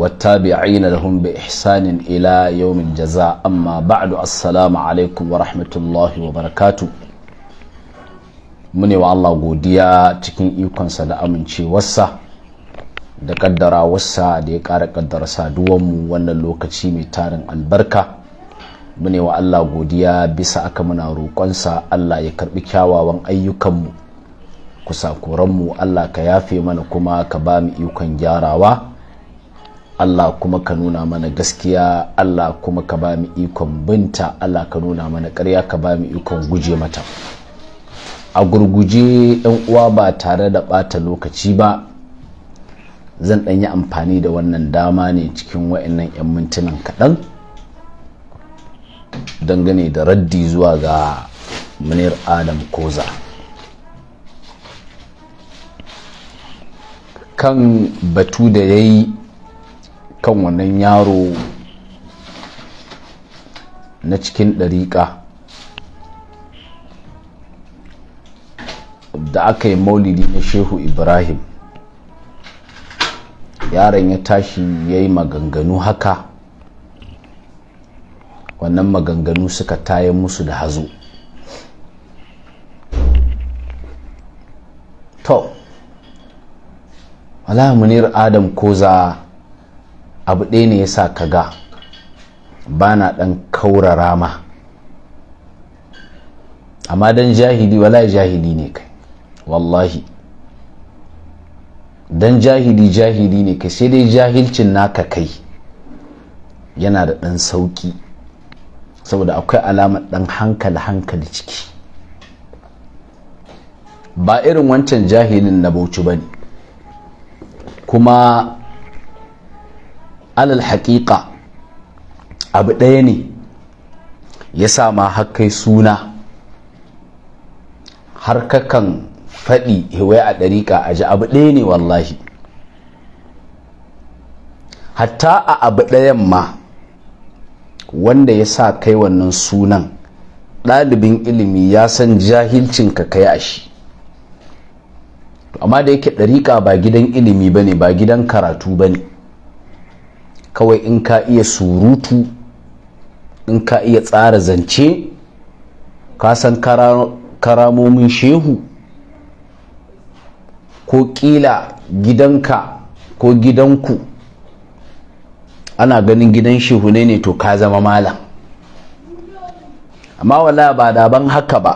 والتابعين لهم بإحسان إلى يوم الجزاء أما بعد السلام عليكم ورحمة الله وبركاته mune wa Allah godiya cikin ikonsa da amincewarsa da kaddara wasa da ya ƙara kaddara mu wannan lokaci mai tarin albarka mune wa Allah godiya bisa aka muna roƙonsa Allah ya karɓi kyawawan ayyukan mu ayyukanmu mu Allah ka yafe mana kuma ka ba mu ikon gyarawa Allah kuma ka nuna mana gaskiya Allah kuma ka ba mu ikon binta Allah ka nuna mana ƙarya ka ba mu ikon guje mata a gurguje yan uwa ba tare da ɓata lokaci ba zan ɗan yi amfani da wannan dama ne cikin wa'annan 'yan mintunan kaɗan dangane da raddi zuwa ga munir adam koza kan batu da ya yi kan wannan yaro na cikin ɗariƙa da aka yi maulidi na shehu ibrahim yaron ya tashi ya yi maganganu haka wannan maganganu suka taye musu da hazo to alamunir adam ko koza abu ɗaya ne ya sa ka ga ba na ɗan kaurara ma amma dan jahili wala jahili ne kai wallahi dan jahili jahili ne kai sai dai jahilcin naka kai yana da ɗan sauƙi saboda akwai alamar ɗan hankali hankali ciki ba irin wancan jahilin na bauchi ba ne kuma alal haƙiƙa abu ɗaya ne ya sa ma hakkai suna har kakan faɗi hiwai eh, a ɗariƙa a ji abu ɗaya ne wallahi hatta a abu ɗayan ma wanda ya sa kai wannan sunan ɗalibin ilimi ya san jahilcin ka kai a shi amma da yake ɗariƙa ba gidan ilimi ba ne ba gidan karatu ba ne kawai in ka iya surutu in ka iya tsara zance ka san karamomin shehu ko kila gidanka ko gidanku ana ganin gidan shehu ne ne to ka zama malam amma wala ba daban haka ba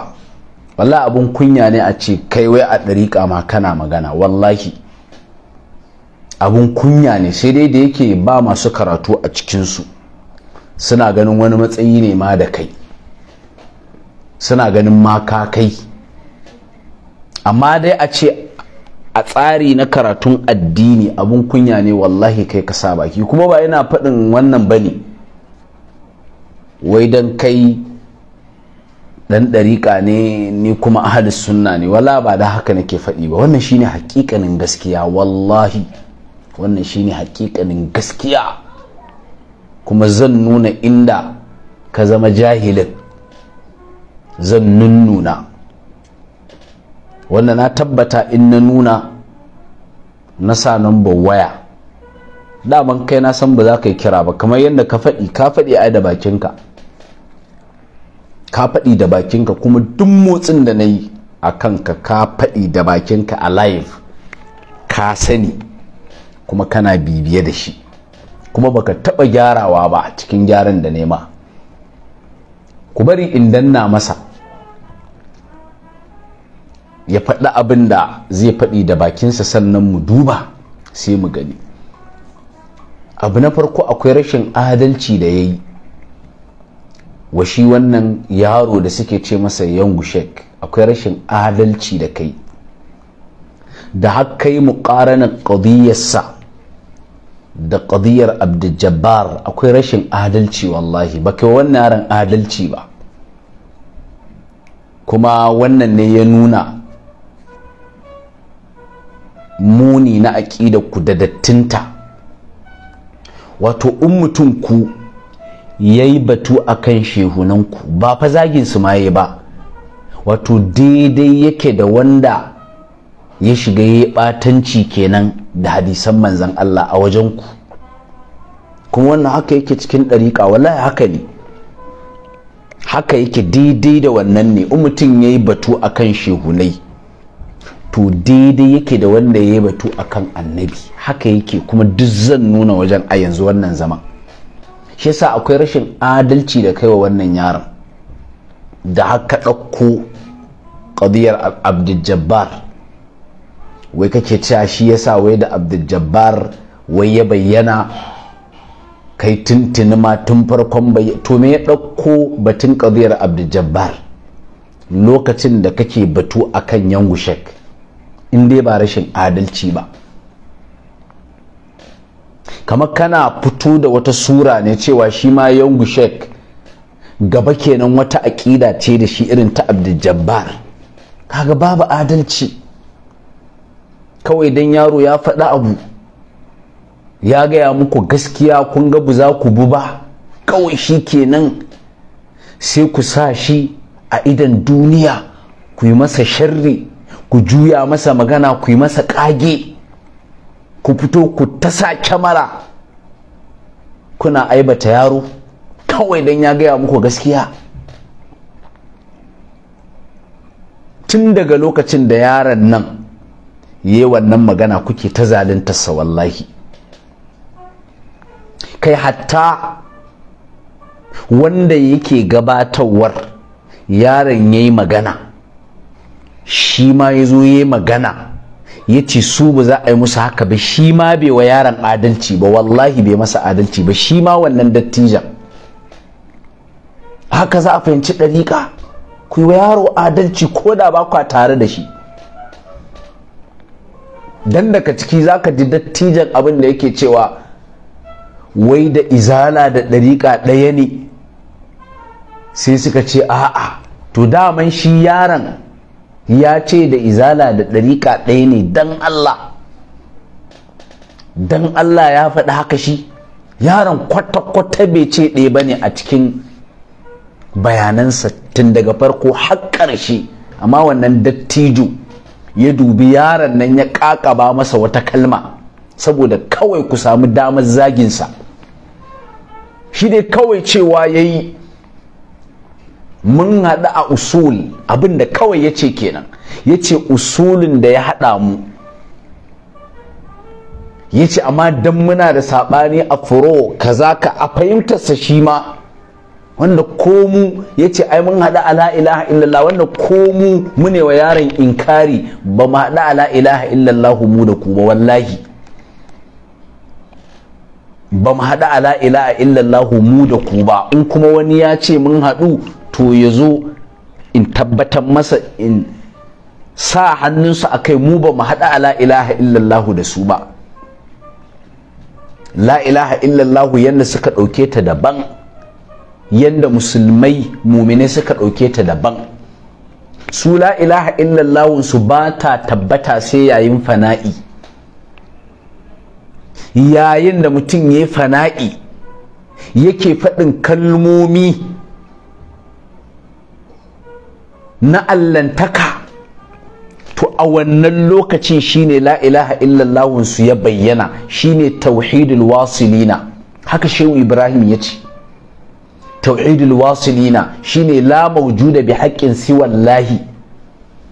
wala abun kunya ne a ce kai wai a ɗariƙa ma kana magana wallahi abun kunya ne sai dai da yake ba masu karatu a cikinsu suna ganin wani matsayi ne ma da kai suna ganin maka kai amma dai a ce a tsari na karatun addini abun kunya ne wallahi kai ka sa baki kuma ba yana faɗin wannan ba ne wai don kai ɗan ɗariƙa ne ni kuma ahalis sunna ne wala ba da haka nake faɗi ba wannan shine hakikanin gaskiya wallahi wannan shine hakikanin gaskiya kuma zan nuna inda ka zama jahilin zan nunnuna wanda na tabbata in na nuna na sa number waya daman kai na san ba za ka yi kira ba kamar yadda ka faɗi ka faɗi a da bakinka ka faɗi da bakinka kuma duk motsin da na yi a kanka ka faɗi da bakinka a live ka sani kuma kana bibiye da shi kuma baka taba gyarawa ba cikin gyaran da nema ku bari in danna masa ya faɗi abin da zai faɗi da bakinsa sannan mu duba sai mu gani abu na farko akwai rashin adalci da ya yi wa shi wannan yaro da suke ce masa yangu shek akwai rashin adalci da kai da haka har kai muƙaranar ƙadiyyarsa da ƙadiyar abdujabbar akwai rashin adalci wallahi ba kai wannan yaran adalci ba kuma wannan ne ya nuna muni na aƙidar ku da dattinta wato in mutum ku ya yi batu a kan shehunanku ba fa zagin su maye ba wato daidai yake da wanda ya shiga ya batanci kenan da hadisan manzan Allah a wajen ku kuma wannan haka yake cikin ɗariƙa wallahi haka ne haka yake daidai da wannan ne in mutum ya yi batu a kan shehunai to daidai yake da wanda ya yi batu a kan annabi haka yake kuma duk zan nuna wajen a yanzu wannan zama shi yasa akwai rashin adalci da kai wa wannan yaron da haka ɗauko ƙadiyar abdul wai kake cewa shi ya sa wai da abdul wai ya bayyana kai tuntuni ma tun farkon bayyana to me ya ɗauko batun ƙadiyar abdul lokacin da kake batu akan shek in dai ba rashin adalci ba Kama kana fito da wata sura ne cewa shi ma shek gaba kenan wata aƙida ce da shi irin ta abdul kaga babu adalci kawai dan yaro ya faɗa abu ya gaya muku gaskiya kun ga za ku bu ba kawai shi kenan sai ku sa shi a idan duniya ku yi masa sharri ku juya masa magana ku yi masa ƙage ku fito ku tasa kyamara kuna aibata yaro kawai don ya gaya muku gaskiya tun daga lokacin da yaron nan yi wannan magana kuke ta zaluntarsa wallahi kai hatta wanda yake gabatarwar yaron ya yi magana shi ma ya zo ya yi magana ya ce su ba za a yi musu haka ba shi ma bai wa yaron adalci ba wallahi bai masa adalci ba shi ma wannan dattijan haka za a fahimci ɗariƙa ku yi wa yaro adalci ko da ba kwa tare da shi dan daga ciki za ka ji dattijan abin da yake cewa wai da izala da ɗariƙa ɗaya ne sai suka ce a'a to daman shi yaron ya ce da izala da ɗariƙa ɗaya ne dan Allah dan Allah ya faɗi haka shi yaron kwata-kwata bai ce ɗaya ba ne a cikin bayanansa tun daga farko har ƙarshe amma wannan dattijo ya dubi yaron nan ya ƙaƙaba masa wata kalma saboda kawai ku samu damar zaginsa shi dai kawai cewa ya yi mun haɗu a usul abinda kawai ya ce kenan ya ce usulin da ya haɗa mu ya ce amma don muna da saɓani a furo kaza ka a fahimtarsa shi ma wanda komu ya ce ai mun haɗa ala ilaha illallah wanda komu mu ne wa yaron inkari ba mu haɗa ala ilaha illallah mu da ku ba wallahi ba mu haɗa ala ilaha illallah mu da ku ba in kuma wani ya ce mun haɗu to ya zo in tabbatar masa in sa hannunsa a kai mu ba mu haɗa ala ilaha illallah da su ba la ilaha illallah yadda suka ɗauke ta daban Yanda musulmai mumine suka ɗauke ta daban su la ilaha illallahun su ba ta tabbata sai yayin fana'i yayin da mutum ya fana'i yake faɗin kalmomi na allantaka to a wannan lokacin shine la ilaha illallahun su ya bayyana shine tauhidul wasilina haka shehu ibrahim ya ce tauhidul wasilina shine la mawjuda bi haqqin siwallahi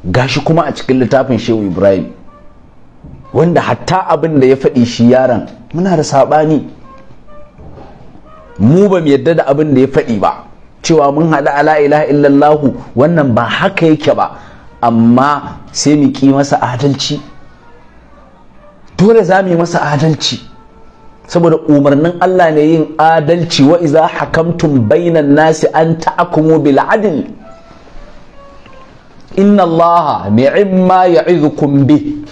gashi kuma a cikin littafin Shehu Ibrahim wanda hatta abin da ya faɗi shi yaron muna da saɓani, mu ba mu yadda da abin da ya faɗi ba cewa mun haɗa ala ilaha illallah wannan ba haka yake ba amma sai mu ki masa adalci dole za mu yi masa adalci saboda umarnin Allah ne yin adalci wa iza hakamtum bainan nasi an ta'akumu bil adl inna Allah ni'imma ya'idukum bi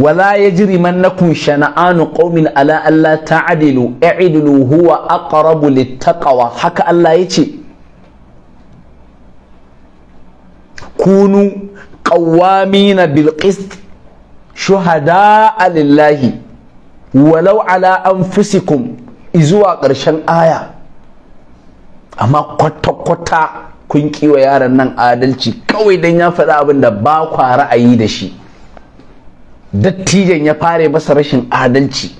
wala yajrimannakum shana'anu qaumin ala alla ta'dilu i'dilu huwa aqrabu littaqwa haka Allah yace kunu qawwamina bil qist shuhada'a lillahi walau ala an fisikum zuwa ƙarshen aya amma kwata-kwata kun kiwa yaran nan adalci kawai don ya faɗi abin da ba kwa ra'ayi da shi dattijan ya fare masa rashin adalci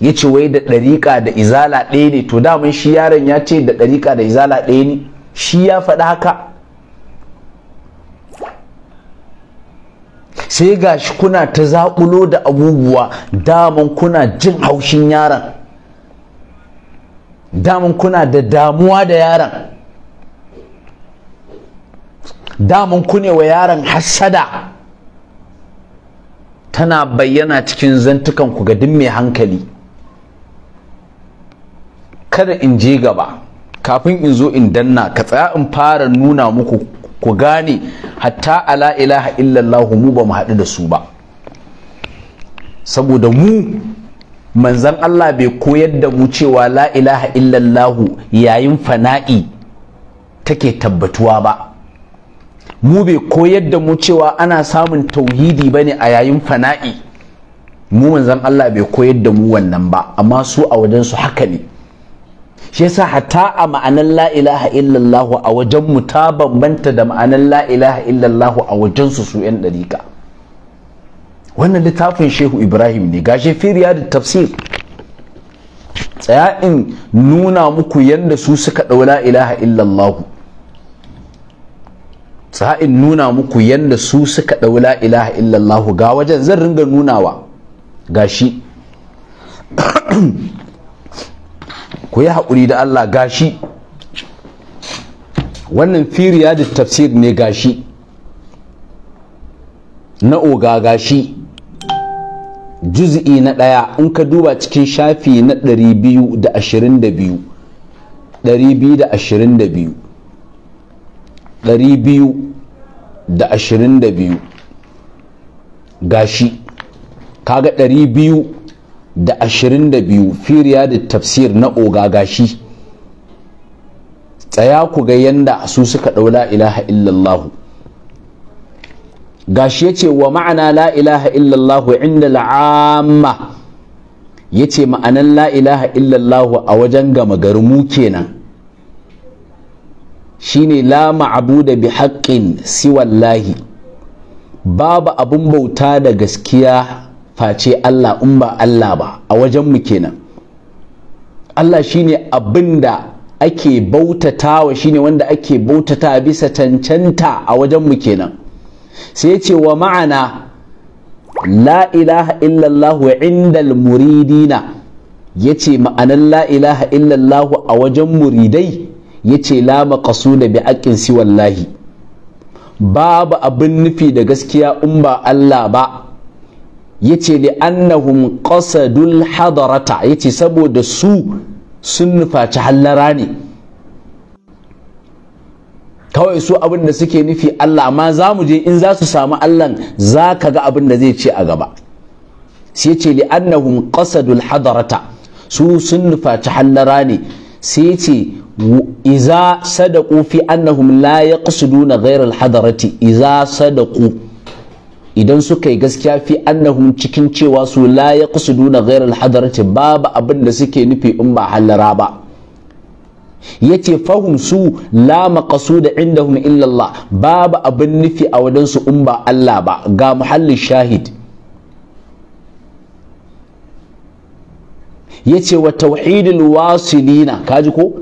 ya ce wai da ɗariƙa da izala ɗaya ne to damun shi yaron ya ce da ɗariƙa da izala ɗaya ne shi ya faɗi haka sai ga shi kuna ta zaƙulo da abubuwa daman kuna jin haushin yaron daman kuna da damuwa da yaron daman kune wa yaron hassada tana bayyana cikin zantukan ku ga duk mai hankali kada in je gaba kafin in zo in danna ka tsaya in fara nuna muku ku gane hatta ala ilaha illallah mu ba mu haɗu da su ba saboda mu manzan Allah bai koyar da mu cewa la ilaha illallahu yayin fana'i take tabbatuwa ba mu bai koyar da mu cewa ana samun tauhidi ba ne a yayin fana'i mu manzan Allah bai koyar da mu wannan ba amma su a wajen su haka ne shi yasa hatta a ma'anar la ilaha illallah a wajen mu ta bambanta da ma'anar la ilaha illallah a wajen su su yan dariƙa wannan littafin shehu ibrahim ne gashe firiya da tafsir tsaya in nuna muku yadda su suka ɗau la ilaha illallah tsaya in nuna muku yadda su suka ɗau la ilaha illallah ga wajen zan ringa nunawa gashi ku yi haƙuri da Allah gashi wannan firiya da tafsir ne gashi na oga gashi juz'i na ɗaya in ka duba cikin shafi na 222 222 222 gashi kaga 200 da ashirin da 22 firiya da tafsir na ogagashi tsaya ku ga yanda su suka ɗau la ilaha illallahu gashi yace wa ma'ana la ilaha illallahu inda la'amma yace ma'anan la ilaha illallahu a wajen gama mu kenan shine la ma'abuda bi haƙƙin siwallahi babu abun bauta da gaskiya face Allah in ba Allah ba a wajenmu kenan Allah shine abinda ake bautatawa shine wanda ake bautata bisa cancanta a wajenmu kenan sai yace wa ma'ana la ilaha wa indal muridina yace ma'anan la ilaha a wajen muridai yace la maqsuda bi aqin si wallahi babu abin nufi da gaskiya in ba Allah ba yace li annahum qasadul hadarata yace saboda su sun nufaci hallara ne kawai su abin da suke nufi Allah amma za mu je in za su samu Allah za ka ga abin da zai ce a gaba sai ce li annahum qasadul hadarata su sun nufaci hallara ne sai ce iza sadaku fi annahum la yaqsiduna ghayra al hadarati iza sadaku idan suka yi gaskiya fi annahum cikin cewa su la ya qasuduna ghayra al-hadarati babu abin da suke nufi in ba halara ba yace fahum su la maqsuda indahum illa Allah babu abin nufi a wadansu in ba Allah ba ga muhallin shahid yace wa tauhidul wasilina kaji ko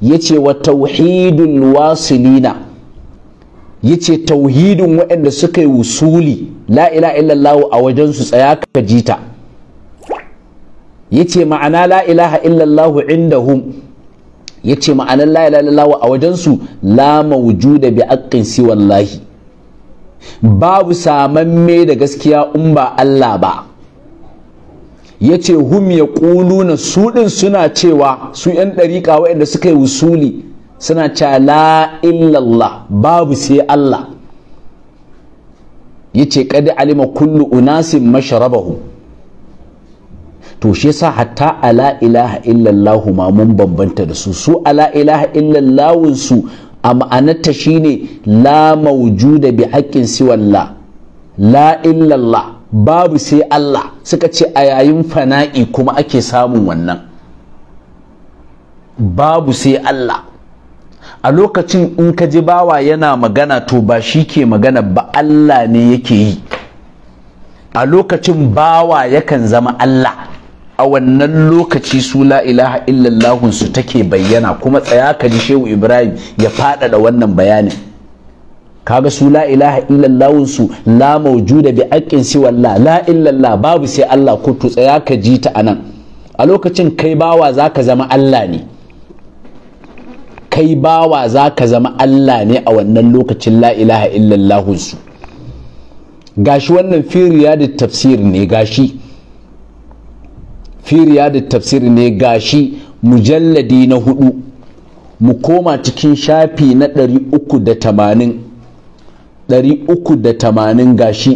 yace wa tauhidul wasilina yace tauhidin waɗanda suka yi wusuli la illallah a wajen su tsaya ka jita yace ma'ana la ilaha illallah indahum yace ma'anar la illallah a wajen su la mawjuda bi haqqin si wallahi babu samamme da gaskiya in ba Allah ba yace hum ya ƙulu su din suna cewa su yan ɗariƙa waɗanda suka yi wusuli suna cewa la illallah babu sai Allah ya ce ƙadi alima kullu unasin masharabahu to shi yasa hatta ala ilaha illallah ma mun bambanta da su su ala ilaha illallah su a ma'anarta shine la mawjuda bi haqqin siwalla la illallah babu sai Allah suka ce a yayin fana'i kuma ake samun wannan babu sai Allah a lokacin in ka ji bawa yana magana to ba shi ke magana ba Allah ne yake yi a lokacin bawa yakan zama Allah a wannan lokaci su la ilaha illallahun su take bayyana kuma tsaya ka ji shehu ibrahim ya faɗaɗa wannan bayanin kaga su la ilaha illallahun su la maujuda bi aqin siwalla la illallah babu sai Allah ko to tsaya ka ji ta anan a lokacin kai bawa zaka zama Allah ne kai bawa za ka zama Allah ne a wannan lokacin la ilaha illallah su gashi wannan firiya da tafsir ne gashi firiya da tafsir ne gashi mujalladi na hudu mu koma cikin shafi na 380 gashi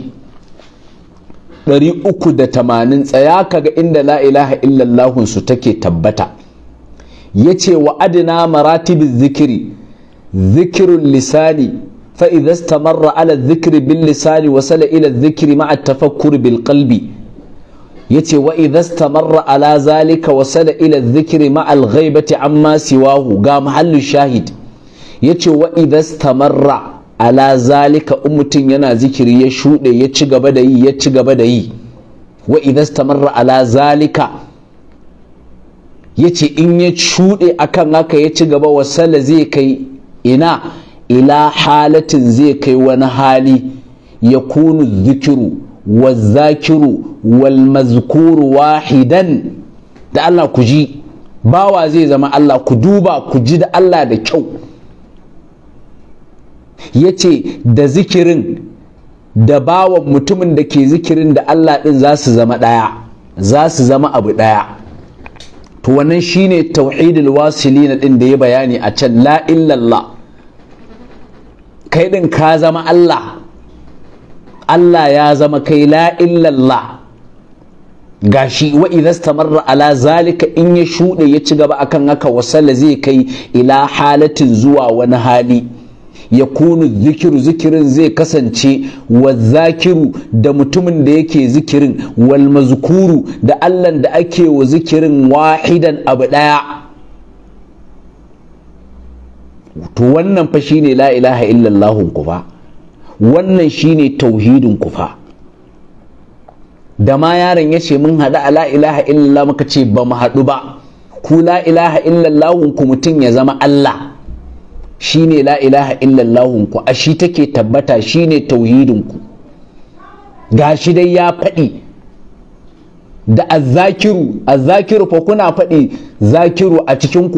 380 tsaya kaga inda la ilaha illallah su take tabbata ya ce wa adina maratibin zikiri zikirun lisani fa idza istamarra ala zikiri bil lisani wasala ila zikiri ma'a tafakkur bil qalbi yace wa idza istamarra ala zalika wasala ila zikiri ma'a al ghaibati amma siwahu ga mahallin shahid yace wa idza istamarra ala zalika in mutum yana zikiri ya shuɗe ya ci gaba da yi ya ci gaba da yi wa idza istamarra ala zalika ya ce in ya cuɗe akan haka ya ci gaba wasala zai kai ina ila halatin zai kai wani hali ya kunu zikiru wa zakiru wal mazkuru wahidan da Allah ku ji bawa zai zama Allah ku duba ku ji da Allah da kyau ya ce da zikirin da bawan mutumin da ke zikirin da Allah ɗin za su zama ɗaya za su zama abu ɗaya to wannan shine tauhidul wasilina din da ya bayani a can la illallah kai din ka zama Allah Allah ya zama kai la illallah gashi wa idza stamarra ala zalika in ya shude ya ci gaba akan haka wasalla zai kai ila halatin zuwa wani hali ya kunu zikiru zikirin zai kasance wa zakiru da mutumin da yake zikirin wal mazkuru da allan da ake wa zikirin wahidan abu ɗaya to wannan fa shine la ilaha illallahun ku fa wannan shine tauhidin ku fa da ma yaron ya ce mun haɗu a la ilaha illallah muka ce ba mu haɗu ba ku la ilaha illallahun ku mutum ya zama Allah shine la ilaha illallahun ku a shi take tabbata shi ne tauhidin ku gashi dai ya faɗi da azzakiru azzakiru fa kuna faɗi zakiru a cikin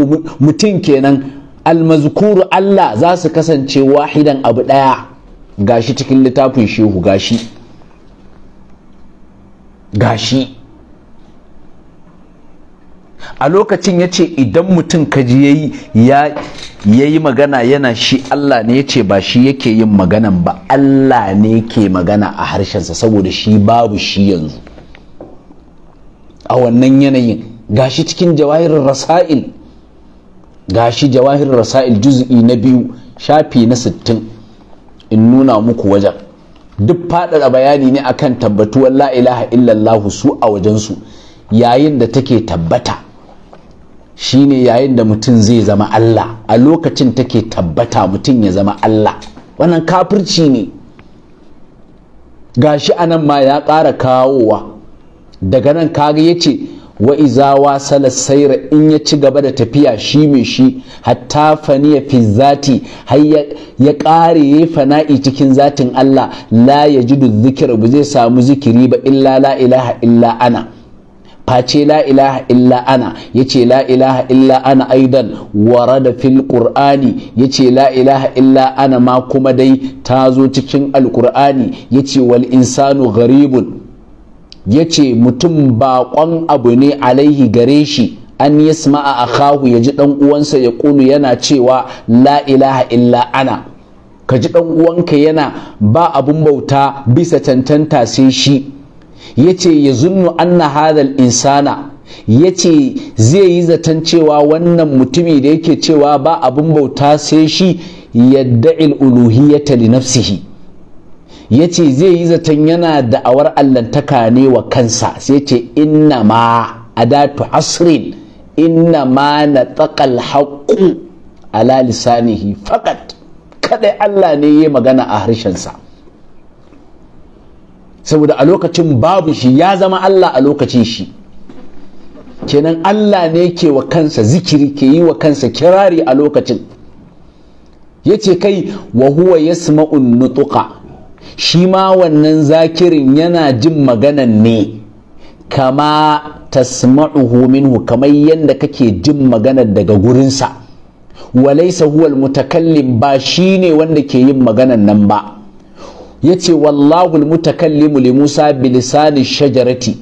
mutum kenan almazkuru Allah za su kasance wahidan abu ɗaya gashi cikin littafin shehu gashi gashi a lokacin ya ce idan mutum ka ji ya yi magana yana shi Allah ne ya ce ba shi yake yin magana ba Allah ne ke magana a harshensa saboda shi babu shi yanzu a wannan yanayin gashi cikin jawahirin rasa'il gashi jawahirin rasa'il juz'i na biyu shafi na sittin in nuna muku wajen duk faɗaɗa bayani ne akan tabbatuwar la ilaha illallahu su a wajensu yayin da take tabbata shine yayin da mutum zai zama Allah a lokacin take tabbata mutum ya zama Allah wannan kafirci ne Ga gashi anan ma ya ƙara kawowa daga nan kaga ya ce wa izawa salasaira in ya ci gaba da tafiya shi mai shi hatta faniya fi zati har ya ƙare ya fana'i cikin zatin Allah la ya jidu zikira ba zai samu zikiri ba illa la ilaha illa ana face la ilaha illa ana yace la ilaha illa ana aidan da fil qur'ani yace la ilaha illa ana ma kuma dai ta zo cikin Ya ce wal insanu gharibun ce mutum baƙon abu ne alaihi gare shi an yasma'a akahu ya ji ɗan uwansa ya kulu yana cewa la ilaha illa ana ka ji ɗan uwanka yana ba abun bauta bisa tantanta sai shi yace ya zunnu anna hadal insana yace zai yi zaton cewa wannan mutumi da yake cewa ba abin bauta sai shi yadda ya li nafsihi yace zai yi zaton yana da'awar allantaka ne wa kansa sai ce inna ma adatu hasrin inna ma na tsakal haƙƙu ala lisanihi fakat kadai Allah ne ya magana a harshensa saboda a lokacin babu shi ya zama Allah a lokacin shi kenan Allah ne ke wa kansa zikiri ke yi wa kansa kirari a lokacin ya ce kai wa huwa yasma'un nutuka shi ma wannan zakirin yana jin maganan ne kama tasma'u minhu kamar yadda kake jin maganar daga gurinsa walaisa huwal mutakallim ba shi ne wanda ke yin maganan nan ba Ya ce wallahu mutakallimu li Musa bilisani shajarati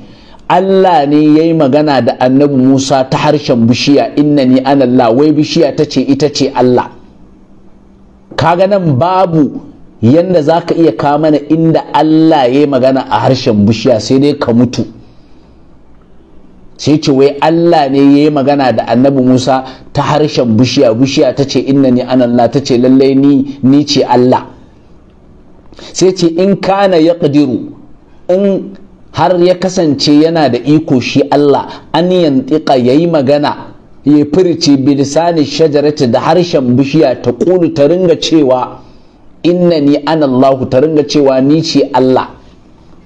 Allah ne ya yi magana da Annabi Musa ta harshen bishiya ni ana Allah wai bishiya ce ita ce Allah kaga nan babu yanda ka iya ka mana inda Allah ya yi magana a harshen bishiya sai dai ka mutu sai ce wai Allah ne ya yi magana da Annabi Musa ta harshen bishiya bishiya tace ni ana Allah ce lallai ni ni ce Allah sai ce in kana ya ƙadiru in har ya kasance yana da iko shi Allah an yantiƙa ya yi magana ya firice bilisani shajarata da harshen bishiya ta ƙulu ta ringa cewa inna ni an Allahu ta ringa cewa ni ce Allah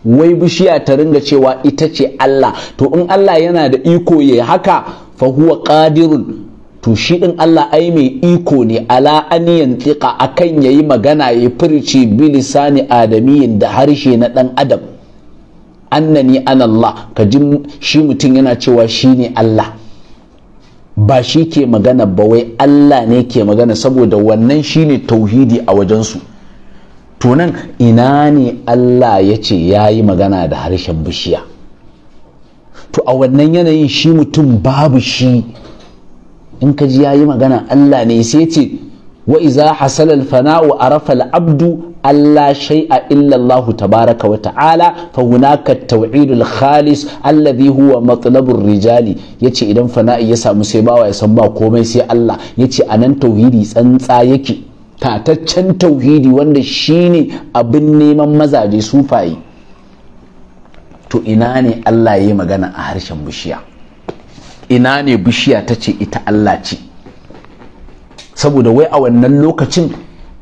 wai bishiya ta ringa cewa ita ce Allah to in Allah yana da iko ya haka fa huwa qadirun to shi ɗin Allah ai mai iko ne ala an yantiqa akan yi magana ya furci bilisani adamiyin da harshe na ɗan adam annani an Allah ka ji shi mutum yana cewa shi ne Allah ba shi ke magana ba wai Allah ne ke magana saboda wannan shi ne tauhidi a wajensu to nan ina ne Allah ya ce ya yi magana da harshen bishiya to a wannan yanayin shi mutum babu shi in ka ji yayi magana Allah ne sai ce wa iza hasala al-fana'u arafa al-abdu Allah shay'a illa Allah tabaraka wa ta'ala fa hunaka tawhidul khalis alladhi huwa matlabur rijali yace idan fana'i ya samu sai bawa ya san ba komai sai Allah yace anan tauhidi tsantsa yake tataccen tauhidi wanda shine abin neman mazaje sufaye to ina ne Allah ya yi magana a harshen bishiya ina ne bishiya ta ce ita Allah ce saboda wai a wannan lokacin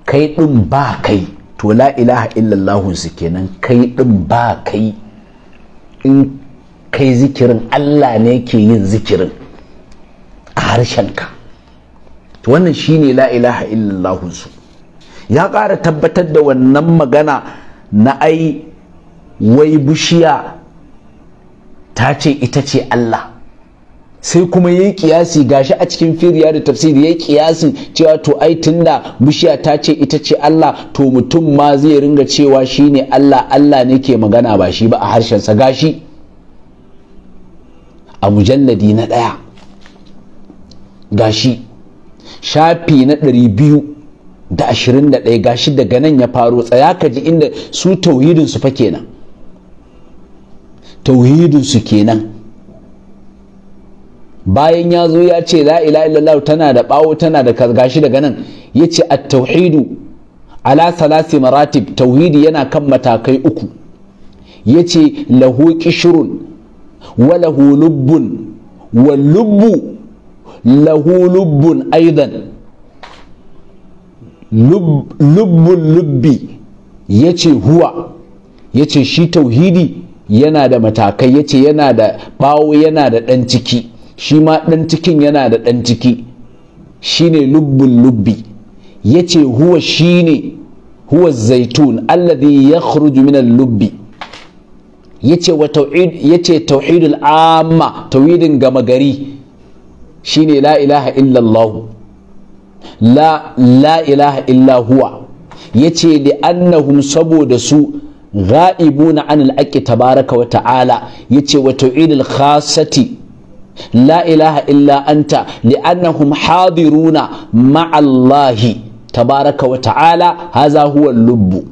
kai ɗin ba kai to la ilaha illallah su kenan kai ɗin ba kai in kai zikirin Allah ne ke yin zikirin a harshenka to wannan shine la ilaha illallah su ya ƙara tabbatar da wannan magana na ai wai bishiya ta ce ita ce Allah sai kuma yayi kiyasi gashi a cikin firiya da tafsiri yayi kiyasi cewa to ai tunda bishiya ta ce ita ce Allah to mutum ma zai ringa cewa shine Allah Allah ne ke magana ba shi ba a harshen sa gashi a mujalladi na ɗaya gashi shafi na ɗari biyu da ashirin da ɗaya gashi daga nan ya faro tsaya ka ji inda su tauhidinsu fa kenan tauhidinsu kenan bayan ya zo ya ce la ilaha illallah tana da bawo tana da gashi daga nan Ya yace at-tauhidu ala salasi maratib tauhidi yana kan matakai uku Ya ce, lahu kishirun, wa lahu lubbun wa lubbu lahu lubbun aidan lubbun lubbi yace huwa yace shi tauhidi yana da matakai yace yana da bawo yana da dan ciki shi ma ɗan cikin yana da ɗan ciki ne lubbun lubbi ya ce huwa ne huwa zaitun alladhi ya min lubbi ya ce tauhidul amma tauhidin gama gari ne la ilaha illallahu la la ilaha illa huwa ya ce da annahum saboda su ga'ibuna anil aƙi tabaraka wa ta'ala ya ce wa tauhidul khasati la ilaha illa anta li'annahum hadiruna ma'allahi tabaraka wa ta'ala haza huwa lubbu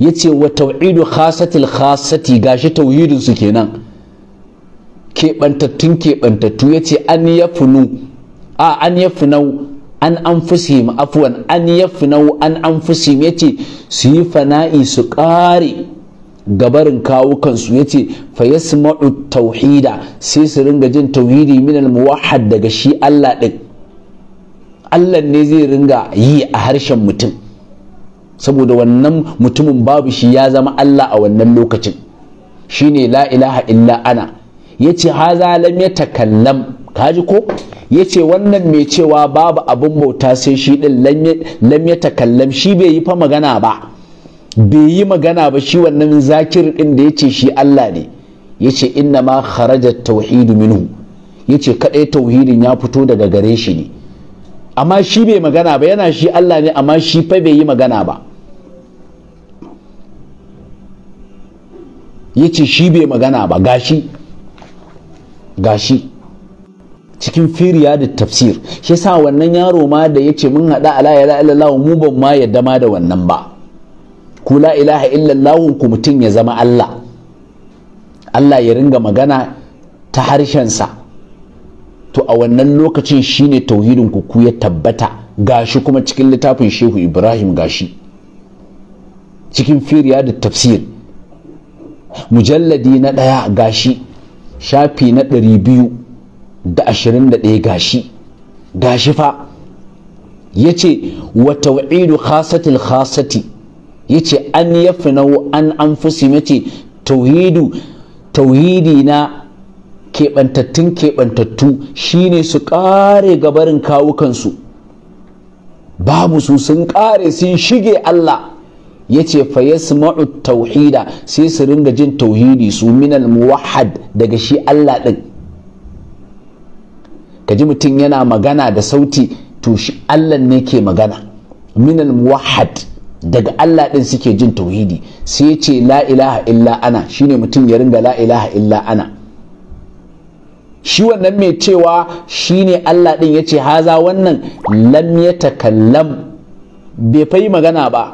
yace wa tauhidu khasatil khasati gashi tauhidin su kenan keɓantattun keɓantattu yace an yafunu a an yafunau an anfusihim afwan an yafunau an yace su yi fana'i su ƙare gabarin kawo kansu ce fa maɗu tauhida sai su ringa jin tauhidi min muwahad daga shi Allah ɗin?" Allah ne zai ringa yi a harshen mutum saboda wannan mutumin babu shi ya zama Allah a wannan lokacin shine la ilaha illa ana Ya yace haza lam takallam kaji ko Ya ce wannan mai cewa babu abin bauta sai shi ɗin lam takallam shi bai yi fa magana ba bai yi magana ba shi wannan zakir ɗin da ya ce shi Allah ne ya ce inna ma kharaja tauhidu minhu ya ce kaɗai tauhidin ya fito daga gare shi ne amma shi bai magana ba yana shi Allah ne amma shi fa bai yi magana ba ya ce shi bai magana ba gashi gashi cikin firiya da tafsir shi sa wannan yaro ma da ya ce mun haɗa ala ya la'alallahu mu ban ma yadda ma da wannan ba ku la ilaha illallah ku mutum ya zama Allah Allah ya ringa magana ta harshensa to a wannan lokacin shine tauhidin ku ku ya tabbata gashi kuma cikin littafin Shehu Ibrahim gashi cikin firiya da tafsir mujalladi na ɗaya gashi shafi na ɗari biyu da ashirin da ɗaya gashi gashi fa ya ce wa tau'idu khasatil khasati yace an na an fusi mace tauhidu tauhidi na keɓantattun keɓantattu shine su ƙare gabarin kawukansu babu su sun ƙare sun shige Allah yace ce fa yasma'u tauhida sai su ringa jin tauhidi su minal muwahhad daga shi Allah ɗin kaji mutum yana magana da sauti to shi Allah ne ke magana minal muwahhad daga Allah ɗin suke jin tauhidi sai ce la ilaha illa ana shine mutum ya ringa la ilaha illa ana shi wannan mai cewa shine Allah ɗin ya ce haza wannan lam ya takallam bai fayi magana ba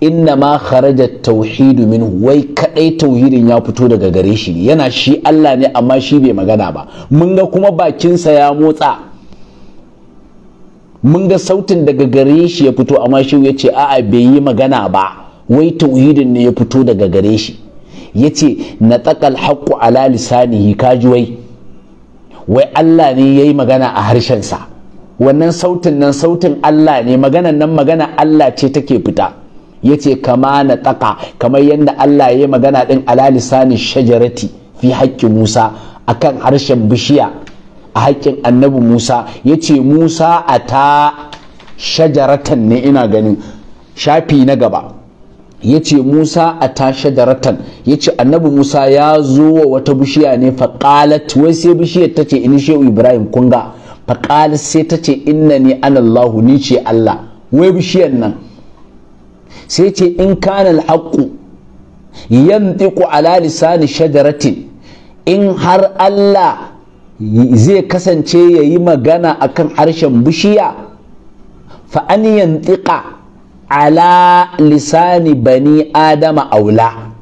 inna ma kharaja tauhidu min wai kadai tauhidin ya fito daga gare shi yana shi Allah ne amma shi bai magana ba mun ga kuma bakinsa ya motsa mun ga sautin daga gare shi ya fito amma shi ya ce a'a bai yi magana ba wai tauhidin ne ya fito daga gare shi ya ce na tsakal haƙƙu ala lisanihi kajuwai wai Allah ne ya yi magana a harshensa wannan sautin nan sautin Allah ne maganan nan magana Allah ce take fita ya ce kama na tsaka kamar yadda Allah ya yi magana ɗin ala lisanin shajarati fi haƙƙi Musa akan harshen bishiya a haƙƙin annabi musa ya ce musa a ta shajaratan ne ina ganin shafi na gaba ya ce musa a ta shajaratan ya ce annabi musa ya zo wa wata bishiya ne faƙalat wai sai bishiyar ta ce ina shehu ibrahim kunga faƙalat sai ta ce inna ni anallahu ni ce allah wai bishiyar nan sai ce in kana alhaƙu yantiku ala lisani shajaratin in har allah zai kasance ya yi magana akan harshen bishiya fa'an yantiƙa ala lisani bani adama aula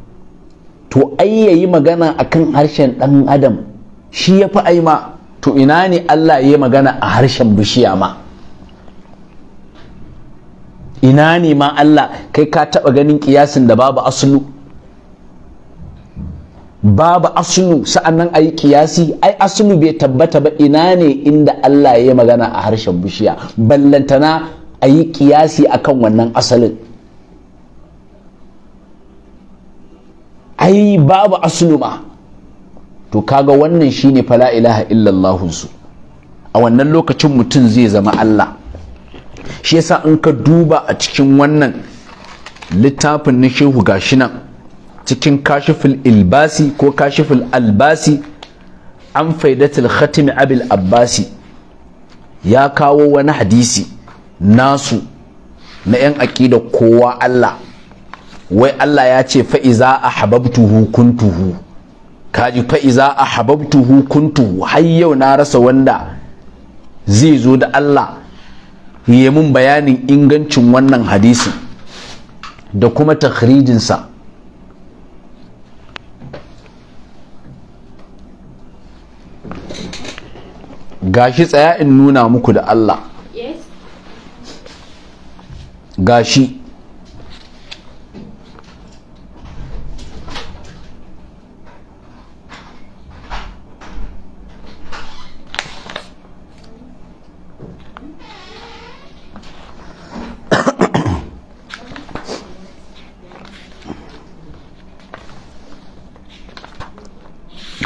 to ai ya yi magana akan harshen ɗan adam shi ya fi aima to ina ne Allah ya yi magana a harshen bishiya ma ina ne ma Allah kai ka taɓa ganin ƙiyasin da babu asulu babu asulu sa'annan a yi kiyasi ai asulu bai tabbata ba ina ne inda Allah ya magana a harshen bishiya ballantana a yi kiyasi akan wannan asalin ai babu asulu ma to kaga wannan shine fala ilaha illallahun su a wannan lokacin mutum zai zama Allah shi yasa in ka duba a cikin wannan littafin na shehu gashi nan cikin kashiful ilbasi ko kashiful albasi an faidatul khatimi abil abbasi ya kawo wani hadisi nasu na 'yan aƙida kowa Allah wai Allah ya ce fa'iza a hababtuhu kuntuhu kaji fa'iza a hababtuhu kuntuhu har yau na rasa wanda zai zo da Allah yi mun bayanin ingancin wannan hadisi. da kuma takhrijinsa gashi tsaya in nuna muku da Allah gashi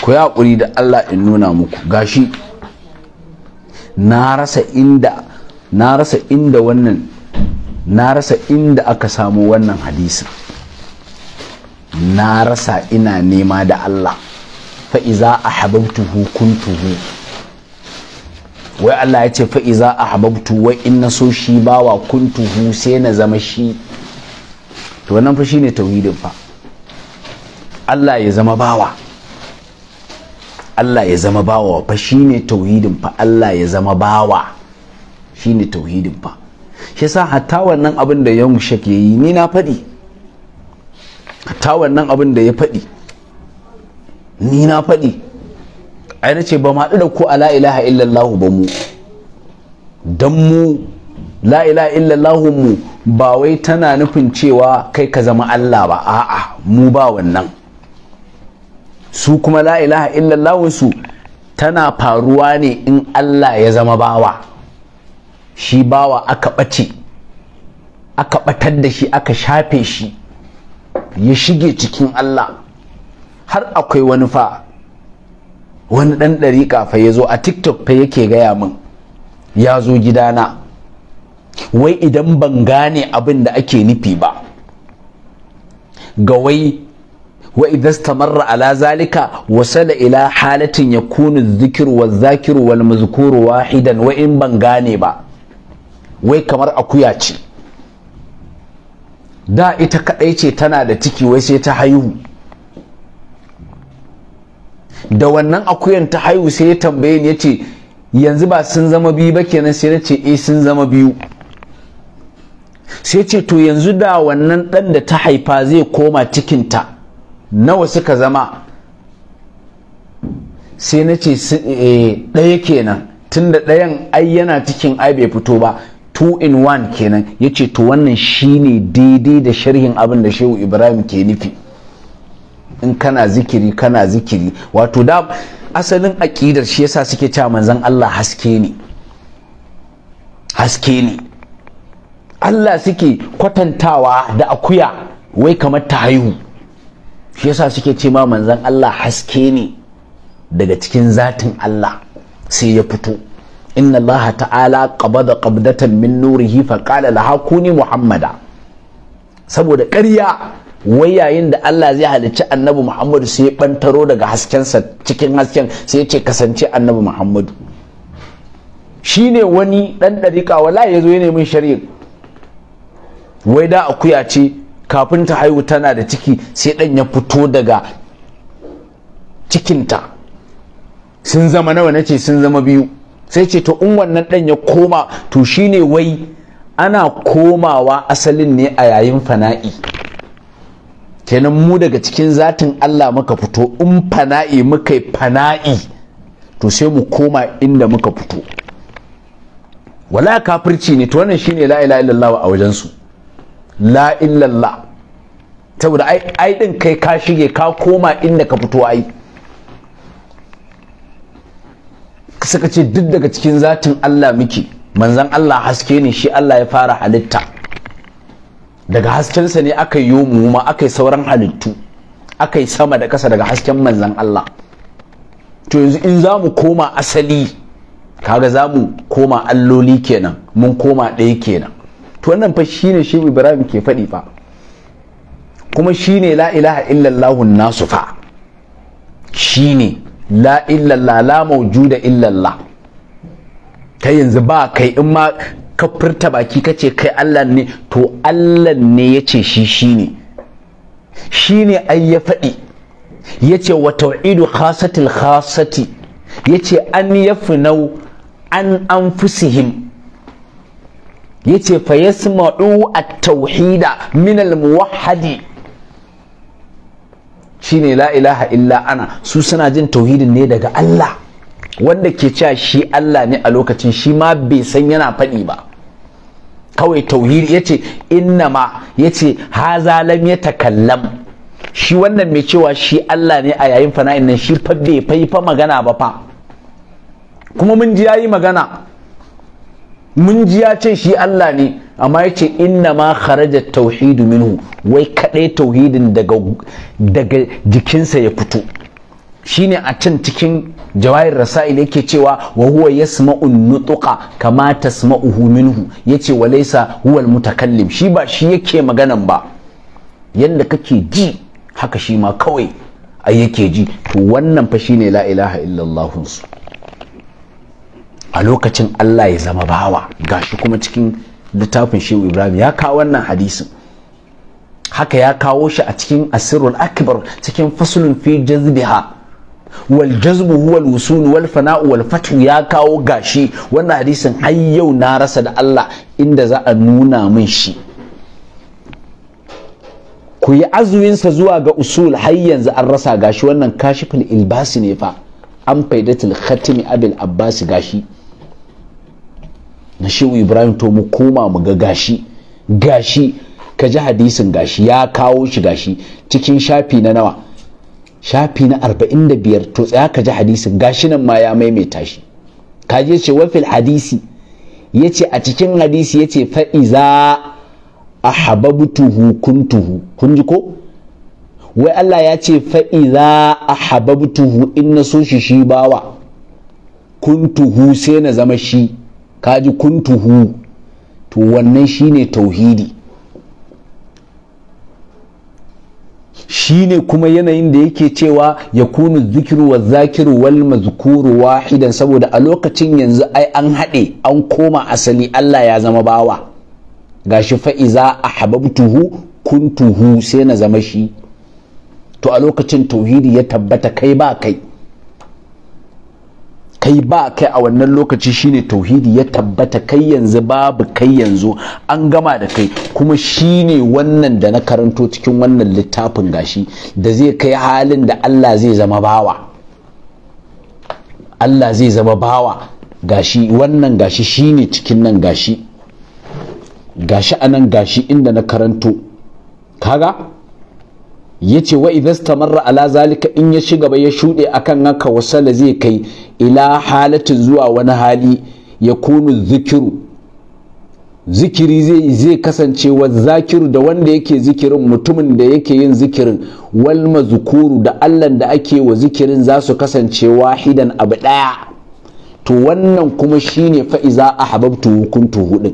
ku yi haƙuri da Allah in nuna muku gashi na rasa inda na rasa inda wannan na rasa inda aka samu wannan hadisin na rasa ina nema da Allah fa'iza a hababtuhu kuntuhu wai Allah ya ce fa'iza a hababtu wai in na so shi bawa kuntuhu sai na zama shi to wannan fa shine tauhidin fa Allah ya zama bawa Allah ya zama bawa fa shine tauhidin fa Allah ya zama bawa shine tauhidin fa shi yasa hatta wannan abin da mushe shak yayi ni na faɗi hatta wannan abin da ya faɗi ni na faɗi ai nace ba ma da a ala ilaha illallah ba mu dan mu la ilaha illallah mu ba wai tana nufin cewa kai ka zama Allah ba a'a mu ba wannan su kuma la ilaha illallah su tana faruwa ne in Allah ya zama bawa shi bawa aka ɓace aka ɓatar da shi aka shafe shi ya shige cikin Allah har akwai wani fa wani ɗan ɗari fa ya zo a tiktok fa yake gaya min ya zo gidana wai idan ban gane abin da ake nufi ba Gawai. wa idza stamarra ala zalika wasala ila halatin yakunu dhikr wa dhakir wal mazkur wahidan wa in ban gane ba wai kamar akuya ce da ita kadai ce tana da ciki wai sai ta haihu da wannan akuyan ta haihu sai ya tambaye ni yace yanzu ba sun zama biyu ba kenan sai nace eh sun zama biyu sai ce to yanzu da wannan dan da ta haifa zai koma cikinta nawa suka zama sai na ce eh, ɗaya kenan tunda ɗayan ai yana cikin ai bai fito ba two in one kenan ya ce to wannan shine daidai da sharhin abin da shehu ibrahim ke nufi in kana zikiri kana zikiri wato da asalin aƙidar shi yasa suke cewa manzan Allah haske ne haske ne Allah suke kwatantawa da akuya wai kamar ta haihu shi yasa suke ce ma manzon Allah haske ne daga cikin zatin Allah sai ya fito inna Allah ta'ala qabada qabdatan min nurihi fa qala laha kuni muhammada saboda ƙarya wai yayin da Allah zai halicci annabi Muhammadu sai ya bantaro daga haskensa cikin hasken sai ya ce kasance annabi Muhammadu shi ne wani ɗan ɗariƙa wala ya zo ya nemi shari'a wai da akuya ce kafin ta haihu tana da ciki sai ɗan ya fito daga cikinta sun zama nawa na ce sun zama biyu sai ce to in wannan ɗan ya koma to shine wai ana komawa asalin ne a yayin fana'i kenan mu daga cikin zatin Allah muka fito in fana'i muka yi fana'i to sai mu koma inda muka fito wala kafirci ne to wannan shine la ilaha illallah a wajensu su la illallah saboda ai din kai ka shige ka koma inda ka fito ai suka ce duk daga cikin zatin Allah miki manzan Allah haske ne shi Allah ya fara halitta daga haskensa ne aka yi mu ma aka yi sauran halittu aka yi sama da ƙasa daga hasken manzan Allah to yanzu in za mu koma asali kaga za mu koma alloli kenan mun koma ɗaya kenan to wannan fa shine shi ibrahim ke faɗi fa kuma shine la ilaha illallah nasu fa shine la illallah la maujuda illallah Ta yanzu ba kai in ma ka furta baki ka ce kai Allah ne to Allah ne ya ce shi shine shine ai ya faɗi ya ce wa hasati. khasatil khasati ya ce an yafinau an anfusihim yace fa yasma'u at-tauhida min al-muwahhidi shine la ilaha illa ana su suna jin tauhidin ne daga Allah wanda ke cewa shi Allah ne a lokacin shi ma bai san yana faɗi ba kawai tauhidi yace innama yace haza lam yatakallam shi wannan mai cewa shi Allah ne a yayin fana'in nan shi fa bai fa magana ba fa kuma mun ji yayi magana mun ji ya ce shi Allah ne amma ya ce inna ma kharaja tauhidu minhu wai kadai tauhidin daga daga jikinsa ya fito shine a can cikin jawahir rasail yake cewa wa huwa yasma'u nutqa kama tasma'uhu minhu yace walaysa huwa almutakallim shi ba shi yake maganan ba yanda kake ji haka shi ma kawai a yake ji to wannan fa shine la ilaha illallah su a lokacin Allah ya zama bawa gashi kuma cikin littafin shehu ibrahim ya kawo wannan hadisin haka ya kawo shi a cikin asirul akbar cikin fasulun fi jazbiha wal jazbu huwa al wusul wal fana'u wal fatu ya kawo gashi wannan hadisin har yau na rasa da Allah inda za a nuna min shi ku yi sa zuwa ga usul har yanzu an rasa gashi wannan kashifin ilbasi ne fa an faidatul khatimi abil Abbas gashi na shehu ibrahim to mu koma mu ga gashi gashi ka ji hadisin gashi ya kawo shi gashi cikin shafi na nawa shafi na 45 to tsaya ka ji hadisin gashi nan ma ya maimaita shi ka je ce fil hadisi ya ce a cikin hadisi ya ce fa'iza a hababtuhu kuntuhu kun ji ko wai Allah ya ce fa'iza a hababtuhu in na so shi shi bawa kuntuhu sai na zama shi kaji kuntuhu to wannan shine tauhidi shine kuma yanayin da yake cewa ya kunu zikiru wa zakiru wal mazkuru wahidan saboda a lokacin yanzu ai an haɗe an koma asali Allah ya zama bawa Ga gashi fa'iza a kun kuntuhu sai na zama shi to a lokacin tauhidi ya tabbata kai ba kai kai ba kai a wannan lokaci shine tauhidi ya tabbata kai yanzu babu kai yanzu an gama da kai kuma shine wannan da na karanto cikin wannan littafin gashi da zai kai halin da Allah zai zama bawa Allah zai zama bawa gashi wannan gashi shine cikin nan gashi gashi anan gashi inda na karanto kaga yace wa idza tamar ala zalika in ya shiga ba ya shude akan haka wasala zai kai ila halatin zuwa wani hali ya kunu zikiru zikiri zai kasance wa zakiru da wanda yake zikirin mutumin da yake yin zikirin wal mazkuru da Allah da ake wa zikirin za su kasance wahidan abu ɗaya. to wannan kuma shine fa iza ahbabtu kuntu hudin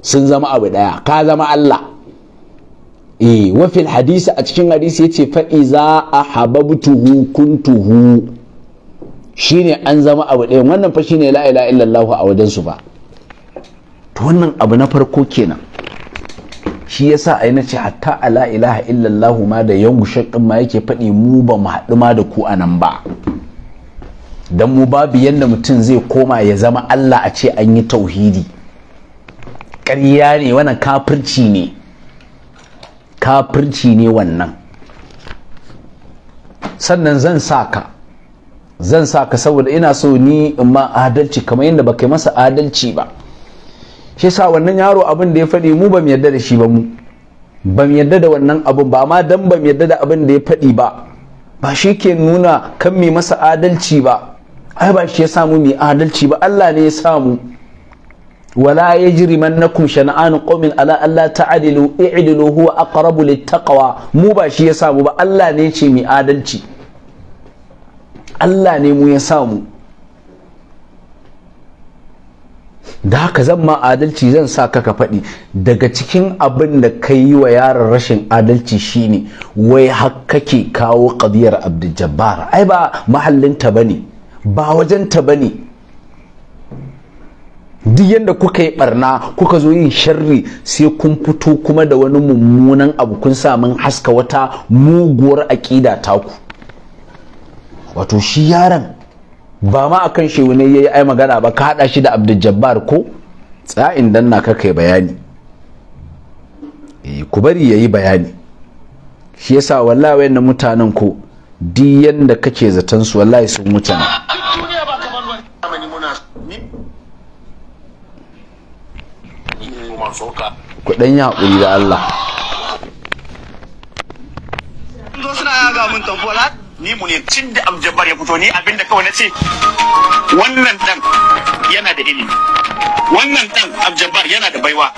sun zama abu ɗaya? ka zama Allah eh wafil hadisi a cikin hadisi yace fa iza ahabbtuhu kuntuhu ne an zama abu ɗaya wannan fa shi ne la’ila illallah a wajensu ba to wannan abu na farko kenan shi ya yi na ce hatta a la’ila illallah ma da yangu shakkin ma yake faɗi mu ba mu haɗu ma da ku a nan ba Don mu babu yadda mutum zai koma ya zama Allah a ce an yi tauhidi ƙarya ne wannan kafirci ne kafirci ne wannan sannan zan sa ka zan sa saboda ina so ni in ma adalci kamar yadda ba kai masa adalci ba shi sa wannan yaro abin da ya faɗi mu ba mu yarda da shi ba mu ba mu yarda da wannan abin ba amma dan ba mu yarda da abin da ya faɗi ba ba shi ke nuna kan mai masa adalci ba ai ba shi ya samu mai adalci ba Allah ne ya samu wala yajrimannakum shan'anu qaumin ala alla ta'dilu i'dilu huwa aqrabu littaqwa mu ba shi ya samu ba Allah ne ce mai adalci Allah ne mu ya samu da haka zan ma adalci zan sa ka ka faɗi daga cikin abin da ka yi wa yaron rashin adalci shine wai har kake kawo ƙabiyar abdul ai ba mahallinta bane ba wajenta bane duk yadda kuka yi barna kuka zo yin sharri sai kun fito kuma da wani mummunan abu kun samun haska wata muguwar aƙida taku wato shi yaron ba ma akan ne ya yi ai magana ba ka haɗa shi da Abdul Jabbar ko tsa'in don na kaka kai bayani eh, ku bari yayi bayani shi yasa wallawa yadda mutanen ko duk yadda kake zaton su wallahi sun mutane ku dan yi haƙuri da Allah. Zo suna yaga mun tamfola. ni mu ne cin da abjabbar ya fito ni abinda kawai na ce wannan dan yana da ilimi wannan dan abjabbar yana da baiwa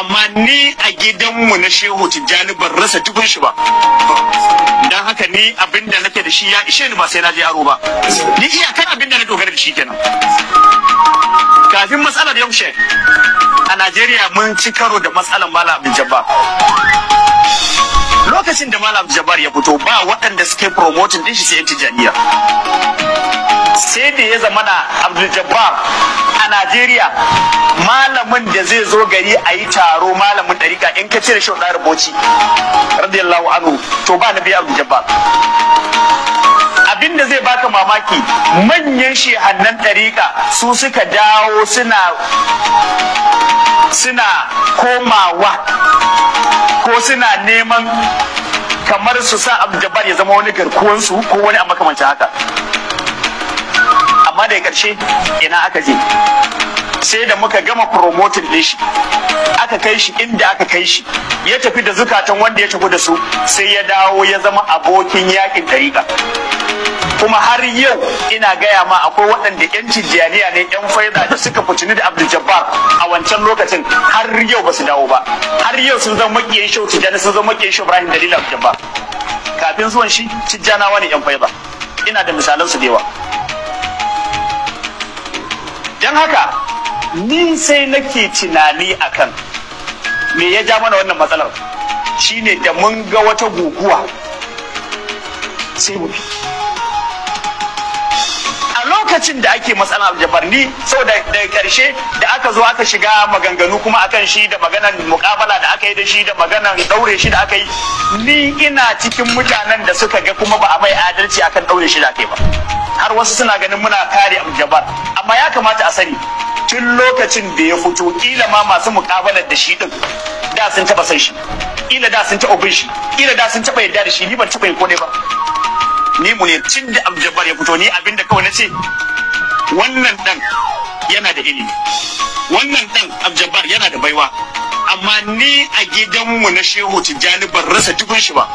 amma ni a gidanmu na shehu tijjani ban rasa tukun shi ba dan haka ni abinda nake da shi ya ishe ni ba sai na je aro ba ni iyakar abinda na dogara da shi kenan kafin matsalar yau shek a Najeriya mun ci karo da matsalar mala Abdul Jabbar lokacin da Malam Jabbar ya fito ba waɗanda suke promoting sun din shi sai yanci tijaniya sai da ya zama na abdul a najeriya malamin da zai zo gari a yi taro malamin ɗarika in ka cire shi da rubuci radiyallahu anhu to ba na biya abdul jabbar abin da zai baka mamaki manyan shehannan ɗarika su suka dawo suna suna komawa ko suna neman kamar su sa abdul ya zama wani garkuwansu ko wani a makamancin haka amma daga ƙarshe ina aka je sai da muka gama promoting din shi aka kai shi inda aka kai shi ya tafi da zukatan wanda ya tafi da su sai ya dawo ya zama abokin yakin ɗariƙa. kuma har yau ina gaya ma akwai waɗanda 'yan tijjaniya ne 'yan faida da suka fitini da abdul jabbar a wancan lokacin har yau ba su dawo ba har yau sun zama makiyan shau tijjani sun zama makiyan shau ibrahim dalil abdul kafin zuwan shi tijjanawa ne 'yan faida ina da misalan su da yawa don haka ni sai nake tunani akan me ya ja mana wannan matsalar shine da mun ga wata guguwa sai mu bi lokacin da ake matsala aljabar ni sau da karshe da aka zo aka shiga maganganu kuma akan shi da maganan mukabala da aka yi da shi da maganan daure shi da aka yi ni ina cikin mutanen da suka ga kuma ba a mai adalci akan daure shi da aka ba har wasu suna ganin muna kare aljabar amma ya kamata a sani tun lokacin da ya fito kila ma masu mukabalar da shi din da sun taba san shi kila da sun taba bin shi kila da sun taba yarda da shi ni ban taba yin kone ba ni mu ne tun da abjabar ya fito ni abinda kawai na ce wannan dan yana da ilimi wannan dan abjabar yana da baiwa amma ni a gidanmu na shehu tijjani bar rasa dukun shi ba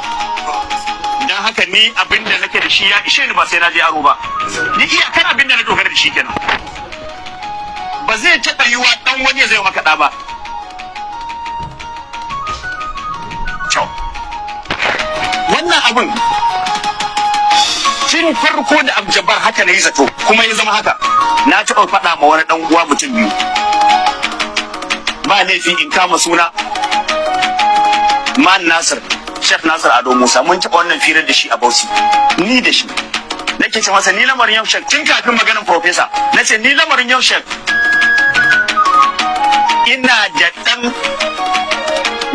dan haka ni abinda nake da shi ya ishe ni ba sai na je aro ba ni abin abinda na dogara da shi kenan ba zai taɓa yiwa dan wani zai maka da ba wannan abin tun farko da abjabar haka na yi zato kuma ya zama haka na taɓa faɗa ma wani ɗan uwa mutum biyu ba laifi in kama suna man nasir chef nasir ado musa mun taɓa wannan firar da shi a Bausi ni da shi nake ce masa ni lamarin yau shek tun kafin maganin profesa na ce ni lamarin yau shek ina da ɗan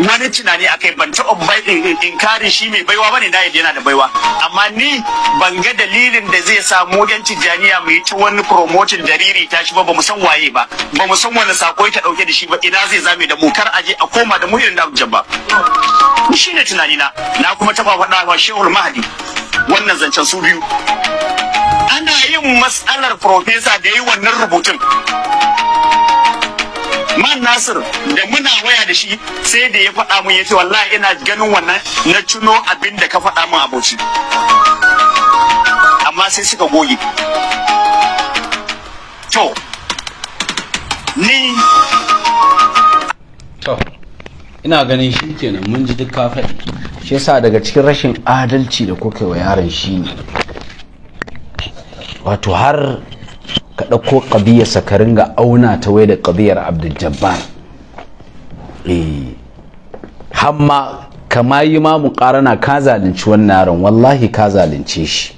wani tunani a kai ban taɓa in kare shi mai baiwa bane na yadda yana da baiwa amma ni ban ga dalilin da zai samu mu yan tijjaniya mu yi ta wani promoting jariri ta shi ba bamu san waye ba bamu san wani sako ya dauke da shi ba ina zai zame da mu kar aje a koma da mu irin da ba shi ne tunani na kuma taba faɗa wa shehul mahadi wannan zancen su biyu ana yin matsalar profesa da yi wannan rubutun man nasir da muna waya da shi sai da ya faɗa mun yace wallahi ina ganin wannan na tuno abin da ka faɗa mun aboci amma sai suka goge to ni to ina ganin shi kenan mun ji duk ka faɗi shi yasa daga cikin rashin adalci da kuke wa yaron shi ne wato har ka ɗauko ƙabiyarsa ka ringa auna ta wai da ƙabiyar abdul jabbar eh, hamma kama yi ma ƙarana ka zalunci wannan yaron wallahi ka zalunce shi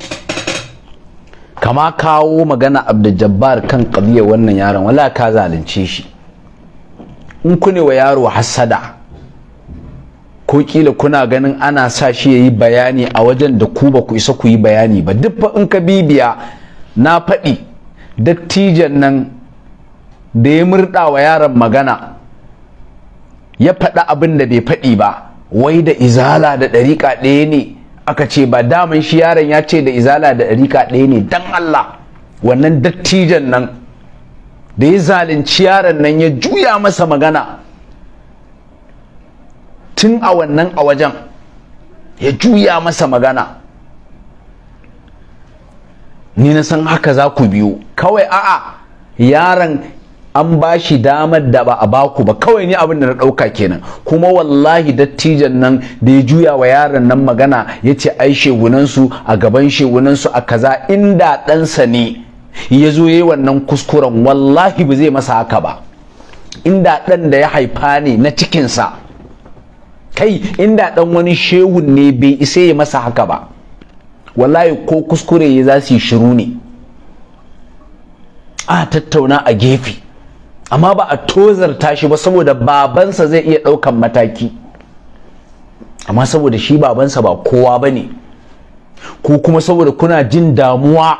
kama kawo magana abdul jabbar kan ƙabiyar wannan yaron wala ka zalunce shi in ku ne wa yaro hassada ko kila kuna ganin ana sa shi ya yi bayani a wajen da ku ba ku isa ku yi bayani ba duk in ka bibiya na faɗi dattijan nan da ya murda wa yaron magana ya faɗi abin da bai faɗi ba wai da izala da ɗariƙa ɗaya ne aka ce ba daman shi yaron ya ce da izala da ɗariƙa ɗaya ne dan Allah wannan dattijan nan da ya zalunci yaron nan ya juya masa magana tun a wannan a wajen ya juya masa magana ni na san haka za ku biyo kawai a'a yaron an ba shi damar da ba a baku ba kawai ne abin da na ɗauka kenan kuma wallahi dattijan nan da ya juya wa yaron nan magana ya ce ai shegunansu a gaban shegunansu a kaza inda ɗansa ne ya zo ya yi wannan kuskuren wallahi ba zai masa haka ba inda ɗan da ya haifa ne na cikinsa kai inda ɗan wani shehun ne bai isa ya masa haka ba wallahi ko kuskure ya za su yi shiru ne a tattauna a gefe amma ba a tozarta shi ba saboda babansa zai iya ɗaukan mataki amma saboda shi babansa ba kowa ba ne ko kuma saboda kuna jin damuwa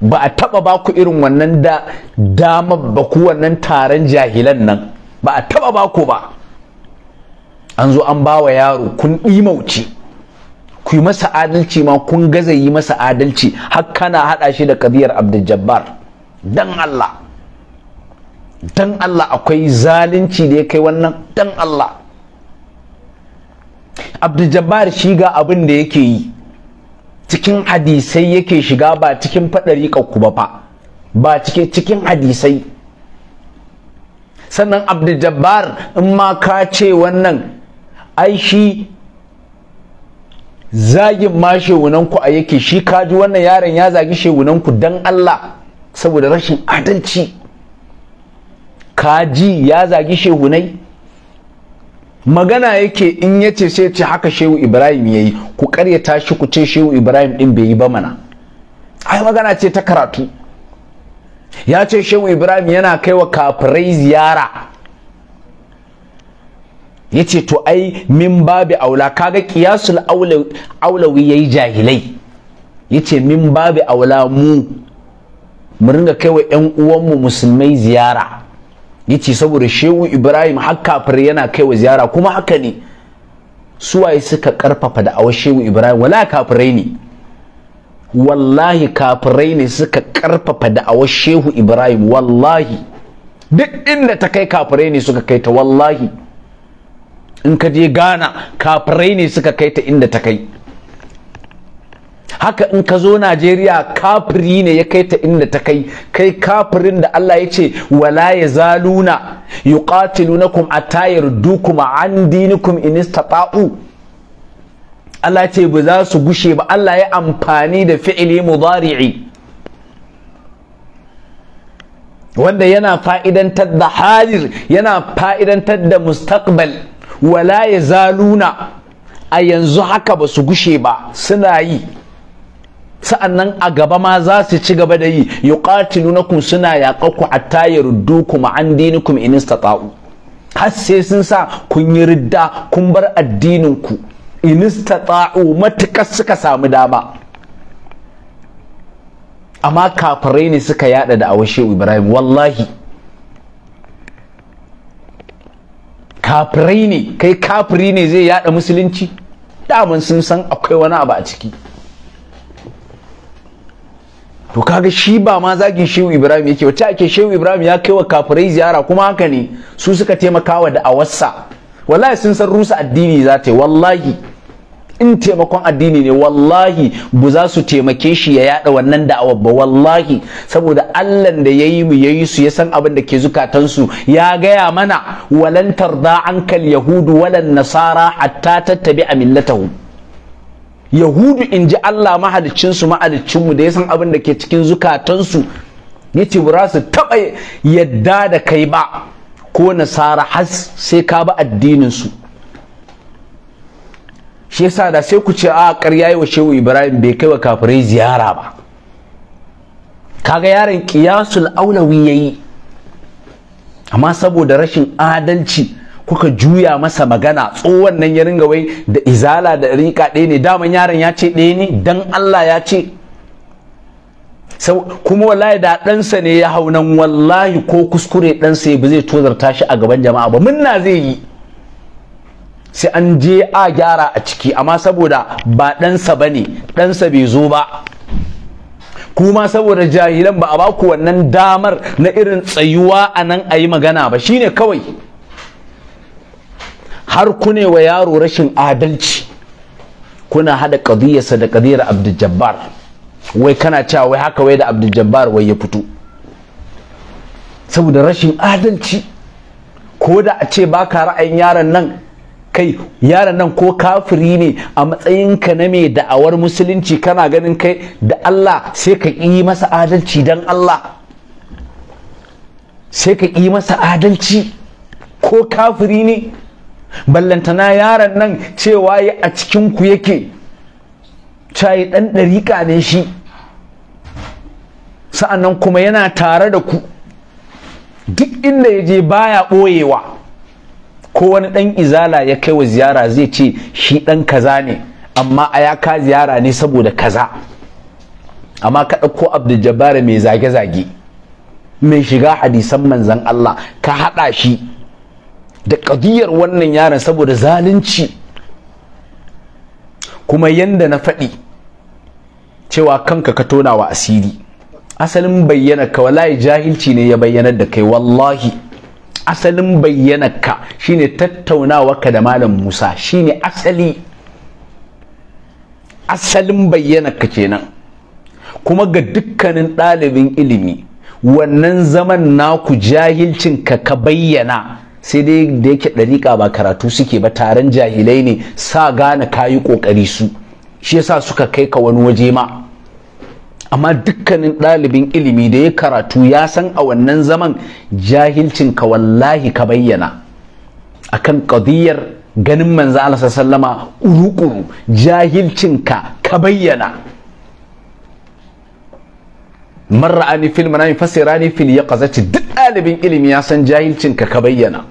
ba a taba ba ku irin wannan da damar ba ku wannan taron jahilan nan ba a taba ba ku ba an zo an ba wa yaro kun ɗi ɗimauci ku yi masa adalci ma kun gaza yi masa adalci har kana haɗa shi da kadiyar abdul jabbar dan Allah dan Allah akwai zalunci da ya kai wannan dan Allah abdul jabbar shi ga abin da yake yi cikin hadisai yake shiga ba cikin faɗari ku ba fa ba cikin hadisai sannan abdul jabbar in ma ka ce wannan ai shi zagin ma shehunanku a yake shi kaji wannan yaron ya zagi shehunanku dan Allah saboda rashin adalci kaji ya zagi shehunai magana yake in ya ce sai ce haka shehu ibrahim ya yi ku karyata shi ku ce shehu ibrahim din bai yi ba mana ai magana ce ta karatu ya ce shehu ibrahim yana kai wa kafirai ziyara yace to ai min babi aula kaga qiyasul aulawi yayi jahilai yace min babi aula mu mu ringa kaiwa yan uwanmu musulmai ziyara yace saboda shehu ibrahim har kafir yana kaiwa ziyara kuma haka ne suwaye suka karfafa da awa shehu ibrahim wala kafirai ne wallahi kafirai ne suka karfafa da awa shehu ibrahim wallahi duk inda ta kai kafirai ne suka kai ta wallahi in ka je ghana kafirai ne suka kai ta inda ta kai haka in ka zo najeriya kafiri ne ya kai ta inda ta kai kai kafirin da allah ya ce wala ya zaluna yuqatilunakum atta dukuma, an dinikum in istata'u allah ya ce ba za su gushe ba allah ya amfani da fi'ili mudari'i wanda yana fa'idantar da hadir yana fa'idantar da mustaqbal wala ya zaluna a yanzu haka ba su gushe ba suna yi sa'annan a gaba ma za su ci gaba da yi nunaku suna a tayar yaruddukum ma'an dinikum in istata'u har sai sun sa kun yi ridda kun bar addininku ku in istata'u matukar suka samu dama amma kafirai ne suka yaɗa da awashe Ibrahim wallahi kafirai ne kai kafiri ne zai yada musulunci daman sun san akwai wani abu a ciki to kaga shi ba ma zagin shehu ibrahim yake wace ake shehu ibrahim ya kai wa kafirai ziyara kuma haka ne su suka taimaka wa da'awarsa wallahi sun san rusa addini za ta yi wallahi in taimakon addini ne wallahi bu za su taimake shi ya yada wannan da'awar ba wallahi saboda allan da yayi mu yayi su ya san abin da ke zukatansu ya gaya mana walan tarda kal yahudu walan nasara hatta tattabi a millatahu yahudu in ji Allah mahalicinsu mahalicinmu da ya san abin da ke cikin zukatansu ce ba su taɓa yadda da kai ba ko nasara has sai ka bi addinin su shi yasa da sai ku ce a ah, ƙarya yi wa shehu ibrahim bai kai wa kafirai ziyara ba kaga yaron kiyasul aulawi yi. amma saboda rashin adalci kuka juya masa magana tsohon nan ya ringa wai da izala da rika ɗaya ne daman yaron ya ce ɗaya ne dan Allah ya ce kuma wallahi da ɗansa ne ya hau nan wallahi ko kuskure ɗansa ya bi zai tozarta shi a gaban jama'a ba munna zai yi sai an je a gyara a ciki amma saboda ba ɗansa ba ne ɗansa bai zo ba kuma saboda jahilan ba a ba ku wannan damar na irin tsayuwa a nan a yi magana ba shine kawai har kune wa yaro rashin adalci kuna hada ƙadiyarsa da ƙadiyar abdujabbar wai kana cewa wai haka wai da abdujabbar wai ya fito saboda rashin adalci ko da a ce baka ra'ayin yaron nan kai yaron nan ko kafiri ne a matsayinka na mai da'awar musulunci kana ganin kai da Allah sai ka yi masa adalci dan Allah sai ka yi masa adalci ko kafiri ne ballantana yaron nan cewa ya a cikin ku yake cayi dan dariƙa ne shi sa'annan kuma yana tare da ku duk inda yaje baya ɓoyewa ko wani ɗan izala ya kai wa ziyara zai ce shi ɗan kaza ne amma a ya ka ziyara ne saboda kaza amma ka ɗauko abdul mai zage-zage mai shiga hadisan manzan Allah ka haɗa shi da ƙadiyar wannan yaron saboda zalunci kuma yanda na faɗi cewa kanka ka tona wa asiri asalin bayyana ka wallahi jahilci ne ya bayyanar da kai wallahi asalin bayyanarka shine tattaunawarka da malam musa shine asali asalin bayyanarka kenan kuma ga dukkanin ɗalibin ilimi wannan zaman naku jahilcin ka ka bayyana sai dai da yake ɗariƙa ba karatu suke ba taron jahilai ne sa gane kayi ƙoƙari su shi yasa suka kai ka wani waje ma amma dukkanin ɗalibin ilimi da ya karatu ya san a wannan zaman jahilcin ka wallahi ka bayyana akan qadiyar ganin manzo Allah sallama urukuru jahilcin ka ka bayyana man ra'ani fil fasira fasirani fil yaqazati duk ɗalibin ilimi ya san jahilcin ka ka bayyana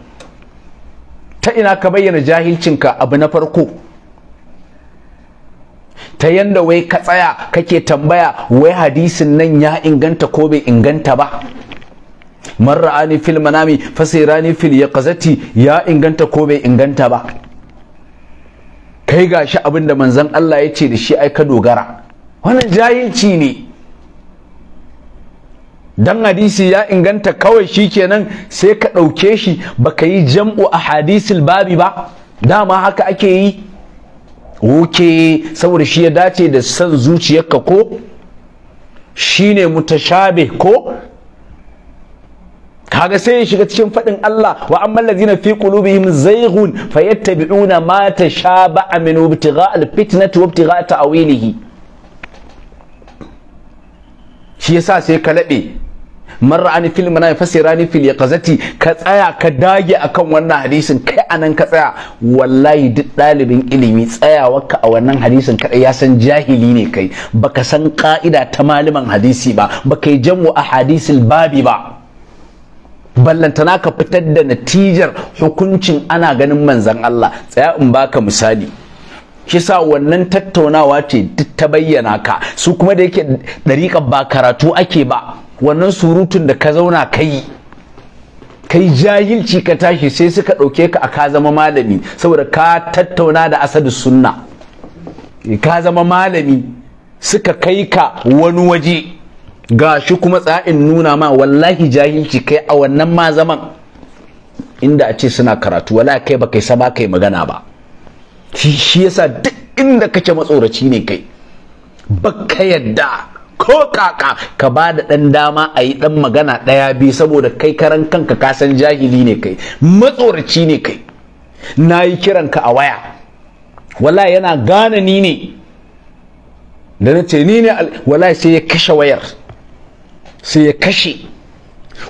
ta ina ka bayyana jahilcin ka abu na farko ta yanda wai ka tsaya kake tambaya wai hadisin nan ya inganta ko bai inganta ba man ra'ani fil manami fasirani fil yaqazati ya inganta ko bai inganta ba kai gashi abin da manzon Allah ya ce da shi ai ka dogara wannan jahilci ne dan hadisi ya inganta kawai shi kenan sai ka ɗauke shi baka yi jam'u a hadisil babi ba dama haka ake yi wuke saboda shi ya dace da san zuciyarka ko shi ne mutashabe ko kaga sai ya shiga cikin faɗin Allah wa amman lazina fi qulubihim zaygun fayattabi'una ma tashaba min ibtigha' alfitnati wa ibtigha' ta'wilihi shi yasa sai ka laɓe man ra'ani fil manami fasirani fil yaqazati ka tsaya ka dage akan wannan hadisin kai anan ka tsaya wallahi duk dalibin ilimi tsayawarka a wannan hadisin kadai ya san jahili ne kai baka san ka'ida ta malaman hadisi ba baka yi jam'u a hadisin babi ba ballantana ka fitar da natijar hukuncin ana ganin manzan Allah tsaya in baka misali Kisa wannan tattaunawa ce duk ta bayyana ka su kuma da yake dariƙar ba karatu ake ba wannan surutun da ka zauna kai kai jahilci ka tashi sai suka ɗauke ka a ka zama malami saboda ka tattauna da asadu sunna eh, ka zama malami suka kai ka wani waje ga shi kuma tsa'in nuna ma wallahi jahilci kai a wannan ma zaman inda a ce suna karatu wala kai ba kai sama kai magana ba shi yasa duk inda kake matsoraci ne kai ba ka yadda ko kaka ka ba da ɗan dama a yi ɗan magana ɗaya biyu saboda kai karan kanka ka san jahili ne kai matsoraci ne kai na yi kiranka a waya wala yana gane ni ne da na ce ni ne wala sai ya kashe wayar sai ya kashe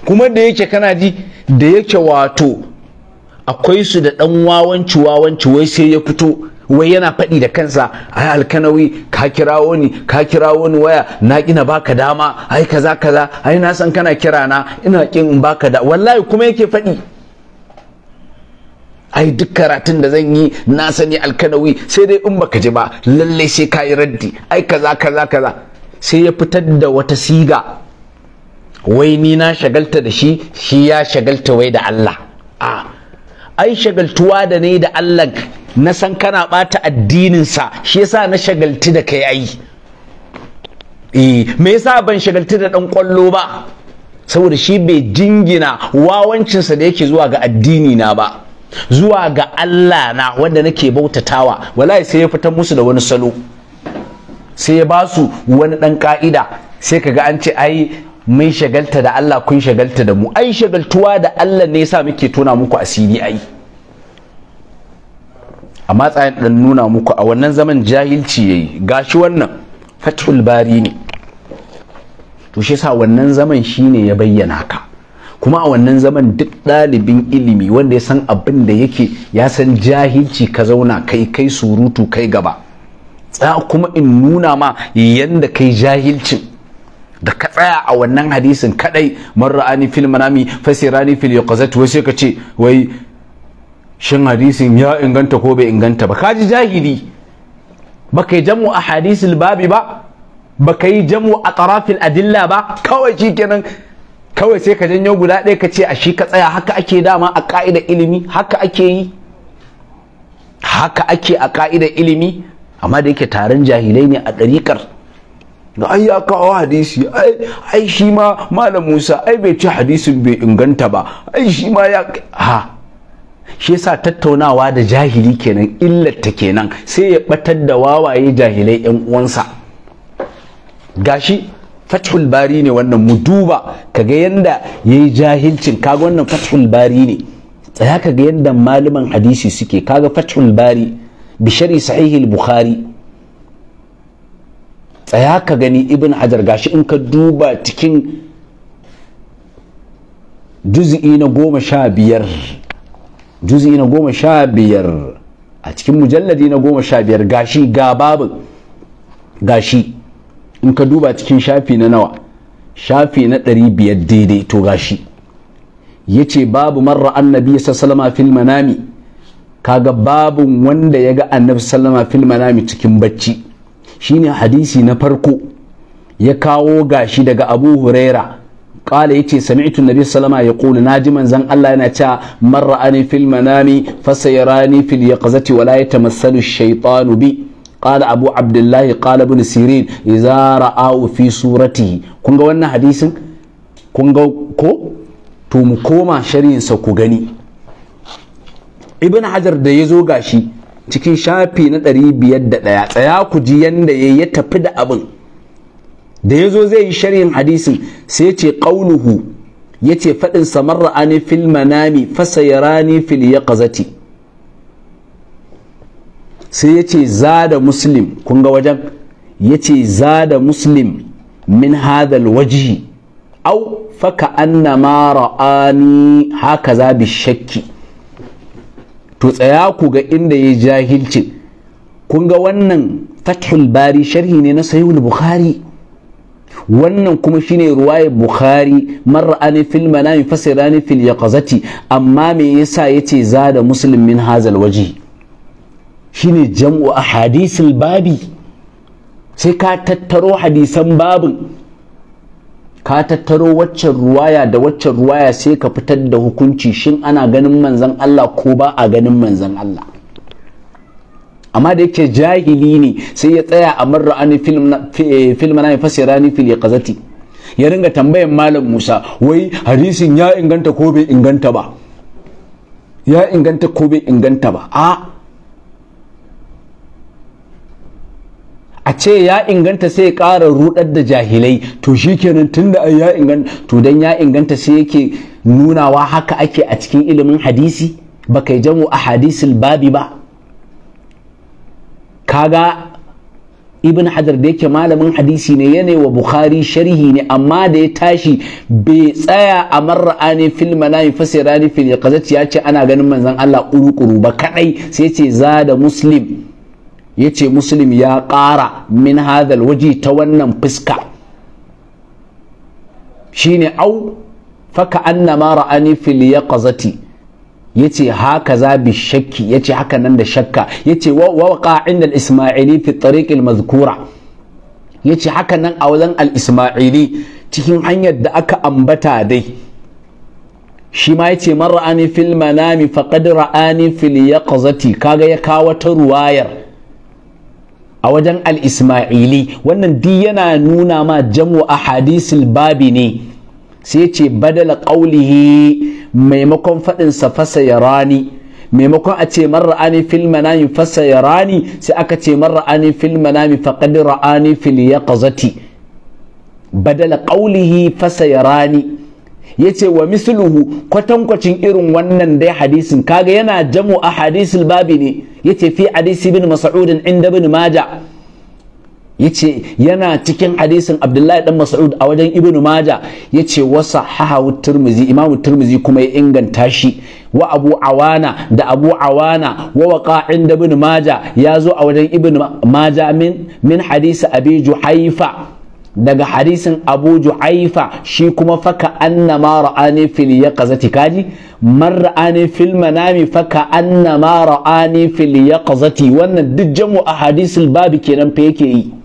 kuma da yake kana ji da yake wato akwai su da ɗan wawanci wawanci wai sai ya fito wai yana faɗi da kansa ai alkanawi ka kirawo ni ka kirawo ni waya na kina baka dama ai kaza kaza ai na san kana kira na ina kin in baka da wallahi kuma yake faɗi ai duk karatun da zan yi na sani alkanawi sai dai in baka ji ba lallai sai ka yi raddi ai kaza kaza kaza sai ya fitar da wata siga wai ni na shagalta da shi shi ya shagalta wai da Allah a ai shagaltuwa da ne da Allah na san kana ɓata addininsa shi yasa na shagalti da kai ai eh me yasa ban shagalti da ɗan ƙwallo ba saboda shi bai jingina wawancinsa da yake zuwa ga addini na ba zuwa ga Allah na wanda nake bautatawa wallahi sai ya fita musu da wani salo sai ya basu wani ɗan ka'ida sai kaga an ce ai mai shagalta da Allah kun shagalta da mu ai shagaltuwa da Allah ne yasa muke tona muku asiri ai amma tsayin dan nuna muku a wannan zaman jahilci yayi gashi wannan fathul bari ne to shi yasa wannan zaman shine ya bayyana ka kuma a wannan zaman duk ɗalibin ilimi wanda ya san abin da yake ya san jahilci ka zauna kai kai surutu kai gaba tsaya kuma in nuna ma yanda kai jahilcin da ka tsaya a wannan hadisin kadai man ra'ani fil manami fasirani fil yaqazat wai sai ka wai shin hadisin ya inganta ko bai inganta ba kaji jahili ba kai jamu a hadisul babi ba ba ka yi jamu a tarafin adilla ba kawai shi kenan kawai sai ka janyo guda ɗaya ka ce a shi ka tsaya haka ake dama a ƙa'ida ilimi haka ake yi haka ake a ƙa'ida ilimi amma da yake taron jahilai ne a ɗariƙar da ai ya kawo hadisi ai shi ma malam musa ai bai ci hadisin bai inganta ba ai shi ma ya ha shi yasa tattaunawa da jahili kenan illar ta kenan sai ya batar da wawaye jahilai yan uwansa gashi fathul bari ne wannan mu duba kaga yanda yayi jahilcin kaga wannan fathul bari ne tsaya kaga yanda malaman hadisi suke kaga fathul bari bi shari al bukhari tsaya ka gani ibn hajar gashi in ka duba cikin juz'i na goma sha biyar juzi na goma sha biyar a cikin mujalladi na goma sha biyar gashi ga babu. gashi in ka duba cikin shafi na nawa shafi na ɗari biyar daidai to gashi ya ce babu marra annabi ya sallama fil manami kaga babu wanda ya ga annabi fil manami cikin bacci shine hadisi na farko ya kawo gashi daga abu huraira kala yace sami'tu nabi sallama na ji manzon Allah yana cewa man ra'ani fil manami fasayarani fil yaqzati wala yatamassalu shaytanu bi qala abu abdullahi qala ibn sirin idza ra'ahu fi surati kun ga wannan hadisin kun ga ko to mu koma sharhin sa ku gani ibn hajar da yazo gashi cikin shafi na 501 tsaya ku ji yanda yayi ya tafi da abin da ya zo zai yi sharhin hadisin sai ce ƙaunuhu ya ce faɗin samar ra'ani fil manami rani fil yaqazati sai ya ce za da muslim kun ga wajen ya ce za da muslim min hadal waji au faka anna ma ra'ani haka za bi shakki to tsaya ku ga inda ya jahilcin kun ga wannan fathul bari sharhi ne na sahihul bukhari wannan kuma shine ruwaye bukhari man ra'ani fil manami fasirani fil yaqazati amma me yasa yace zada muslim min hazal waji shine jam'u ahadisil babi sai ka tattaro hadisan babin ka tattaro waccan ruwaya da waccan ruwaya sai ka fitar da hukunci shin ana ganin manzon Allah ko ba a ganin manzon Allah amma da yake jahili ne sai ya tsaya a marra an film eh, na fasira ni fil qazati ya ringa tambayan malam Musa wai hadisin ya inganta ko bai inganta ba ya inganta ko bai inganta ba a a ce ya inganta sai ya ƙara rudar da jahilai to shikenan tunda ai ya inganta to dan ya inganta sai yake nunawa haka ake a cikin ilimin hadisi baka yi jamu a hadisul babi ba kaga ibn hajar da yake malamin hadisi ne yanayi wa bukhari sharhi ne amma da ya tashi bai tsaya a marra'a ne fil manami fasira ne fil yaqazati ya ce ana ganin manzon Allah kurukuru ba kadai sai ce za da muslim ya muslim ya ƙara min hadal waje ta wannan fuska shine au faka annama ra'ani fil yaqazati yace haka za bi shakki yace haka nan da shakka yace wa waqa inda al-isma'ili fi tariq al-mazkura yace haka nan a wajen al-isma'ili cikin hanyar da aka ambata dai shi ma yace man ra'ani fil manami faqad ra'ani fil yaqzati kaga ya kawo ta ruwayar a wajen al-isma'ili wannan duk yana nuna ma jam'u ahadisil babi ne sai ce badala qaulihi maimakon faɗin fasa fasa yarani maimakon a ce man ra'ani fil manami fasa yarani sai aka ce man ra'ani fil manami faqad ra'ani fil yaqzati badala ƙaulihi fasa Ya yace wa misluhu kwatankwacin irin wannan dai hadisin kaga yana jamu a hadisul babi ne yace fi hadisi ibn mas'ud inda ibn maja yace yana cikin hadisin Abdullahi dan Mas'ud a wajen Ibn maja yace wasa hahawu Tirmizi Imam Tirmizi kuma ya inganta shi wa Abu Awana da Abu Awana wa waqa'in da Ibn Majah ya zo a wajen Ibn Majah min min hadisi Abi Juhaifa daga hadisin Abu Juhaifa shi kuma faka anna ma ra'ani fil yaqzati kaji man ra'ani fil manami faka anna ma ra'ani fil yaqzati wannan duk jamu a hadisul babu kenan fa yake yi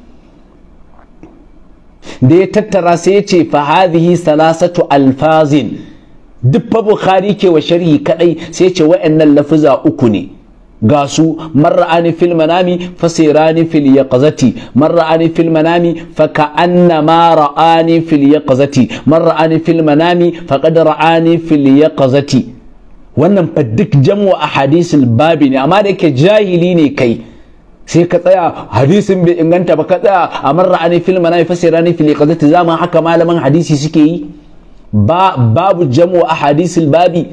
da ya tattara sai ya ce fa hadhihi salasatu alfazin duk fa bukhari ke wa sharhi kadai sai ya ce wa'annan lafuza uku ne ga su marra'ani fil manami fa sirani fil yaqzati marra'ani fil manami fa ka'anna ma ra'ani fil yaqzati marra'ani fil manami fa qad ra'ani fil yaqzati wannan fa duk jam'u ahadisul babi ne amma da yake jahili ne kai sai ka tsaya hadisin bai inganta ba ka tsaya a marra ani fil manami fasirani fil iqadati zama haka malaman hadisi suke yi ba babu jam'u ahadisil babi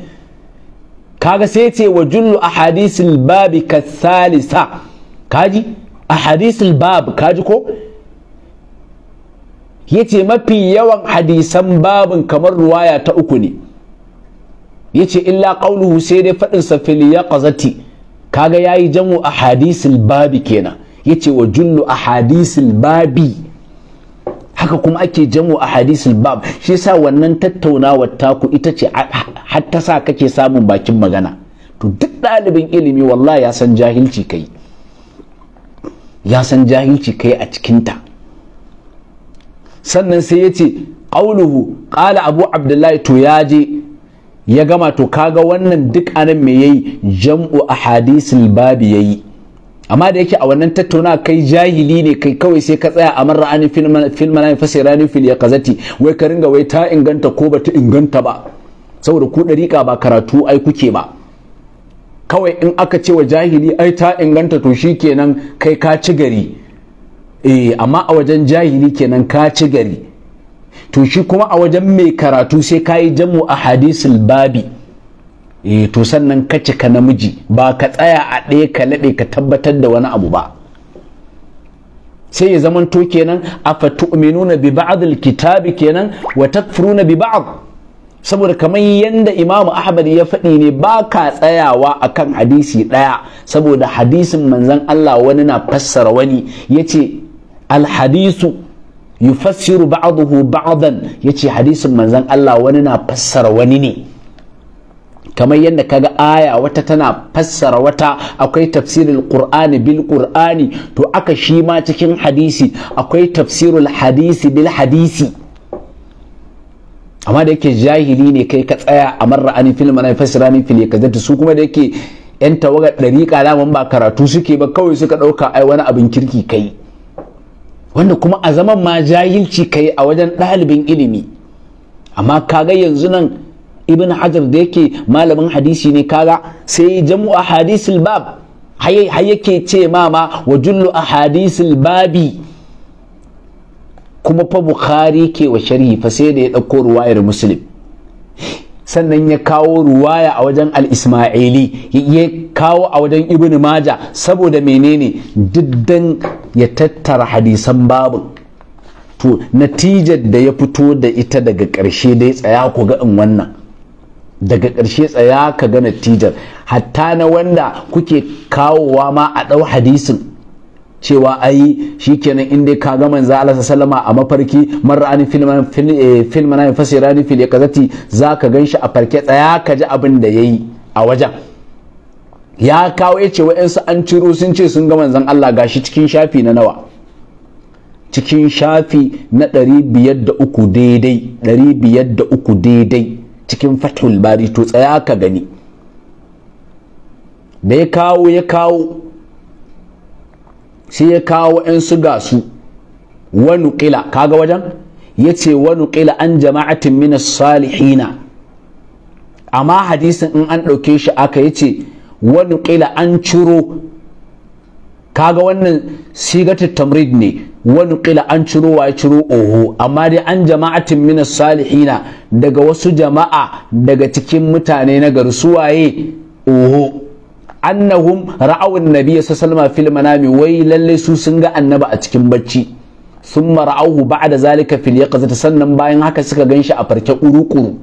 kaga sai ce wa jullu ahadisil babi ka salisa kaji ahadisil bab kaji ko yace mafi yawan hadisan babin kamar ruwaya ta uku ne yace illa ƙaunuhu sai dai fadin sa fil yaqazati kaga yayi jamu hadisul babi kenan yace wa jullu hadisul babi haka kuma ake jamu hadisul bab shi yasa wannan tattaunawar taku ita ce hatta sa kake samun bakin magana to duk ɗalibin ilimi wallahi ya san jahilci kai ya san jahilci kai a cikinta sannan sai ya ce ƙauluhu ƙala abu abdullahi to ya je ya gama to kaga wannan duk anan me yayi jam'u ahadisul babi yayi amma da yake a wannan tattauna kai jahili ne kai kawai sai ka tsaya a marra ani fil manami fasirani fil yaqazati wai ka ringa wai ta inganta ko bata inganta ba saboda ku dariƙa ba karatu ai kuke ba kawai in aka ce wa jahili ai ta inganta to shikenan kai ka ci gari eh amma a wajen jahili kenan ka ci gari to shi kuma a wajen mai karatu sai ka yi jamu a hadisul babi e to sannan ka cika namiji ba ka tsaya a ɗaya ka laɗe ka tabbatar da wani abu ba sai ya zaman to kenan a fatu'minuna bi ba'adul, kitabi kenan wa na bi ba'ad. saboda kamar yadda imamu ahmad ya faɗi ne ba ka tsayawa akan hadisi ɗaya saboda hadisin manzan Allah wani na fassara wani ya ce alhadisu yufassiru ba'dahu ba'dan yace hadisin manzon Allah wani na fassara wani ne kamar yadda kaga aya wata tana fassara wata akwai tafsirul qur'ani bil qur'ani to aka shi ma cikin hadisi akwai tafsirul hadisi bil hadisi amma da yake jahili ne kai ka tsaya a marra an fil mana fassara ni fil yakazatu su kuma da yake yan tawaga dariƙa lamun ba karatu suke ba kawai suka ɗauka ai wani abin kirki kai wanda kuma a zaman ma jahilci kai a wajen ɗalibin ilimi amma kaga yanzu nan ibn hajar da yake malamin hadisi ne kaga sai jamu a hadisul bab har yake ce ma ma wa jullu a hadisul babi kuma fa bukhari ke wa sharhi fa sai da ya ɗauko ruwayar muslim sannan ya kawo ruwaya a wajen al-ismaili ya kawo a wajen ibn maja saboda menene diddan ya tattara hadisan babu to natijar da ya fito da ita daga ƙarshe dai tsaya ku ga in wannan daga ƙarshe tsaya ka ga natijar hatta na wanda kuke kawowa ma a ɗau hadisin cewa ai shikenan in dai ka ga manzo Allah sallama a mafarki man ra'ani fil fil eh, manami fasirani fil yakazati zaka ganshi a farke tsaya ka ji abin da yayi a wajen ya kawo ya ce wa'yansu an ciro sun ce sun ga manzon Allah gashi cikin shafi na nawa cikin shafi na 503 daidai 503 daidai cikin fathul bari to tsaya ka gani da ya kawo ya kawo sai ya kawo yan su ga su wa nuqila kaga wajen ce wani ƙila an jama'atin min salihina amma hadisin in an ɗauke shi aka yace wani ƙila an ciro kaga wannan sigatar tamrid ne wani ƙila an ciro wa ciro oho amma dai an jama'atin mina salihina daga wasu jama'a daga cikin mutane na gari waye oho annahum ra'awun nabiyyi sallallahu alaihi wasallam wai lalle su sun ga annabi a cikin bacci thumma ra'awhu ba'da zalika fil yaqzati sannan bayan haka suka ganshi a farke kurukuru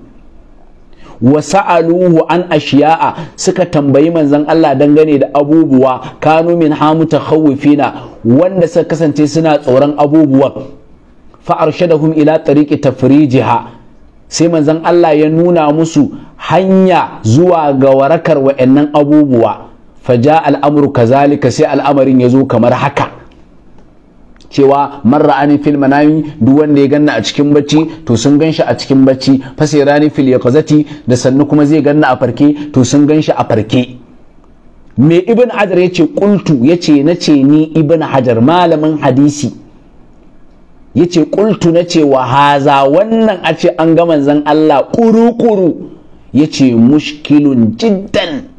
wa sa'aluhu an ashiya'a suka tambayi manzon Allah dangane da abubuwa kanu min hamuta khawfina wanda suka kasance suna tsoron abubuwan fa arshadahum ila tariqi tafrijiha sai manzon Allah ya nuna musu hanya zuwa ga warakar wa'annan abubuwa faja al'amuru kazalika sai al'amarin ya zo kamar haka cewa marra ani fil manami duk wanda ya ganna a cikin bacci to sun ganshi a cikin bacci rani fil yaqazati da sannu kuma zai ganna a farke to sun ganshi a farke me ibn hajar yace qultu yace nace ni ibn hajar malamin hadisi yace qultu nace wa haza wannan a ce an ga manzon Allah kuru yace mushkilun jiddan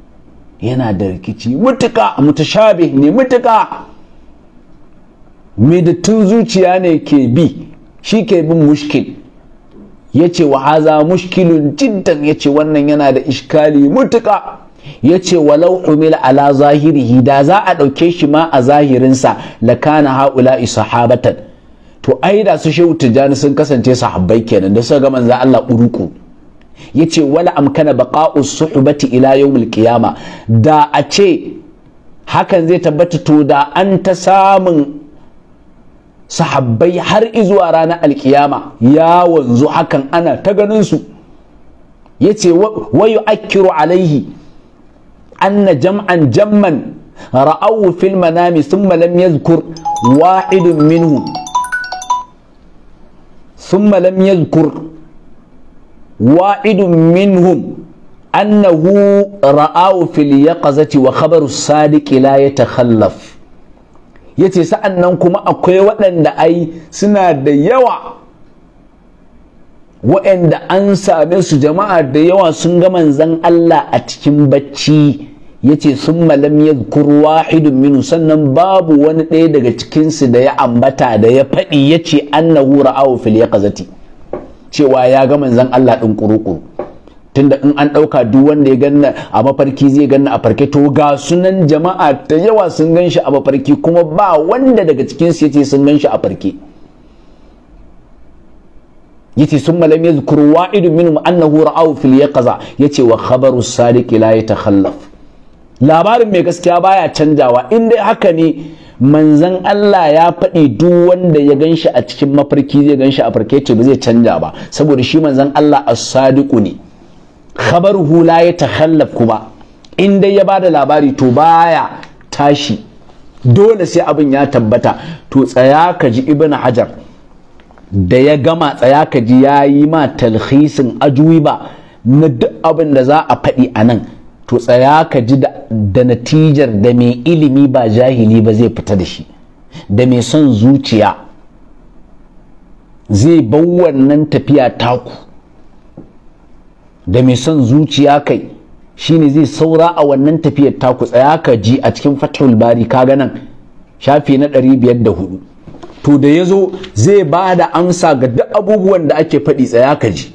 yana da rikici mutuka mutashabih ne mutuka mai tun zuciya ne ke bi shi ke bin mushkil ya ce wa haza mushkilun jiddan ya ce wannan yana da ishkali mutuka ya ce walau umila ala zahiri, hida za a ɗauke shi ma a zahirinsa lakana ha'ula'i sahabatan to ai da su shehu tijjani sun kasance sahabbai kenan da suka gama za Allah uruku yace wala amkana baqa'u suhbati ila yawmil qiyama da a ce hakan zai tabbata to da an ta samun sahabbai har izuwa ranar alkiyama ya wanzu hakan ana ta ganinsu. yace wayu akiru alaihi anna jam'an jamman ra'awu fil manami thumma lam yadhkur wahidun minhu thumma lam yadhkur wa'idun minhum annahu ra'awu fil yaqazati wa khabaru sadiq la yatakhallaf yace sa'annan kuma akwai waɗanda ai suna da yawa waɗanda an same su jama'a da yawa sun ga manzan Allah a cikin bacci yace sun malam yadhkur wahidun minu sannan babu wani ɗaya daga cikinsu da ya ambata da ya faɗi yace annahu ra'awu fil yaqazati cewa ya ga manzon Allah ɗin kurukuru tunda in an ɗauka duk wanda ya ganna a mafarki zai ganna a farke to ga sunan jama'a da yawa sun gan shi a mafarki kuma ba wanda daga cikin su yace sun gan shi a farke yace sun malam yadhkuru wa'idu minhum annahu ra'aw fil yaqza yace wa khabaru sadiq la yatakhallaf labarin mai gaskiya baya canjawa in dai haka ne manzan Allah ya faɗi duk wanda ya gan shi a cikin mafarki zai ganshi a farke ba zai canja ba saboda shi manzan Allah as-sadiqu ne khabaruhu la ku kuma in dai ya ba da labari to baya tashi dole sai abin ya tabbata to tsaya ka ji ibn hajar da ya gama tsaya ka ji ya yi ma talhisin ajuwi ba na duk abin da za a faɗi a nan to tsaya ka ji da natijar da mai ilimi ba jahili ba zai fita da shi da mai son zuciya zai bau wannan tafiya taku da mai son zuciya kai shine zai saura a wannan tafiyar taku tsaya ka ji a cikin fathul bari ka ganan shafi na 504 to da ya zo zai ba da amsa ga duk abubuwan da ake faɗi tsaya ka ji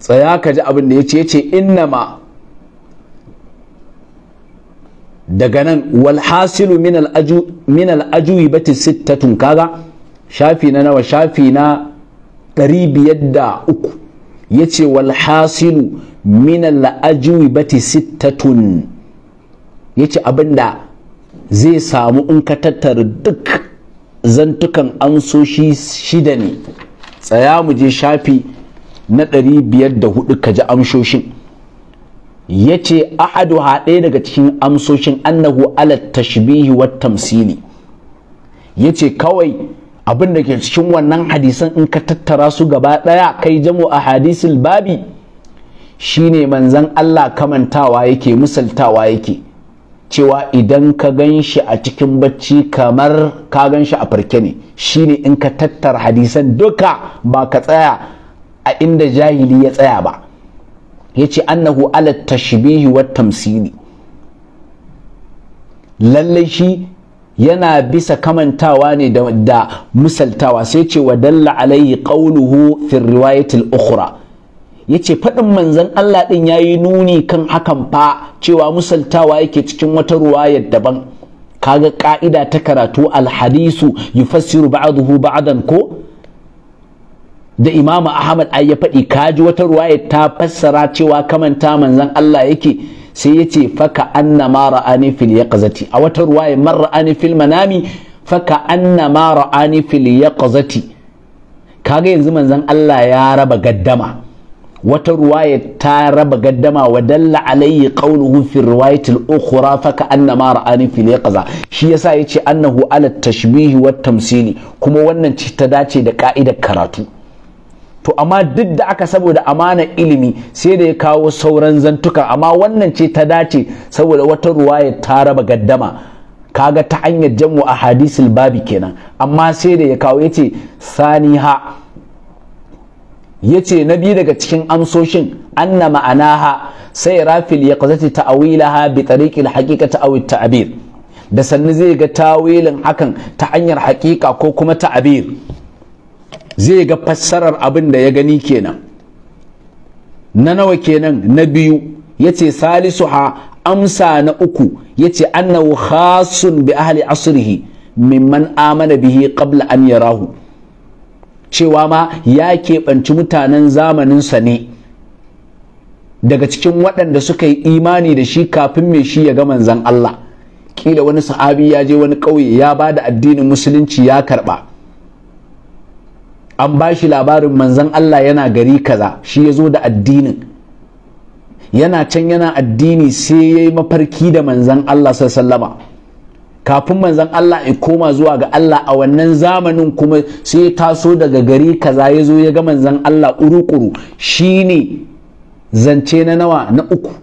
tsaya ka ji abin da ya ce ya ce innama daga nan walhasilu min al'ajuwi bati sittatun kaga shafi na nawa shafi na 503 ya ce walhasilu min al'ajuwi bati sittatun ya ce abin da zai samu in ka tattara duk zantukan amsoshi shida ne tsaya mu je shafi na ɗari biyar da hudu ka ji amshoshin ya ce ahadu haɗe daga cikin amsoshin annahu ala tashbihi wa tamsili ya ce kawai abin da ke cikin wannan hadisan in ka tattara su gaba ɗaya kai jamo a hadisul babi shine manzan Allah kamantawa yake misaltawa yake cewa idan ka gan shi a cikin bacci kamar ka gan shi a farke ne shine in ka tattara hadisan duka ba ka tsaya a inda jahili ya tsaya ba ya ce annahu ala tashbihi wa tamsili lallai shi yana bisa kamantawa ne da musaltawa, sai ce wa dalla alaihi qawluhu fi riwayatil ukhra yace faɗin manzon Allah ɗin yayi nuni kan hakan fa cewa musaltawa yake cikin wata ruwayar daban kaga ka'ida ta karatu alhadisu yufassiru ba'dahu ba'dan ko da imamu ahmad ai ya faɗi kaji wata ruwaya ta fassara cewa kamanta manzan Allah yake sai ya ce faka anna ma ra'ani fil yaqzati a wata ruwaya man ra'ani fil manami faka anna ma ra'ani fil yaqzati kaga yanzu manzan Allah ya raba gaddama wata ruwaya ta raba gaddama wa dalla alayhi qawluhu fi riwayatil ukhra fa anna ma ra'ani fil yaqza shi yasa yace annahu ala tashbihi wat tamsili kuma wannan ci ta dace da ka'idar karatu to amma duk da aka saboda amana ilimi sai da ya kawo sauran zantuka amma wannan ce ta dace saboda wata ruwaya ta raba gaddama kaga ta hanyar jam'u a hadisul babi kenan amma sai da ya kawo yace saniha yace na biyu daga cikin amsoshin anna ma'anaha sai rafil ya qazati ta'wilaha bi tariqil haqiqati aw ta'bir da sannu zai ga tawilin hakan ta hanyar haƙiƙa ko kuma ta'abir zai ga fassarar abin da ya gani kenan na nawa kenan na biyu yace salisu ha amsa na uku Ya yace annahu khasun bi ahli asrihi mimman amana bihi qabla an yarahu cewa ma ya keɓanci mutanen zamanin sa ne daga cikin waɗanda suka yi imani da shi kafin mai shi ya ga manzan Allah Ƙila wani sahabi ya je wani ƙauye ya ba da addinin musulunci ya karɓa an ba shi labarin manzan Allah yana gari kaza shi ya zo da addinin yana can yana addini sai ya yi mafarki da manzan Allah sallama kafin manzan Allah ya koma zuwa ga Allah a wannan zamanin kuma sai ya taso daga gari kaza ya zo ya ga manzan Allah urukuru shi ne zance na nawa na uku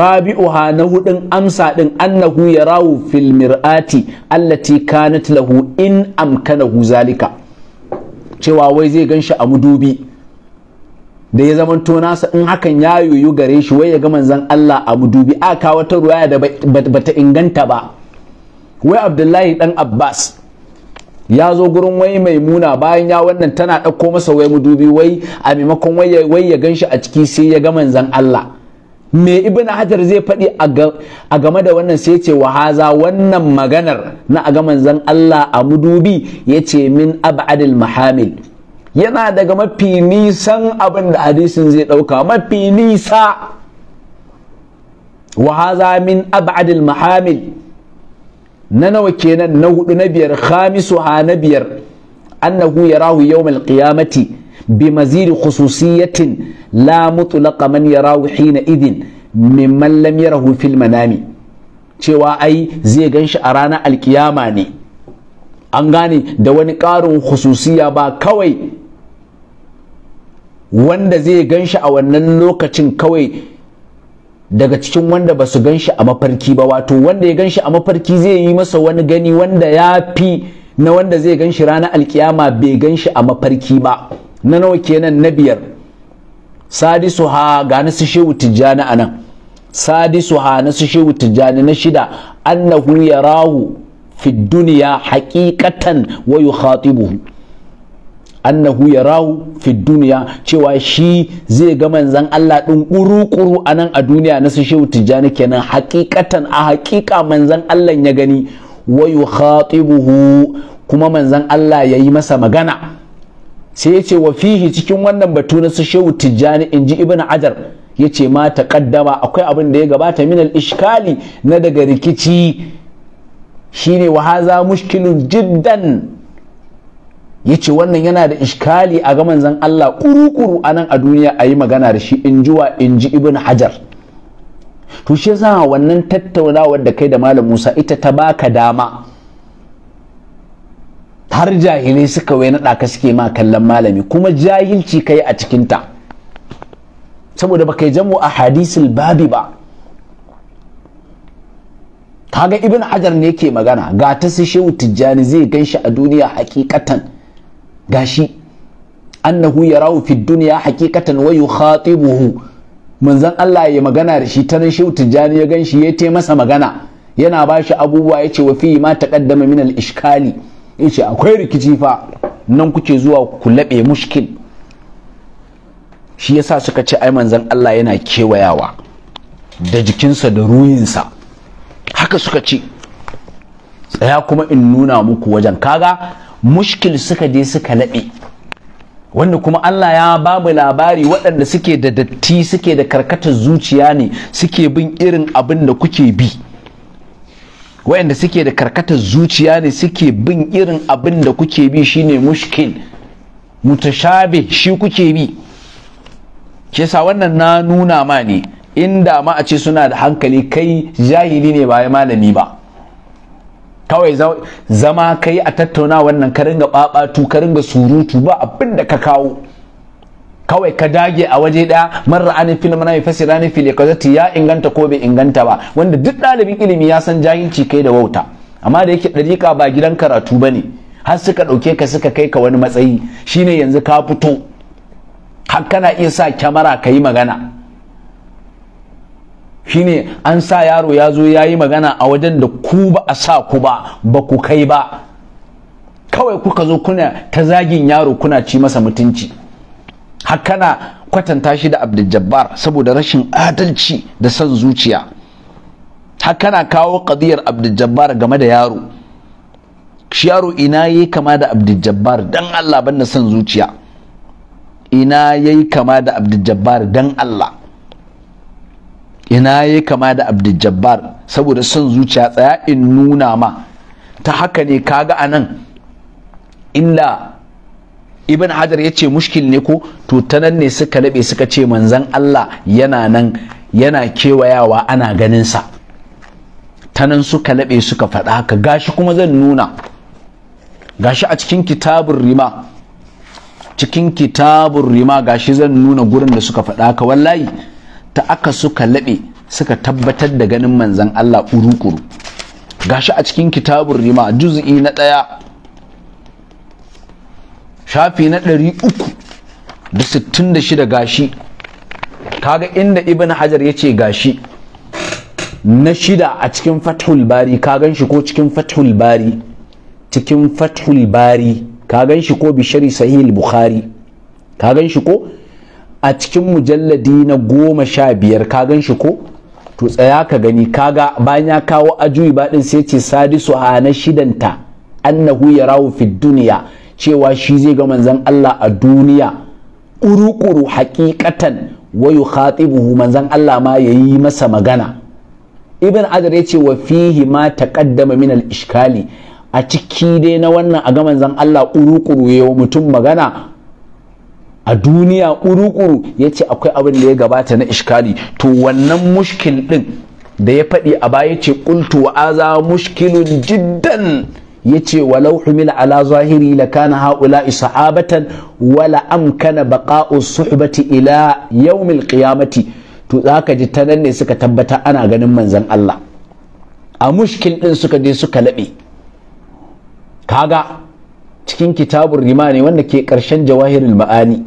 rabi'uha na hudun amsa din annahu yarahu fil mir'ati allati kanat lahu in amkanahu zalika cewa wai zai gan shi a mudubi da ya zama nasa in hakan ya yoyu gare shi wai ya ga manzan Allah a mudubi a ka wata ruwaya da bata inganta ba wai abdullahi dan abbas ya zo gurin wai mai muna bayan ya wannan tana ɗauko masa wai mudubi wai a maimakon wai ya gan shi a ciki sai ya ga manzan Allah me ibn hajar zai faɗi a game da wannan sai ce wa haza wannan maganar na a ga zan Allah a mudubi ya ce min abadil mahamil yana daga mafi nisan abin da hadisin zai ɗauka mafi nisa wa haza min abadil mahamil na nawa kenan na hudu na biyar khamisu ha na biyar annahu yarahu yawmal qiyamati bi mazidi khususiyatin la mutlaqa man yarahu hina idin mimman lam yarahu cewa ai zai ganshi a ranar alkiyama ne an gane da wani ƙarin kususiya ba kawai wanda zai ganshi a wannan lokacin kawai daga cikin wanda ba su ganshi a mafarki ba wato wanda ya ganshi a mafarki zai yi masa wani gani wanda ya fi na wanda zai ganshi ranar alkiyama bai ganshi a mafarki ba na nawa kenan na biyar sadisu ha ga na su shehu tijjani anan sadisu ha na su shehu tijjani na shida annahu yarahu fi duniya haqiqatan wa yukhatibuhu annahu yarahu fi duniya cewa shi zai ga manzan Allah ɗin ƙuruƙuru kuru a nan a duniya na su shehu tijjani kenan hakikatan a hakika manzan Allah ya gani wa yukhatibuhu kuma manzan Allah ya yi masa magana sai yace wa fihi cikin wannan batu na su shehu tijjani inji ibn ajar yace ma ta taqaddama akwai abin da ya gabata min ishkali na daga rikici shine wa haza mushkilun jiddan yace wannan yana da ishkali a ga manzon Allah kurukuru anan a duniya ayi magana da shi in wa in ji ibn hajar to shi yasa wannan tattaunawar da kai da malam Musa ita ta baka dama har jahilai suka wai naɗa ka suke ma kallon malami kuma jahilci ka yi a cikinta saboda baka yi jamu a hadisul babi ba kaga ibn hajar ne ke magana ga ta su shehu tijjani zai gan shi a duniya hakikatan gashi annahu yarahu fi duniya hakikatan wa buhu manzan Allah ya magana da shi ta nan shehu tijjani ya gan shi ya te masa magana yana ba shi abubuwa ya ce wa fi ma taqaddama min al-ishkali in ce akwai rikici fa nan kuke zuwa ku laɓe mushkil shi yasa suka ce ai manzan Allah yana kewayawa da jikinsa da ruhinsa haka suka ce tsaya kuma in nuna muku wajen kaga mushkil suka je suka laɓe wanda kuma Allah ya babu labari waɗanda suke da datti suke da karkatar zuciya ne suke bin irin abin da kuke bi wayanda suke da karkatar zuciya ne suke bin irin abin da kuke bi shine mushkil mutashabe shi kuke bi ke sa wannan na nuna ma ne inda ma a ce suna da hankali kai jahili ne ba ya malami ba kawai zama kai a tattauna wannan ka ringa ɓaɓatu? ka ringa surutu ba abin da ka kawo kawai ka dage a waje ɗaya marar ra'anin fil manami fasirani fil ya inganta ko bai inganta ba wanda duk ɗalibin ilimi ya san jahilci kai da wauta amma da yake dariƙa ba gidan karatu ba ne har suka ɗauke ka suka kai ka wani matsayi shine yanzu ka fito har kana iya sa kyamara ka yi magana shine an sa yaro ya zo ya yi magana a wajen da ku ba a sa ku ba ba ku kai ba kawai kuka zo kuna ta zagin yaro kuna ci masa mutunci hakana kwatanta shi da abdul saboda rashin adalci da son zuciya hakana kawo kadiyar abdul game da yaro shi yaro ina yayi kama da abdul dan Allah banda son zuciya ina yayi kama da abdul dan Allah ina yayi kama da abdul saboda son zuciya tsaya in nuna ma ta haka ne kaga anan illa ibn hajar ya ce mushkil ne ko to ta nan ne suka laɓe suka ce manzan allah yana nan yana kewayawa ana ganinsa ta nan suka laɓe suka faɗa haka gashi kuma zan nuna gashi a cikin kitabun rima cikin kitabun rima gashi zan nuna gurin da suka faɗa haka wallahi ta aka suka laɓe suka tabbatar da ganin manzan allah ƙuru-ƙuru gashi a cikin kitabun rima juz'i na ɗaya shafi na shida gashi kaga inda ibn hajar ya ce gashi na shida a cikin fathul bari ka gan ko cikin fathul bari cikin fathul bari ka gan ko bishari Sahil bukhari ka gan ko a cikin mujalladi na goma sha biyar ka gan ko to tsaya ka gani kaga bayan ya kawo ajuyi baɗin sai ce sadisu a na shidanta annahu yarawu fi duniya cewa shi zai ga manzan Allah a duniya ƙuruƙuru hakikatan wa yukhatibuhu manzan Allah ma ya yi masa magana ibn adar yace wa fihi ma taqaddama min al a ciki dai na wannan a ga manzan Allah urukuru yi mutum magana a duniya Ya ce akwai abin da ya gabata na ishkali to wannan mushkil ɗin da ya faɗi a baya ce qultu wa aza mushkilun jiddan yace walau humila ala zahiri la kana haula sahabatan wala amkana baqa'u suhbati ila yawmil qiyamati to zaka ji ta nan ne suka tabbata ana ganin manzon Allah a mushkin din suka je suka labe kaga cikin kitabun rima ne wanda ke karshen jawahirul ma'ani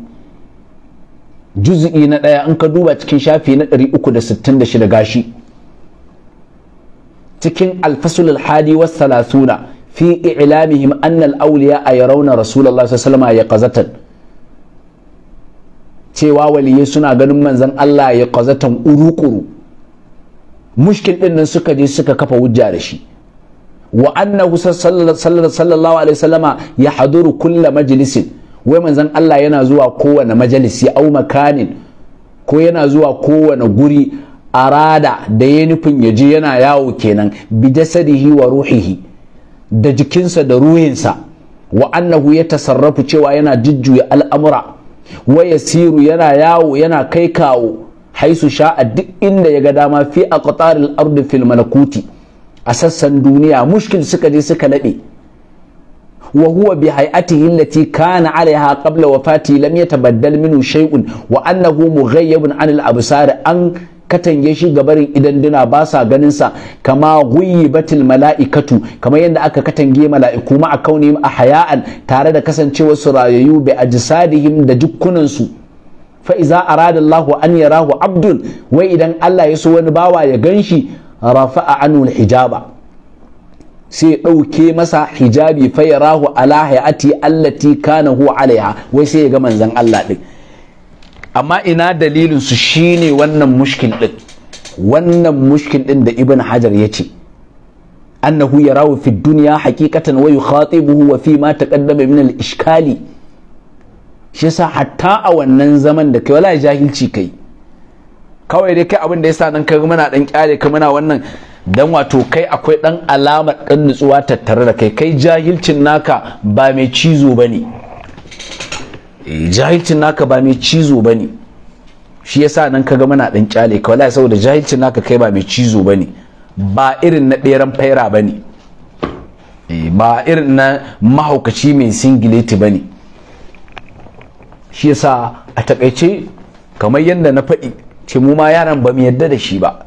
juz'i na daya in ka duba cikin shafi na 366 gashi cikin alfasul hadi was salasuna fi i'lamihim annal auliya a yarauna rasulullahi sallallahu alaihi wasallam cewa waliye suna ganin manzon Allah ya qazatan urukuru mushkil din nan suka je suka kafa hujja da shi wa annahu sallallahu alaihi wasallama ya haduru kulla majlisin wai manzon Allah yana zuwa kowane majalisi au makanin ko yana zuwa kowane guri arada da ya nufin ya je yana yawo kenan bi jasadihi wa ruhihi da jikinsa da ruhinsa wa annahu ya tasarrafu cewa yana jujjuya al'amura wa yasiru yana yawo yana kai kawo haisu sha'a duk inda ya ga dama fi a qataril ardi fil malakuti a sassan duniya mushkil suka je suka nade wa huwa bi hay'atihi allati kana 'alayha qabla wafati lam yatabaddal minhu shay'un wa annahu mughayyabun 'anil absar an katange shi ga barin idan duna ba sa ganin sa kama guyi batil mala'ikatu kamar yadda aka katange mala'iku ma a kauni a haya'an tare da kasancewar su rayayu bi ajsadihim da dukkunan su fa iza arada Allahu an yarahu abdun wai idan Allah ya so wani bawa ya ganshi rafa'a anhu hijaba sai ya ɗauke masa hijabi fa yarahu ala hayati allati kana hu alaiha wai sai ya ga manzon Allah din amma ina dalilin su shine wannan mushkil din wannan mushkil din da ibn hajar ya ce annahu yarawu fi dunya haqiqatan wa yukhatibuhu wa fi ma taqaddama min al-ishkali shi yasa hatta a wannan zaman da kai wala jahilci kai kawai dai kai abin da yasa nan ka muna dan kyale kai muna wannan dan wato kai akwai dan alamar dan nutsuwa tattare da kai kai jahilcin naka ba mai cizo bane jahilcin naka ba mai cizo ba ne shi yasa nan ka ga muna ɗan kyale ka wallahi saboda jahilcin naka kai ba mai cizo ba ne ba irin na ɗeran faira ba ne eh, ba irin na mahaukaci mai singileti ba ne shi yasa a takaice kamar yadda na faɗi ce mu ma yaran ba mu yadda da shi ba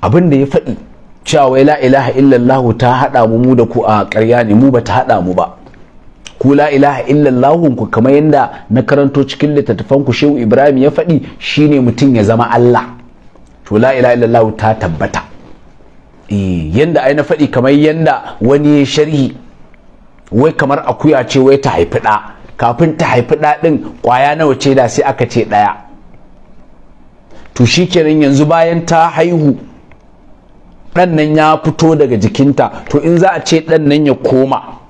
abin da ya faɗi cewa wai la ilaha illallahu ta haɗa mu mu da ku a ƙarya ne mu ba ta haɗa mu ba ku la ilaha illallah ku kamar yadda na karanto cikin littattafan ku shehu ibrahim ya faɗi shine mutum ya zama allah to la ilaha illallah ta tabbata eh, yanda ai na faɗi kamar yanda wani ya sharhi wai kamar akuya ce wai ta haifi ɗa kafin ta haifi ɗa ɗin ƙwaya nawa ce da sai aka ce ɗaya to shikenan yanzu bayan ta haihu ɗan nan ya fito daga jikinta to in za a ce ɗan nan ya koma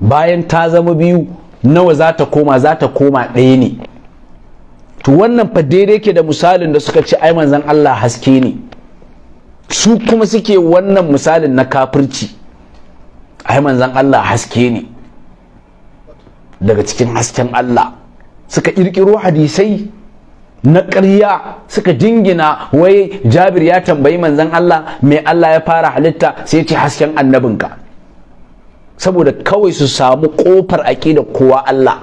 bayan ta zama biyu nawa za ta koma za ta koma ɗaya ne to wannan fa daidai ke da misalin da suka ce ai manzon Allah haske ne su kuma suke wannan misalin na kafirci ai manzon Allah haske ne daga cikin hasken Allah suka ƙirƙiro hadisai na ƙarya suka jingina wai jabir ya tambayi manzon Allah mai Allah ya fara halitta sai ya ce hasken annabinka saboda kawai su samu kofar aqida kowa Allah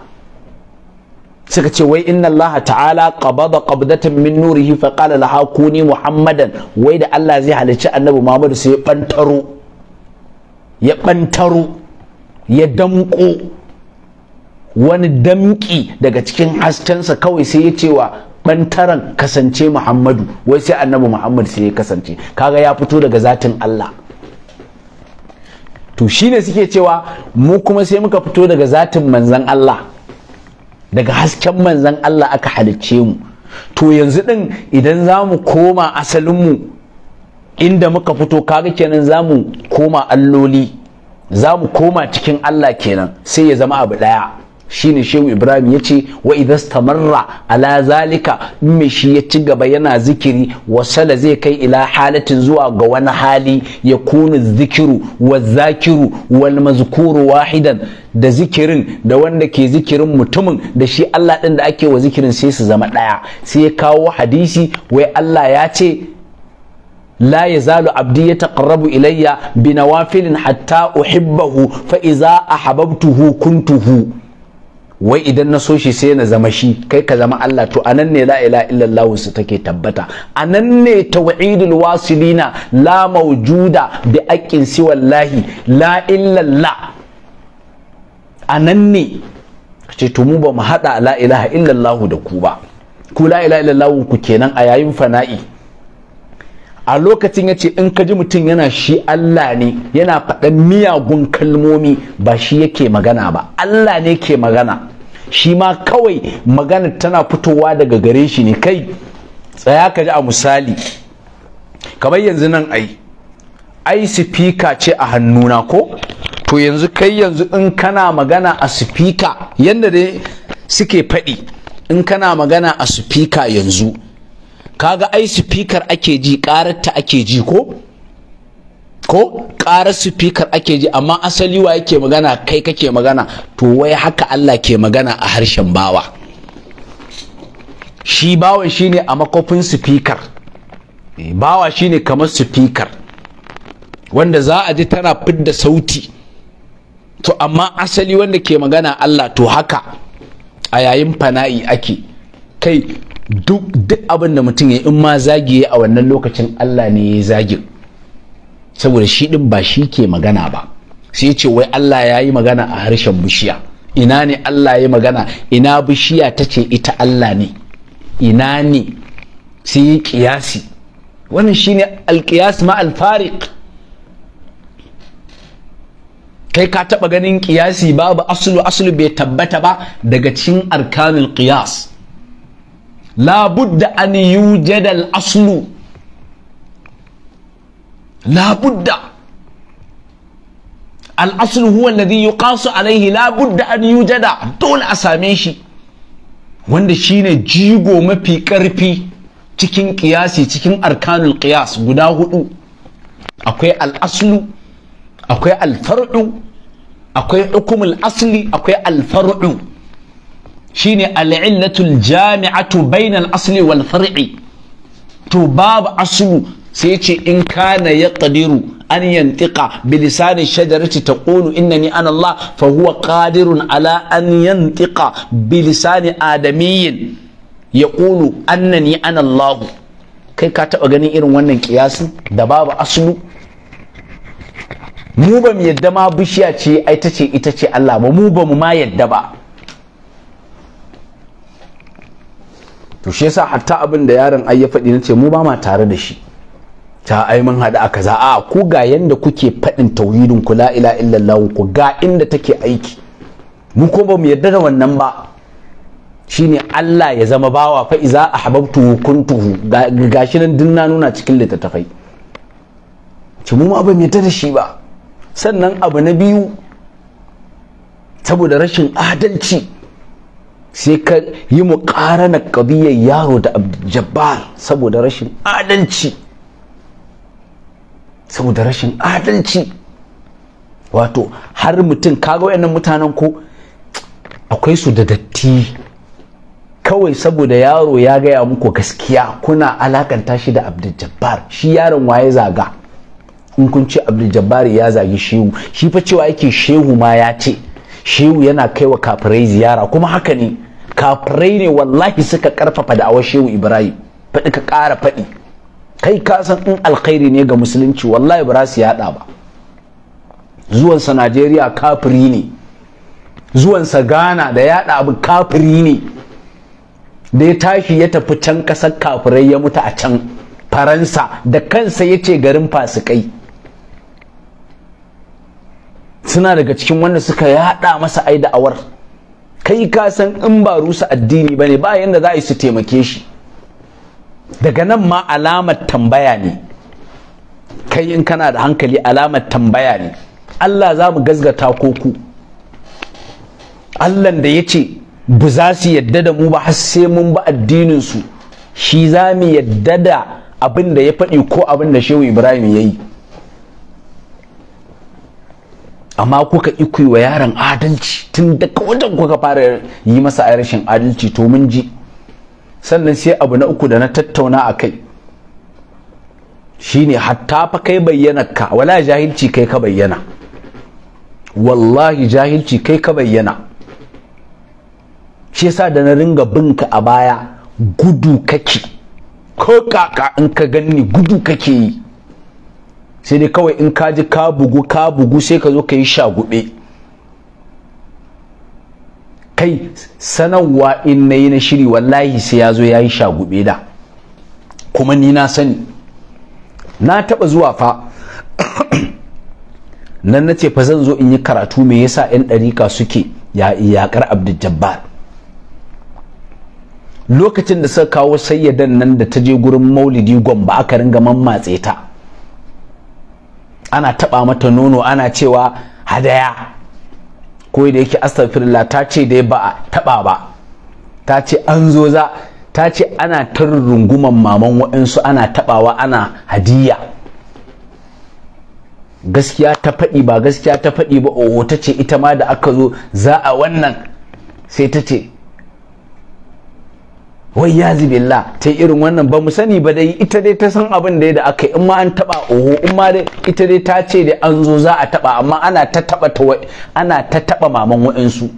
suka ce wai inna Allah ta'ala qabada qabdatan min nurihi fa qala laha kuni muhammadan wai da Allah zai halicci annabi Muhammad sai ya bantaro ya bantaro ya damko wani damki daga cikin haskensa kawai sai ya cewa bantaran kasance Muhammadu wai sai annabi Muhammad sai ya kasance kaga ya fito daga zatin Allah to shine suke cewa mu kuma sai muka fito daga zatin manzan Allah daga hasken manzan Allah aka halicce mu to yanzu din idan za mu koma asalinmu inda muka fito kaga kenan za mu koma alloli za mu koma cikin Allah kenan sai ya zama abu ɗaya shine shehu ibrahim ya ce wa idas tamarra ala zalika mai shi ya ci gaba yana zikiri wasala zai kai ila halatin zuwa ga wani hali ya kunu zikiru wa zakiru wal mazkuru wahidan da zikirin da wanda ke zikirin mutumin da shi Allah ɗin da ake wa zikirin sai su zama ɗaya sai ya kawo hadisi wai Allah ya ce لا يزال عبدي يتقرب إلي بنوافل حتى أحبه فإذا أحببته كنته wai idan na so shi sai na zama shi kai ka zama Allah to anan ne la ilaha illallah su take tabbata anan ne tawhidul wasilina la mawjuda bi aqin si wallahi la illallah anan ne ce to mu ba mu hada la ilaha illallah da ku ba ku la ilaha illallah ku kenan a yayin fana'i a lokacin ya ce in ka ji mutum yana shi Allah ne yana faɗan miyagun kalmomi ba shi yake magana ba Allah ne ke magana shi ma kawai magana tana fitowa daga gare shi ne kai tsaya ka ji a misali kamar yanzu nan ai ai sifika ce a hannuna ko to yanzu kai yanzu in kana magana a sifika yadda dai suke faɗi in kana magana a sifika yanzu kaga ai speaker ake ji ta ake ji ko ko ƙarar speaker ake ji amma asali wa yake magana kai kake magana to wai haka Allah ke magana a harshen bawa shi bawan shine a makofin speaker eh, bawa shine kamar speaker wanda za a ji tana fidda sauti to amma asali wanda ke magana Allah to haka a yayin fana'i ake kai duk duk abin da mutum ya in ma zagi a wannan lokacin Allah ne ya zagi saboda shi din ba shi ke magana ba sai ce wai Allah ya yi magana a harshen bishiya ina ne Allah ya magana ina bishiya ta ce ita Allah ne ina ne sai yi kiyasi wannan shine alkiyas ma alfariq kai ka taba ganin kiyasi babu asulu asulu bai tabbata ba daga cikin arkanul kiyas. labudda an yujada al-aslu labudda al huwa alladhi yuqasu alaihi labudda an yujada dole a same shi wanda shine jigo mafi ƙarfi cikin kiyasi cikin arkanul qiyas guda huɗu akwai al akwai al akwai hukumul asli akwai al shine al'illatul jami'atu bainal asli wal far'i to babu aslu sai ce in kana yaqdiru an yantiqa bi lisani shajarati taqulu innani ana Allah fa huwa qadirun ala an yantiqa bi lisani adamiyyin yaqulu annani ana Allah kai ka taba ganin irin wannan kiyasu da babu aslu mu ba mu yadda ma bishiya ce ai tace ita ce Allah ba mu ba mu ma yadda ba to shi yasa hatta abin da yaron ai ya faɗi nace mu ba ma tare da shi ta ai mun hada a kaza a ku ga yanda kuke faɗin tauhidin ku la ilaha illallah ku ga inda take aiki mu ko ba mu yarda da wannan ba shine Allah ya zama bawa fa iza ahbabtu kuntuhu gashi nan din na nuna cikin littattafai ci mu ma ba da shi ba sannan abu na biyu saboda rashin adalci sai ka yi mu na ƙabiyar yaro da jabbar saboda rashin adalci saboda rashin adalci wato har mutum kaga wayannan mutanen ko akwai su da datti kawai saboda yaro ya gaya muku gaskiya kuna alakanta shi da abdul shi yaron waye zaga in kun ce abdul ya zagi shehu shi fa cewa yake shehu ma ya ce shehu yana kai wa kafirai ziyara kuma haka ne kafirai ne wallahi suka karfafa da awar shehu ibrahim faɗi ka ƙara faɗi kai ka san in alkhairi ne ga musulunci wallahi ba su yaɗa ba zuwansa najeriya kafiri ne zuwansa ghana da yaɗa abu kafiri ne da ya tashi ya tafi can ƙasar kafirai ya mutu a can faransa da kansa ya ce garin fasikai suna daga cikin wanda suka yada masa ai awar. kai ka san in ba rusa addini bane ba yanda za a yi su taimake shi daga nan ma alamar tambaya ne kai in kana da hankali alamar tambaya ne Allah za mu gazgata ko ku Allahn da ya ce bu za su yadda da mu ba har sai mun ba addinin su shi za mu yadda da abin da ya faɗi ko abin da Shehu Ibrahim ya yi amma kuka ikuyi wa yaron adalci tun daga wajen kuka fara yi masa rashin adalci to mun ji sannan sai abu na uku da na tattauna a kai shine hatta fa kai bayyana ka wala jahilci kai ka bayyana wallahi jahilci kai ka bayyana shi yasa da na ringa binka a baya gudu kake ko kaka in ka ganni gudu kake yi sai dai kawai in ka ji ka bugu ka bugu sai ka zo ka yi shagube kai sanarwa in na yi na shiri wallahi sai ya zo ya yi shagube da kuma ni na sani na taɓa zuwa fa nan na ce fa zan zo in yi karatu me yasa 'yan ɗarika suke ya yaƙar abdul lokacin da suka kawo sayyadan nan da ta je gurin maulidi gwamba aka ringa mammatse ta ana taba mata nono ana cewa hadaya ko da yake astaghfirullah ta ce dai ba a taba ba ta ce an zo za ta ce ana tarrunguman runguman maman waɗansu ana tabawa ana hadiya gaskiya ta faɗi ba gaskiya ta faɗi ba oho ta ce ita ma da aka zo za a wannan sai ta ce wai ya zibilla ta irin wannan ba mu sani ba dai ita dai ta san abin da ya da aka yi in ma an taba oho in ma dai ita dai ta ce da an zo za a taba amma ana ta taɓa ana ta taba maman wa'insu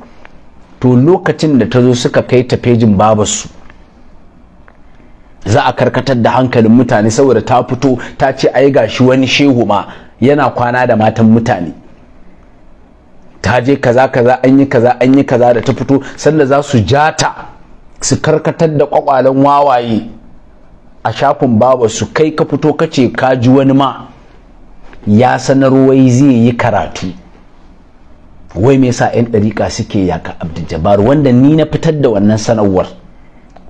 to lokacin da ta zo suka kai ta fejin babarsu za a karkatar da hankalin mutane saboda ta fito ta ce ai gashi wani shehu ma yana kwana da matan mutane ta je kaza kaza an yi kaza an yi kaza da ta fito sanda za su ja ta su karkatar da kwakwalen wawaye a shafin baba su kai ka fito kace ka ji wani ma ya sanar wai zai yi karatu wai me yasa 'yan dariƙa suke yaka abdul wanda ni na fitar da wannan sanarwar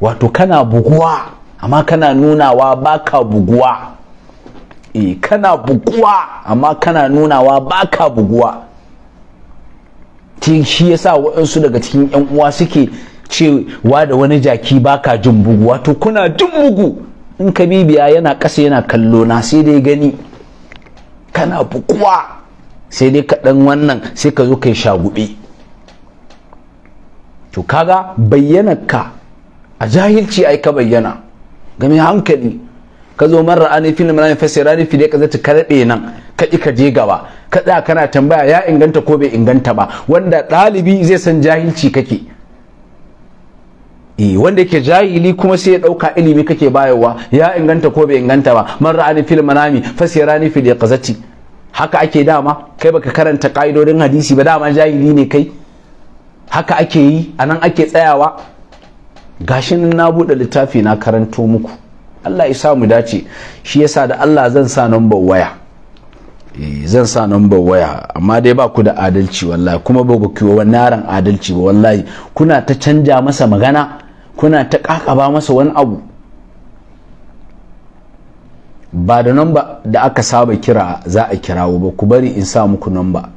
wato kana buguwa amma kana nunawa baka buguwa Eh kana buguwa amma kana nunawa baka buguwa shi yasa waɗansu daga cikin 'yan uwa suke cewa da wani jaki baka jin bugu wato kuna jin bugu in ka bibiya yana ƙasa yana kallo na sai dai gani kana bukuwa, sai dai ka wannan sai ka zo kai shagube to kaga bayyanar ka a jahilci ai ka bayyana Gami hankali ka zo mara ani filin mana fasira ni fide ka zata karbe nan ka ka je gaba ka tsaya kana tambaya ya inganta ko bai inganta ba wanda ɗalibi zai san jahilci kake E wanda yake jahili kuma sai ya dauka ilimi kake bayarwa ya inganta ko bai inganta ba man ra'ani fil manami fasirani fil yaqazati haka ake dama kai baka karanta ka'idodin hadisi ba dama jahili ne kai haka ake yi anan ake tsayawa gashin na bude littafi na karanto muku Allah ya sa mu dace shi yasa da Allah zan sa number waya eh, zan sa number waya amma dai ba ku da adalci wallahi kuma ba ku kiwo adalci ba wallahi kuna ta canja masa magana kuna ta kakaba masa wani abu ba da ba da aka saba kira za a kirawo ba ku bari in sa muku namba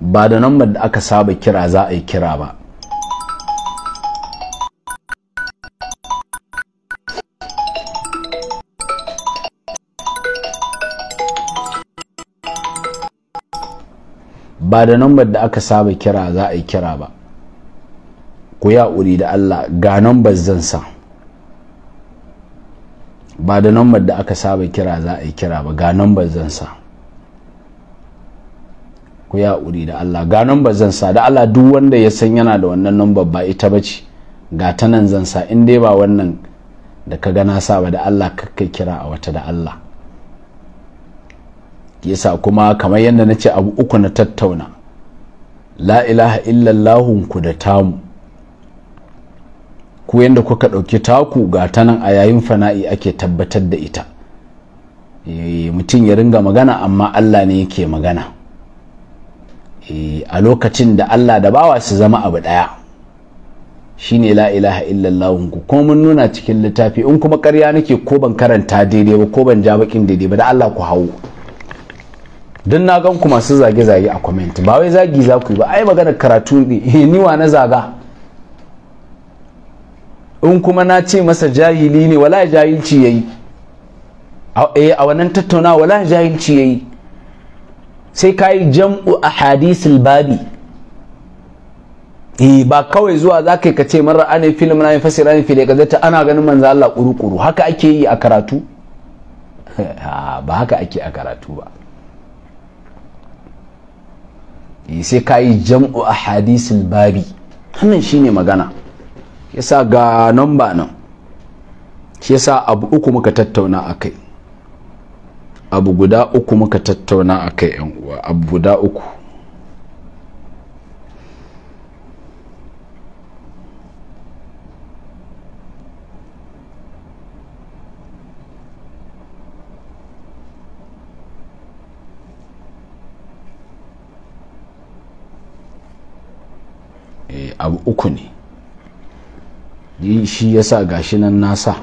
ba da ba da aka saba kira za a yi kira ba ba da nambar da aka saba kira za a yi kira ba ku ya uri da Allah ga nambar zan sa ba da nambar da aka saba kira za a yi kira ba ga nambar zan sa ku ya uri da Allah ga nambar zan sa da Allah duk wanda ya san yana da wannan nambar ba ita ba ce ga ta nan zan sa in dai ba wannan da ka gana sa ba da Allah kakkai kira a wata da Allah yasa kuma kamar yadda na ce abu uku na tattauna la ilaha illallahun ku da tamu ku yadda kuka ɗauki taku ga ta nan a yayin fana'i ake tabbatar da ita eh, mutum ya ringa magana amma allah ne yake magana eh, a lokacin da allah da bawa su zama abu ɗaya shine la ilaha illallah ku kuma mun nuna cikin littafi in kuma karya nake ko ban karanta daidai ba ko ban ja bakin daidai ba da allah ku hau don na gan masu zage-zage a comment ba wai zagi za ku yi ba ai magana karatu ne eh, ni wa na zaga in kuma na ce masa jahili ne wala jahilci yayi a eh, wannan tattauna wala jahilci yayi sai ka yi jam'u a hadisul babi eh ba kawai zuwa za ka yi ka ce mara ana film na fasira ne fili ga zata ana ganin manzo Allah kuru haka ake yi a karatu ah, ba haka ake a karatu ba eh, sai ka yi jam'u a hadisul babi wannan shine magana yasa ga nan ba nan shi yasa abu uku muka tattauna a kai abu guda uku muka tattauna a kai uwa abu guda uku eh, abu uku ne shi ya yasa gashi nan nasa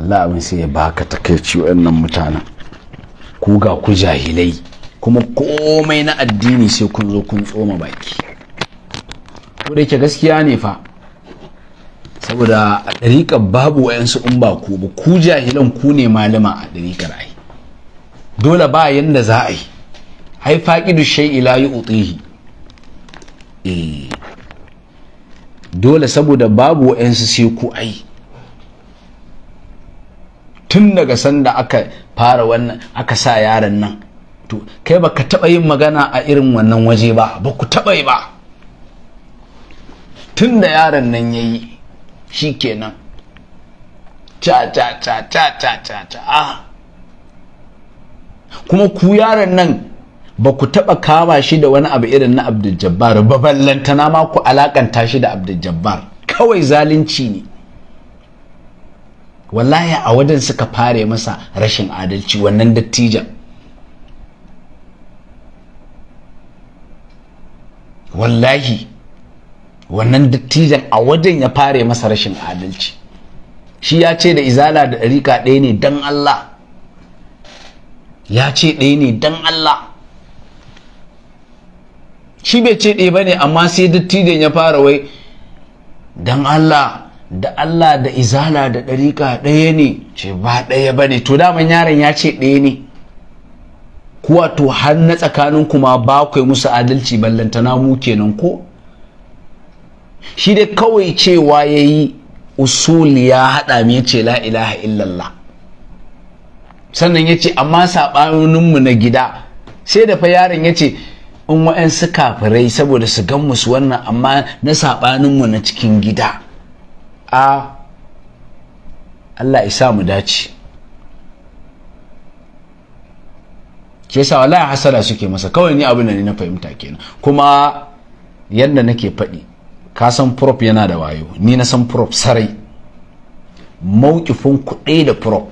Allah abin sai ya baka takaici wayannan mutanen ku ga ku jahilai kuma komai na addini sai kun zo kun tsoma baki ko da yake gaskiya ne fa saboda a ɗariƙar babu wayansu in ba ku ba ku jahilan ku ne malama a ɗariƙar ai dole ba yanda za a yi haifa ƙidu shai ila yi Eh. dole saboda babu wa'yansu sai ku ai tun daga sanda aka fara wannan aka sa yaran nan to kai ba ka taɓa yin magana a irin wannan waje ba ba ku taɓa yi ba tun da yaron nan ya yi shi kenan ca ca ca ca ca ca ah. kuma ku yaron nan ba ku taɓa kama shi da wani abu irin na abdul jabbar ba ballantana ma ku alakanta shi da abdul jabbar kawai zalunci ne wallahi a wajen suka fare masa rashin adalci wannan dattijan wallahi wannan dattijan a wajen ya fare masa rashin adalci shi ya ce da izala da ɗarika ɗaya ne don Allah ya ce ɗaya ne dan Allah shi bai ce ɗaya ba ne amma sai dattijan ya fara wai don Allah da Allah da izala da Ɗarika, ɗaya ne ce ba ɗaya ba ne to daman yaron ya ce ɗaya ne kuwa to har na tsakanin kuma ba kai musu adalci ballantana mu kenan ko shi dai kawai cewa ya yi usul ya haɗa mu ya ce la ilaha illallah sannan ya ce amma saɓaninmu na gida sai da fa yaron ya ce in wa'yansu kafirai saboda su gan musu wannan amma na saɓaninmu na cikin gida a Allah isa mu dace ke sa wala hasada suke masa kawai ni abin da ni na fahimta kenan kuma yadda nake faɗi ka san prop yana da wayo ni na san prop sarai mawkifin kuɗe da prop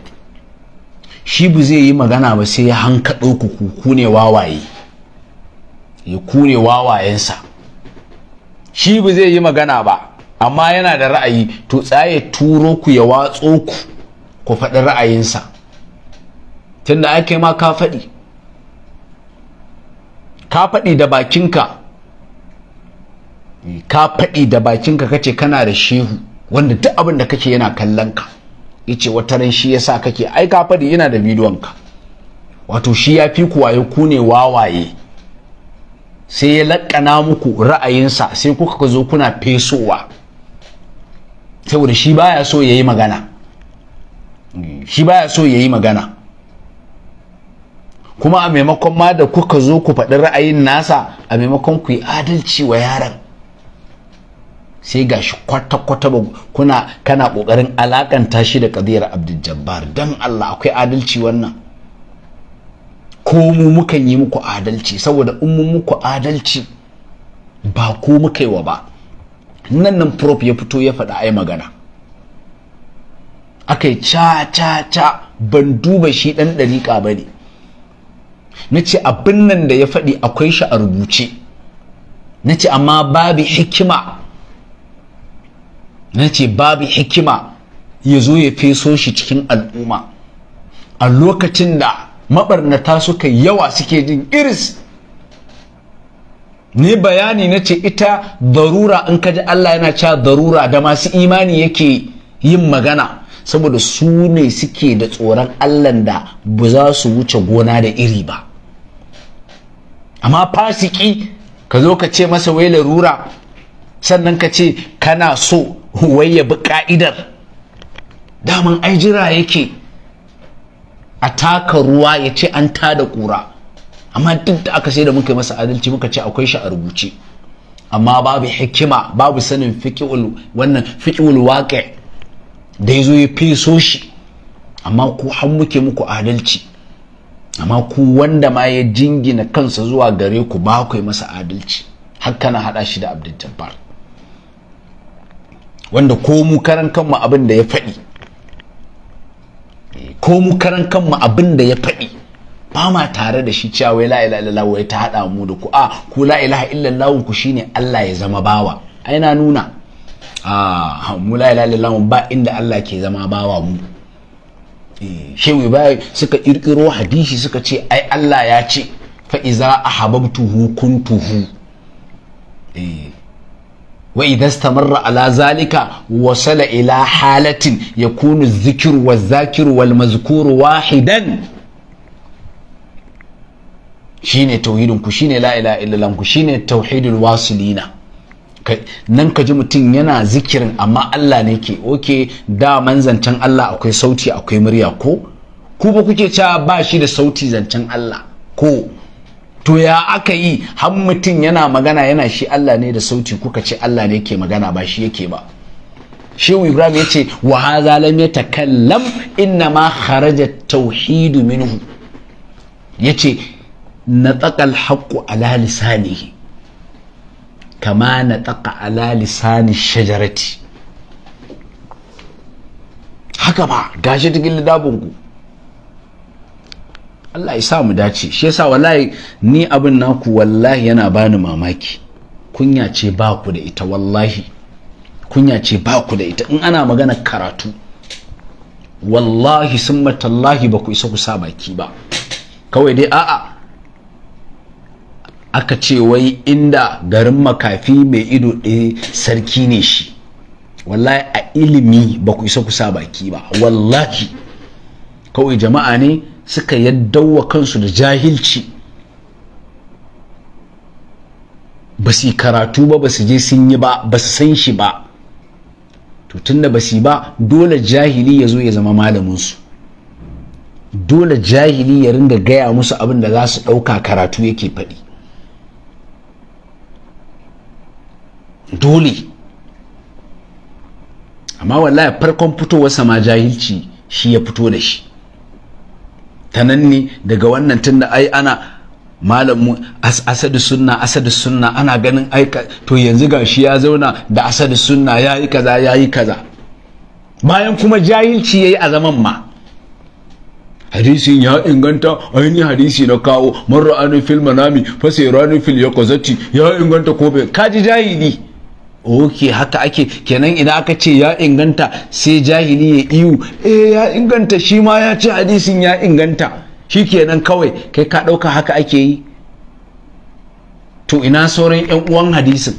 shi bu zai yi magana ba sai ya hankaɗo ku ku ne wawaye ya kune wawayensa shi ba zai yi magana ba amma yana da ra'ayi to tsaye turo ku ya watso ku ku faɗi ra'ayinsa tunda ake ma ka faɗi ka faɗi da bakinka eh, ka faɗi da bakinka kace kana da shehu wanda duk abin da kake yana kallon ka yace wata ran shi yasa kake ai ka faɗi yana da bidiyonka wato shi ya fi kuwa ya kune wawaye sai ya laƙana muku ra'ayinsa sai kuka zo kuna fesowa saboda shi baya so ya magana shi baya so ya yi magana kuma a maimakon ma da kuka zo ku faɗi ra'ayin nasa a maimakon ku yi adalci wa yaran. sai ga shi kwata-kwata kuna kana ƙoƙarin alaƙanta shi da ƙadiyar abdul jabbar don allah akwai adalci wannan ko mu mukan yi muku adalci saboda in mu muku adalci ba ko muka yi wa ba nan nan prof ya fito ya faɗa ai magana aka yi ca ca ban duba shi ɗan ɗariƙa ba ne na ce abin nan da ya faɗi akwai shi a rubuce na ce amma babu hikima na ce babu hikima ya zo ya feso shi cikin al'umma a lokacin da mabarnata suka yawa suke jin iris ni bayani na ce ita darura in kaji Allah yana cewa darura da masu imani yake yin magana saboda su ne suke da tsoron Allah da ba za su wuce gona da iri ba amma fasiki ka zo ka ce masa wai larura sannan ka ce kana so wai ya bi ka'idar daman ai jira yake a taka ruwa ya ce an tada kura amma duk da aka sai da muka yi masa adalci muka ce akwai shi a rubuce amma babu hikima babu sanin fiqhul wannan fiƙiwul waƙe da ya zo ya feso shi amma ku har muke muku adalci amma ku wanda ma ya jingina kansa zuwa gare ku ba ku yi masa adalci haka na hada shi da Abdul Jabbar wanda ko mu karan kanmu abin da ya faɗi ko mu karan kanmu abin da ya faɗi ba ma tare da shi cewa wai la ilaha wai ta hada mu da ku a ku la ilaha ku shine Allah ya zama bawa ai na nuna a mu la ilaha illallah ba inda Allah ke zama bawa mu eh, shehu ba suka kirkiro hadisi suka ce ai Allah ya ce fa iza ahabbtuhu kuntuhu eh wa idan stamarra ala zalika wasala ila halatin yakunu zikir wa zakir wal mazkur wahidan ne tauhidinku, shi ne la ilaha illallah ku shine wasilina nan ka ji mutum yana zikirin amma Allah ne ke oke da zancen Allah akwai sauti akwai murya ko ku ba kuke cewa ba shi da sauti zancen Allah ko to ya aka yi har mutum yana magana yana shi Allah ne da sauti kuka ce Allah ne ke magana ba shi yake ba shehu ibrahim ya ce wa haza lam yatakallam inna ma kharaja tauhidu minhu yace nataqa al-haqqu ala lisanihi kama nataqa ala lisani shajarati haka ba gashi cikin ku Allah ya sa mu dace shi yasa wallahi ni abin naku wallahi yana bani mamaki kunya ce ba ku da ita wallahi kunya ce ba ku da ita in ana magana karatu wallahi sun matallahi ba ku isa ku sa baki ba kawai dai a'a aka ce wai inda garin makafi mai ido ɗaya sarki ne shi wallahi a ilimi ba ku isa ku sa baki ba wallahi kawai jama'a ne suka yaddawa kansu da jahilci ba su yi karatu ba ba su je sun yi ba ba su san shi ba to tunda ba su yi ba dole jahili ya zo ya zama malaminsu dole jahili ya ringa gaya musu abin da za su ɗauka karatu yake faɗi dole amma wallahi farkon fitowarsa ma jahilci shi ya fito da shi ta nan ne daga wannan tunda ai ana malamu asadu sunna asadu sunna ana ganin aika to yanzu gashi ya zauna da asadu sunna ya yi kaza ya yi kaza bayan kuma jahilci ya yi a zaman ma hadisin ya inganta ainihin hadisi na kawo marar anufil manami fasirani fil ya ya inganta ko kaji jahili ok haka ake kenan idan aka ce ya inganta sai jahili ya iyu eh ya inganta shi ma ya ce hadisin ya inganta shi kenan kawai kai ka ɗauka haka ake yi to ina sauran yan uwan hadisin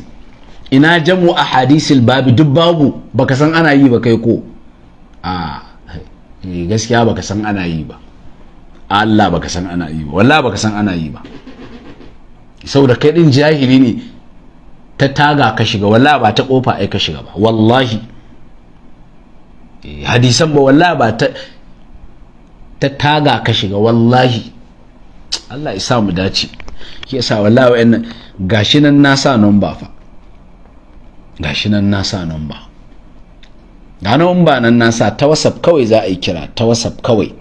ina jamu a hadisil babi duk babu baka san ana yi ba kai ko a eh, gaskiya baka san ana yi ba Allah baka san ana yi ba wallahi baka san ana yi ba saboda kai din jahili ne ta taga ka shiga wallahi ba ta kofa ai ka shiga ba wallahi eh, hadisan ba wallahi ba ta ta taga ka shiga wallahi Allah ya sa mu dace shi yasa wallahi wayannan gashi nan na sa number fa gashi nan na sa number ga number nan na sa ta WhatsApp kawai za a yi kira ta WhatsApp kawai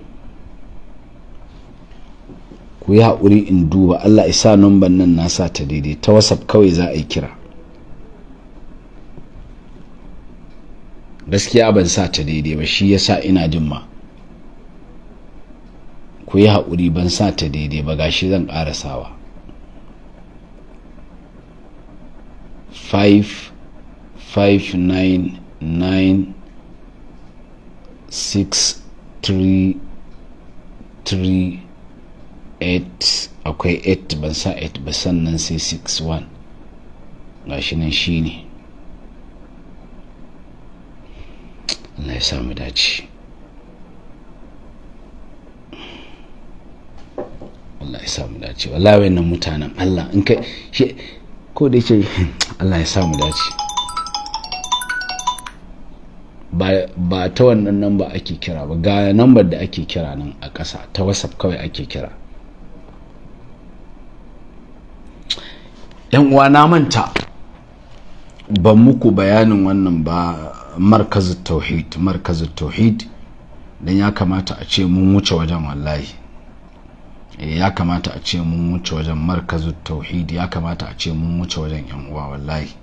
ku yi haƙuri in duba Allah ya sa number nan na sa ta daidai ta WhatsApp kawai za a yi kira gaskiya ban sa ta daidai ba shi yasa ina jin ma ku yi haƙuri ban sa ta daidai ba gashi zan ƙara sawa 5 5 9 9 6 3 3 8 akwai 8 ban sa 8 ba sannan sai 6 1 gashi nan shi ne Allah ya samu dace Allah ya samu dace wallahi wayannan mutanen Allah in kai shi ko da yake Allah ya samu dace ba ta wannan namba ake kira ba ga nambar da ake kira nan a ƙasa ta whatsapp kawai ake kira yan uwa na manta ban muku bayanin wannan ba markazin tauhid markazin tauhid don ya kamata a ce mun wuce wajen wallahi eh, ya kamata a ce mun wuce wajen markazin tauhid ya kamata a ce mun wuce wajen yan uwa wallahi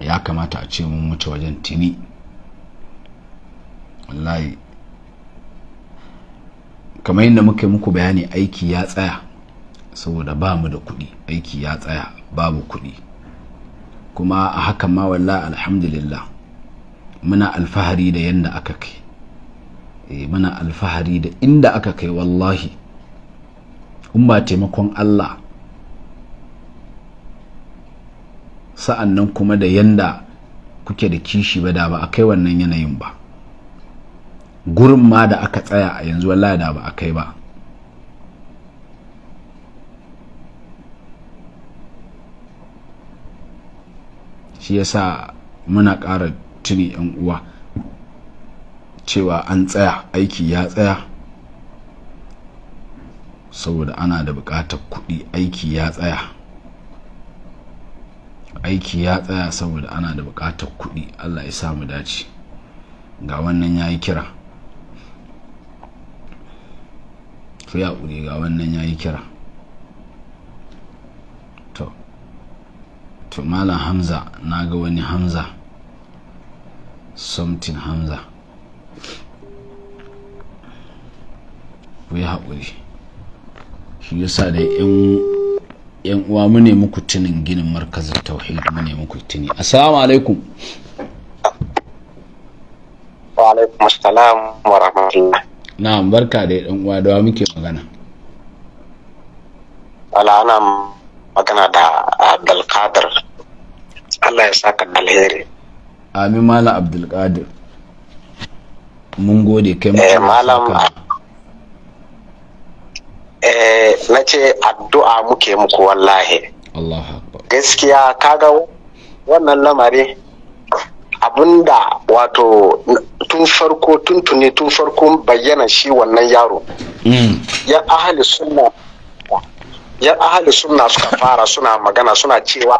ya kamata a ce mun wuce wajen tini wallahi kamar yadda muka muku bayani aiki ya tsaya saboda ba mu da kuɗi aiki ya tsaya babu kuɗi kuma a hakan ma wallah alhamdulillah muna alfahari da yadda aka kai eh, muna alfahari da inda aka kai wallahi in ba taimakon Allah Sa'annan kuma da yanda kuke da kishi ba da ba a kai wannan yanayin ba gurin ma da aka tsaya a yanzu wallahi da ba a kai ba shi yasa muna ƙara tuni yan uwa cewa an tsaya aiki ya tsaya saboda ana da buƙatar kuɗi aiki ya tsaya aiki ya tsaya saboda ana da buƙatar kuɗi allah ya samu dace ga wannan ya yi kira ku ya ga wannan ya yi kira to malam hamza na ga wani hamza something hamza ya haƙuri shi yasa da yan uwa mu ne muku tunin ginin markazin tauhid mu ne muku tuni assalamu alaikum wa alaikum assalam wa rahmatullah na barka da yan uwa da muke magana ala ana magana da abdulkadir allah ya saka alheri amin malam abdulkadir mun gode kai eh, malam eh, na ce addu'a muke muku wallahi gaskiya kaga wannan lamari abinda wato tun farko tun tuni tun farko bayyana shi wannan yaro mm. ya ahali sunna yan ahali suna suka fara suna magana suna cewa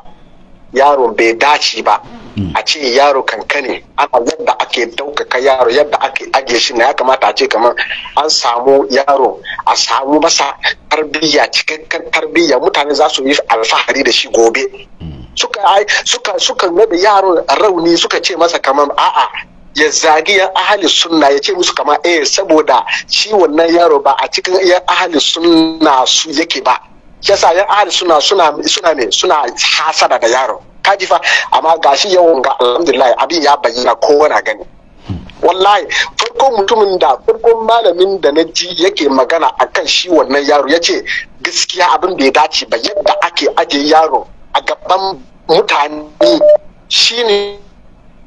yaro bai dace ba hmm. a ce yaro kankane ana yadda ake daukaka yaro yadda ake ajiye shi na ya kamata a ce kamar an samu yaro a samu masa tarbiyya cikakken tarbiyya mutane za su yi alfahari da shi gobe hmm. suka suka suka yaro rauni suka ce masa kamar a'a ya zagi yan ahali sunna ya ce musu kama eh saboda shi wannan yaro ba a cikin yan ahali sunna su yake ba yasa yan ahli suna suna suna me suna hasada da yaro kaji fa amma gashi yau ga alhamdulillah abin ya bayyana kowa na gani wallahi farko mutumin da farkon malamin da na ji yake magana akan shi wannan yaro ya ce gaskiya abin da ya dace ba yadda ake aje yaro a gaban mutane shine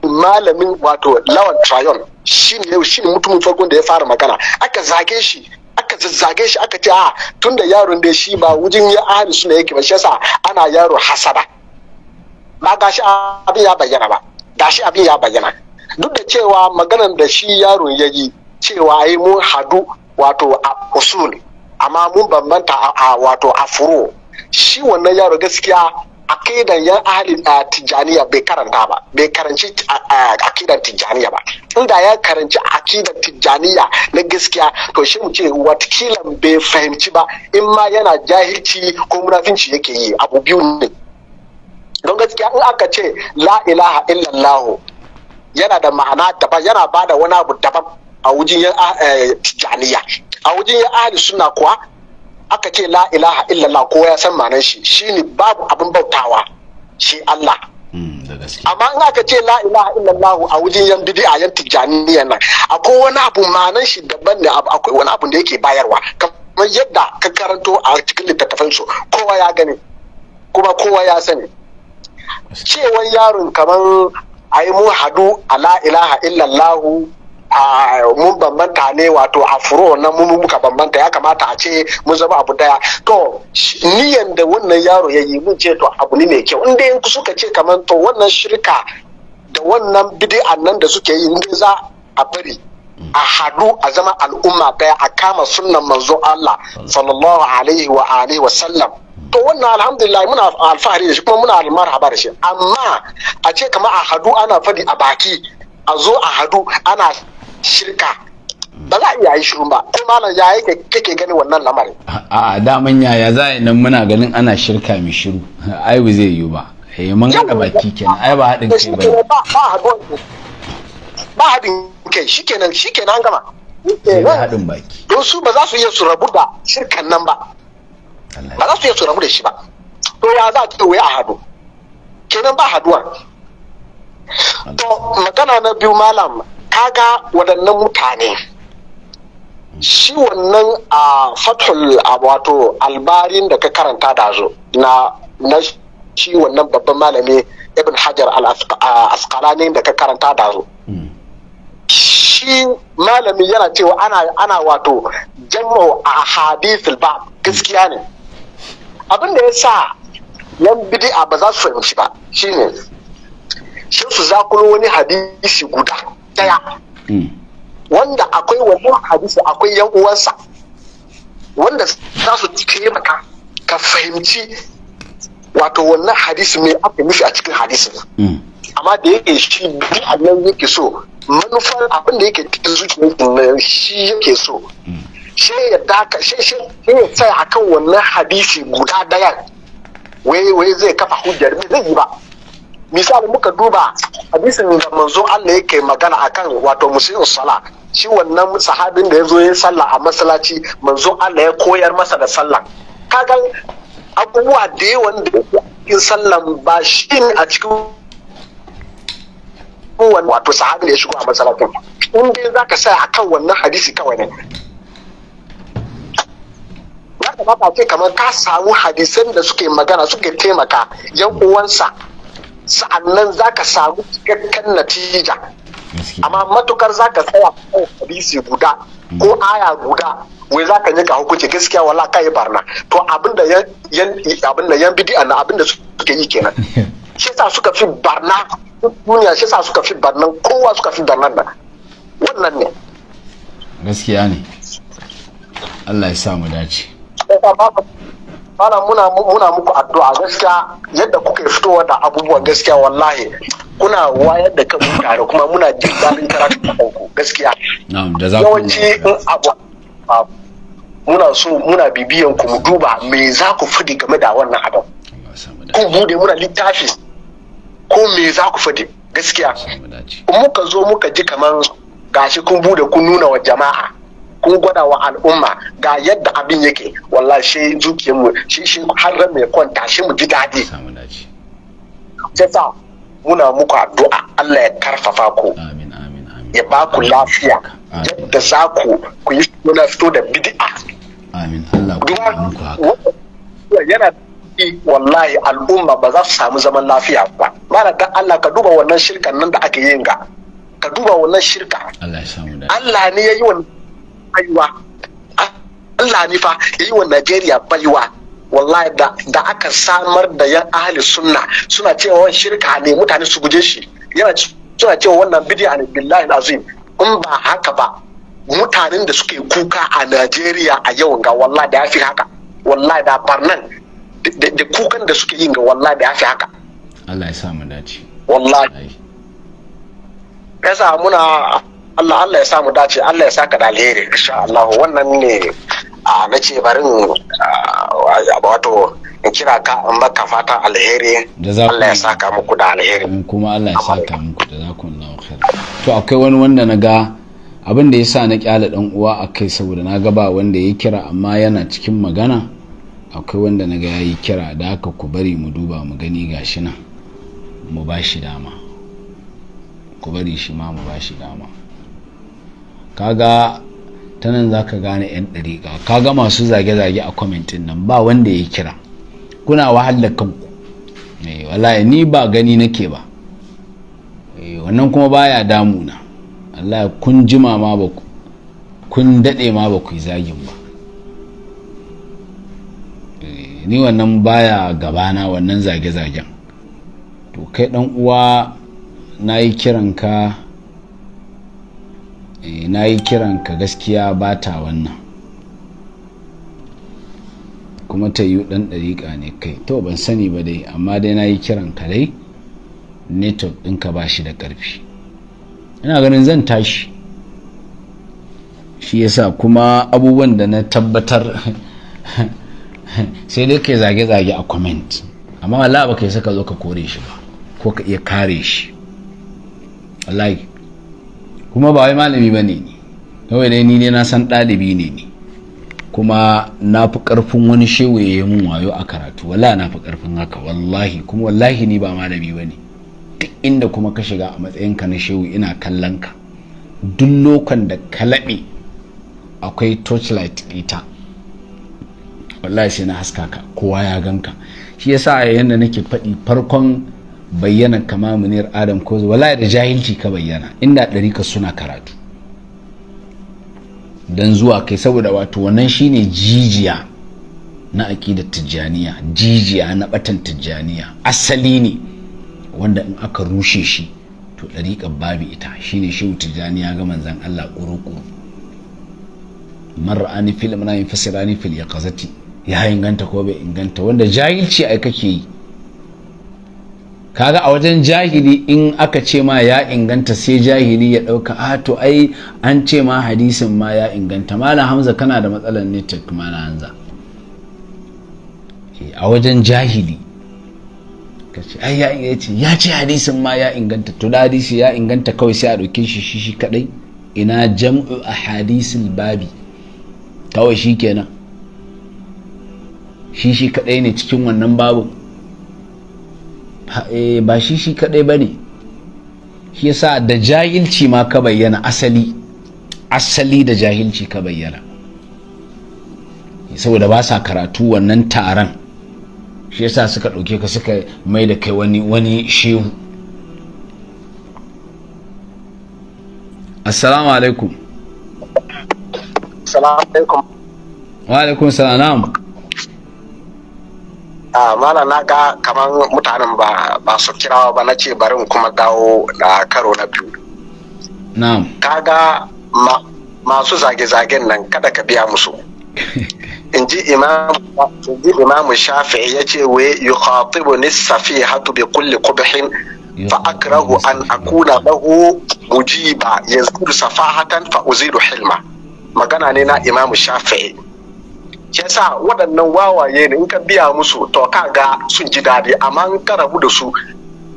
malamin wato lawan trayon shine yau shine mutumin farkon da ya fara magana aka zage shi aka zazzage shi aka ce a ah, tunda yaron da shi ba wujin ya ahli sunna yake ba shi yasa ana yaro hasada ba gashi abin ya bayyana ba gashi abin ya bayyana duk da cewa maganar da shi yaron ya yi cewa ai mun hadu wato a usul amma mun bambanta a wato a furo shi wannan yaro gaskiya akidan yan ahalin tijjaniya bai karanta ba bai karanci akidan tijjaniya ba inda ya karanci akidan tijjaniya na gaskiya to shi mu ce watakila bai fahimci ba in ma yana jahilci ko munafinci yake yi abu biyu ne don gaskiya in aka ce la ilaha illallah, yana da ma'ana daban yana bada wani abu daban a wujin yan tijjaniya a eh, wujin yan suna kuwa aka ce la ilaha illallah kowa ya san manan shi shine babu abin bautawa shi Allah hmm, amma in aka ce la ilaha illallah a wajen yan a yan tijjaniya nan akwai wani abu manan shi daban da akwai wani abu da yake bayarwa kamar yadda ka karanto a cikin littattafan su kowa ya gani kuma kowa ya sani cewan yaron kamar a yi mu hadu a la ilaha illallah mun bambanta ne wato a furo na mun muka bambanta ya kamata a ce mun zama abu daya to niyan da wannan yaro ya yi mun ce to abu ne mai kyau in dai suka ce kamar to wannan shirka da wannan bid'a nan da suke yi inda za a bari a hadu a zama al'umma daya a kama sunnan manzo Allah sallallahu alaihi wa alihi wa sallam to wannan alhamdulillah muna alfahari da shi kuma muna almarhaba da shi amma a ce kamar a hadu ana fadi a baki a zo a hadu ana shirka ba za a iya yi shiru ba ko malam ya yake kake gani wannan lamarin a mun yaya za a nan muna ganin ana shirka mai shiru ai ba zai yi ba eh mun haɗa baki kenan ai ba haɗin kai ba ba ba haɗin kai shikenan shikenan an ba haɗin baki don su ba za su iya su rabu da shirkan nan ba ba za su iya su rabu da shi ba to ya za a ce wai a haɗu kenan ba haɗuwa to magana na biyu malam kaga waɗannan mutane shi wannan a fatul wato albarin da ka karanta da zo na na shi wannan babban malami ibn hajar al-asqalani da ka karanta da zo hmm. shi malami yana cewa ana ana wato jam'u a hadithul ba hmm. gaskiya ne abin da ya sa yan bid'a ba za su fahimci ba shine shi su zakulo wani hadisi guda daya hmm. wanda akwai wannan hadisi akwai yan uwansa wanda za su taimaka ka fahimci wato wannan hadisi mai aka nufi a cikin hadisi hmm. amma da yake shi bi a nan yake so manufar abin da yake cikin na shi yake so hmm. shi ya daka shi shi ya tsaya akan wannan hadisi guda daya wai wai zai kafa hujjar bai zai yi ba misali muka duba hadisin da manzo Allah yake magana akan wato musulun sala shi wannan sahabin da ya zo ya sallah a masallaci manzo Allah ya koyar masa da sallah kagan abubuwa da yawan da cikin sallan ba shi ne a cikin kowane wato sahabin da ya shigo a masallacin in dai za ka saya akan wannan hadisi kawai ne ya kamata ce kamar ka samu hadisan da suke magana suke taimaka yan uwansa sa'annan za ka samu cikakken natija amma matukar za ka tsaya ko hadisi guda ko hmm. aya guda wai za ka yi hukunci gaskiya wala ka yi barna to abinda yan abinda yan bidi'a na abinda suke yi kenan shi sa suka fi barna duniya shi sa suka fi barnan kowa suka fi barnan nan wannan ne gaskiya ne Allah ya sa mu dace bana muna muna muku addu'a gaskiya yadda kuka fitowa da abubuwan gaskiya wallahi kuna wayar da kan tare kuma muna jin daɗin karatu ku gaskiya. Yawanci in abu muna so muna bibiyan ku mu duba me za ku fadi game da wannan abu Ku bude muna littafi ko me za ku fadi gaskiya. Muka zo muka ji kamar gashi kun bude kun nuna wa jama'a kun gwada wa al'umma ga yadda abin yake wallahi shi zuciyar mu shi shi har mai kwanta shi mu ji dadi yasa muna muku addu'a Allah ya karfafa ku ya ba ku lafiya yadda za ku ku yi suna fito da bid'a amin Allah ku muku yana wallahi al'umma ba za su samu zaman lafiya ba mana dan Allah ka duba wannan shirkan nan da ake yin ga ka duba wannan shirka Allah ne ya yi wannan baiwa ah, Allah ne fa yayi wa Najeriya baiwa wallahi da da aka samar da yan ahli sunna suna cewa shirka ne mutane su guje shi yana suna cewa wannan bid'a ne billahi azim in ba haka ba mutanen da suke kuka a Najeriya a yau ga wallahi da yafi haka wallahi da barnan da kukan da suke yin ga wallahi da yafi haka Allah ya sa mu dace wallahi kasa muna Allah Allah ya samu dace Allah ya saka da alheri insha Allah wannan ne a na ce barin wato in kira ka in maka fatan alheri Allah ya saka muku da alheri kuma Allah ya saka muku da na khair to akwai wani wanda na ga abin da ya sa na kyale dan uwa a kai saboda na ga ba wanda ya kira amma yana cikin magana akwai wanda na ga ya yi kira da haka ku bari mu duba mu gani gashi nan mu ba shi dama ku bari shi ma mu ba shi dama kaga ta nan za ka gane 'yan ɗariƙa kaga masu zage-zage a kwamitin nan ba wanda ya kira kuna wahalar kanku eh, wallahi ni ba gani nake ba eh, wannan kuma baya damuna ya kun jima ma ba ku kun daɗe ma ba ku yi zagin ba eh, ni wannan baya gabana wannan zage-zagen to kai ɗan uwa na yi kiranka Eh, na yi kiran ka gaskiya ba ta wannan kuma ta yi ɗan ɗariƙa ne kai to ban sani ba dai amma dai na yi kiran ka dai network ɗinka ba shi da ƙarfi ina ganin zan tashi shi yasa kuma abubuwan da na tabbatar sai dai kai zage-zage a comment amma Allah ba kai saka zo ka kore shi ba ko ka iya kare shi wallahi kuma ba wai malami ba ne kawai dai ni ne na san ɗalibi ne ni kuma na fi ƙarfin wani shewaye ya mun wayo a karatu wala na fi ƙarfin haka wallahi kuma wallahi ni ba malami ba ne duk inda kuma ka shiga a matsayinka na shewu ina kallon ka duk lokan da ka laɓe akwai torchlight ita wallahi sai na haska ka kowa ya ganka shi yasa a yayin da nake faɗi farkon bayyana kama munir adam ko wala da jahilci ka bayyana inda ka suna karatu don zuwa kai saboda wato wannan shine jijiya na aƙidar tijjaniya jijiya na batan tijjaniya asali ne wanda in aka rushe shi to ɗariƙar babu ita shine shi tijjaniya ga manzan Allah ƙuruƙuru mar ra'ani fil yin fasirani fil yaqazati ya inganta ko bai inganta wanda jahilci ai kake yi kaga a wajen jahili in aka ce ma ya inganta sai jahili ya ɗauka a ah, to ai an ce ma hadisin ma ya inganta Mala hamza kana da matsalar network Mala hamza eh, a wajen jahili ka ce ai ya inganta ya ce hadisin ma ya inganta to da hadisi ya inganta kawai sai a ɗauke shi shi shi kaɗai ina jam'u a hadisin babi kawai shi kenan shi shi kaɗai ne cikin wannan babu Eh, ba shi shi kadai ba ne shi yasa da jahilci ma ka bayyana asali asali da jahilci ka bayyana saboda ba sa karatu wannan taron shi yasa suka ɗauke ka suka mai da kai wani wani shehu assalamu alaikum assalamu alaikum wa alaikum salam Ah, mana na ga kamar mutanen ba ba su kirawa ba na ce barin kuma dawo da karo na biyu ka ga masu zage-zagen nan kada ka biya musu in ji imamu shafi ya ce we yi khatibu ni safi hatu bi kulli kubhin fa akrahu an akuna lahu mujiba safa safahatan fa uziru hilma magana ne na imamu shafi'i yasa waɗannan wawaye ne in ka biya musu to ka ga sun ji daɗi amma in ka rabu da su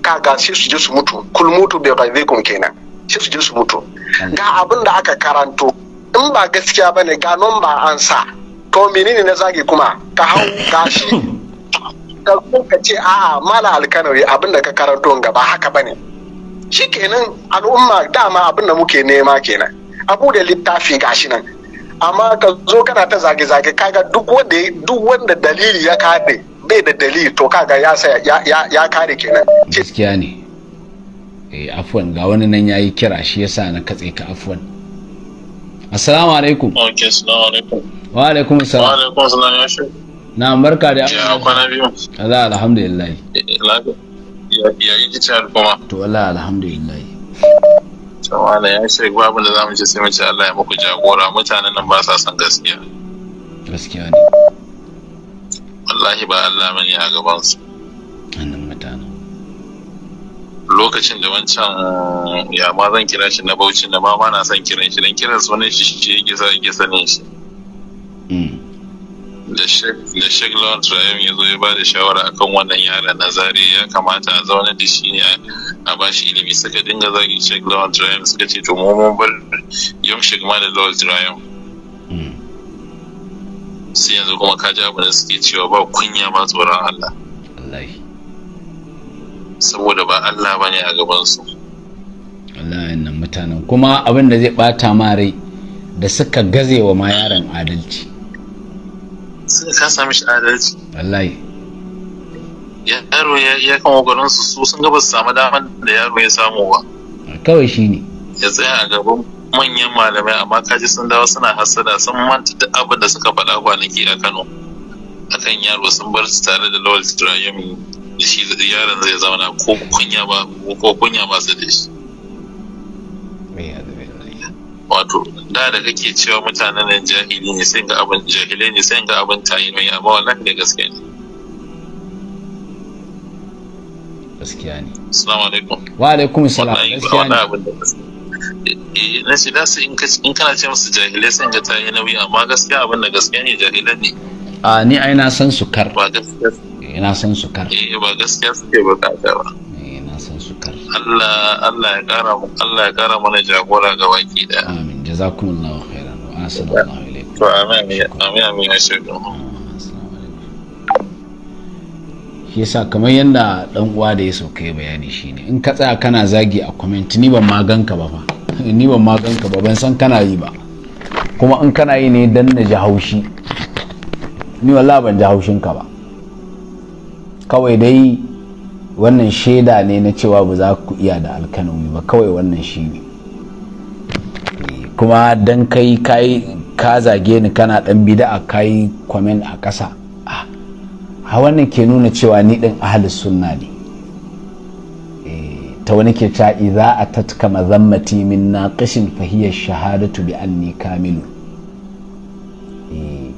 ga sai su je su mutu kul mutu bai raizikum kenan sai su je su mutu ga abin da aka karanto in ba gaskiya bane ga non ba an sa to menene na zage kuma ka hau gashi ka ka ce a'a mala alkanawi abin da ka karanto ga ba haka bane shikenan al'umma dama abin da muke nema kenan abu da littafi gashi nan amma ka zo kana ta zage-zage kaga duk wanda duk wanda dalili ya kare bai da dalili to kaga ya ya ya kare kenan gaskiya ne eh afwan ga wani nan yayi kira shi yasa na katse ka afwan assalamu alaikum okay assalamu alaikum wa alaikum assalam wa alaikum assalam ya shi na barka da ya kwana biyu Allah alhamdulillah eh, eh, ya yi kici alfama to Allah alhamdulillah tsawana ya shirya babu da zamu ce sai mace Allah ya muku jagora mutanen nan ba sa son gaskiya gaskiya ne wallahi ba Allah bane a gaban su annan mutane lokacin da wancan ya ma zan kira shi na bauchi da ma ma na son kiran shi dan kiran sunan shi shi yake sa yake sanin shi hmm. da Sheikh Lawrence Rahim ya zo ya ba da shawara akan wannan yaran na zare ya kamata a zaune da shi ne a ba shi ilimi suka dinga zagi Sheikh Lawrence Rahim suka ce to mu mun bar shek ma da Lawrence Rahim hmm. sai yanzu kuma ka ji abin da suke cewa ba kunya ba tsoron Allah saboda ba Allah ba ne a gabansu wallahi nan mutanen kuma abin da zai bata ma rai da suka gazewa ma yaron adalci sai ka sami shi adalci wallahi yaro ya ya kan su su sun gaba su samu daman da yaro ya samu ba kawai ne. ya tsaya a gaban manyan malamai amma kaji sun dawo suna hasada sun manta duk abin da suka faɗa kwanaki a Kano akan yaro sun bar su tare da Lawal Tirayami da shi yaron zai zauna ko kunya ba ko kunya ba su da shi wato da da kake cewa mutanen nan jahili ne sai ga abin jahilai ne sai ga abin tayi mai amma wannan ne gaskiya ne gaskiya ne assalamu alaikum wa alaikum assalam gaskiya ne eh, eh, na shi da su in kana ce musu jahilai sai ga tayi nauyi amma gaskiya abin da gaskiya ne jahilai ne a ni a ina san su kar ba gaskiya ina eh, san su kar eh ba gaskiya suke bukata ba Allah Allah ya kara mu Allah ya kara mana jagora ga baki da amin jazakumullahu khairan wa assalamu alaikum amin amin amin shi yasa kamar yadda dan uwa da ya sauka ya bayani shine in ka tsaya kana zagi a comment ni ban ma ganka ba fa ni ban ma ganka ba ban san kana yi ba kuma in kana yi ne dan na ji haushi ni wallahi ban ji haushin ka ba kawai dai wannan shaida ne na cewa ba za ku iya da alkanomi ba kawai wannan shi ne kuma don kai ka zage ni kana dan bida'a kai kwamen a ƙasa a wannan ke nuna cewa ni ɗin ahalis sunna ne eh, ta wani ke ta a tatka mazammati min na ƙashin fahiyar shahadatu bi anni kamilu eh,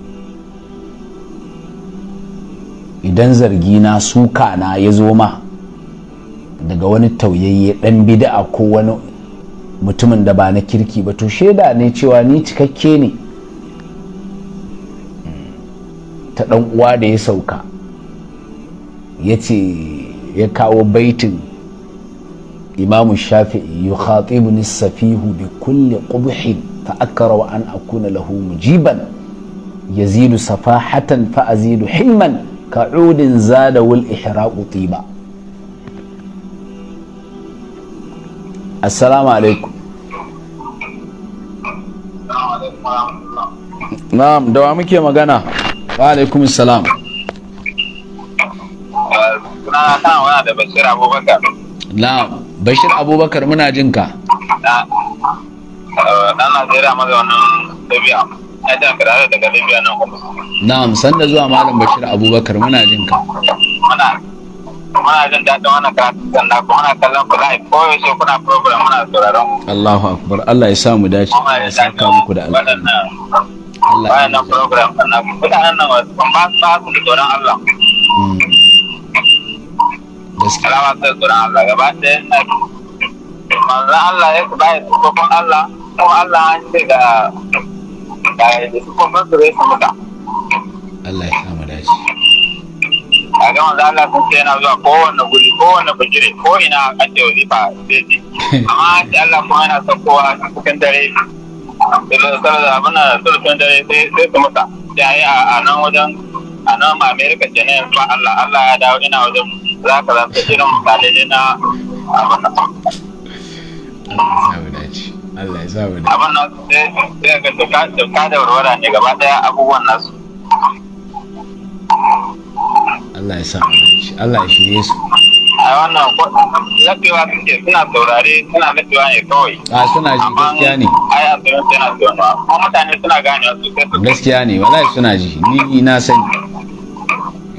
idan zargina na suka na ya zo ma daga wani tauyayye dan bid'a ko wani mutumin da ba na kirki ba to shaida ne cewa ni cikakke ne ta dan uwa da ya sauka ya ya kawo baitin imamu shafi'i yi khatibu safihu bi kulle qubhin fa akrawa an akuna lahu mujiban yazidu safahatan fa azidu hilman ka'udin zadawul wal ihraqu tiba assalamu alaikum na'am da wa muke magana wa alaikum salam na'am bashir abubakar muna jin ka na'am sanda zuwa malam bashir abubakar muna jin ka kuma na jin daɗin Allahu akbar Allah ya dace ya saka muku da Allah ya nan program na mutanen nan wasu ba su ba su tsoron Allah hmm. gaskiya tsoron Allah gaba manzo Allah ya ba Allah Allah an ce ga ga su kuma su Allah ya dace a ga manzo Allah sun ce yana zuwa kowanne guri kowanne bajire ko ina a kan da wazifa zai ji amma da Allah kuma yana saukowa a cikin dare da abin da sulfin dare sai su musa yayi a nan wajen a nan ma Amerika ce na Allah Allah ya dawo ina wajen za ka za ka jiran misalai na abin da Allah ya sa mu dace. Abin nan sai ka tuka da warwara ne gaba daya abubuwan nasu. Allah ya sa Allah ya shirye su a wannan lafiya sun ce suna saurare suna lafiya ne kawai a suna ji gaskiya ne ai a suna suna suna ba mutane suna gane su gaskiya ne wallahi suna ji ni na sani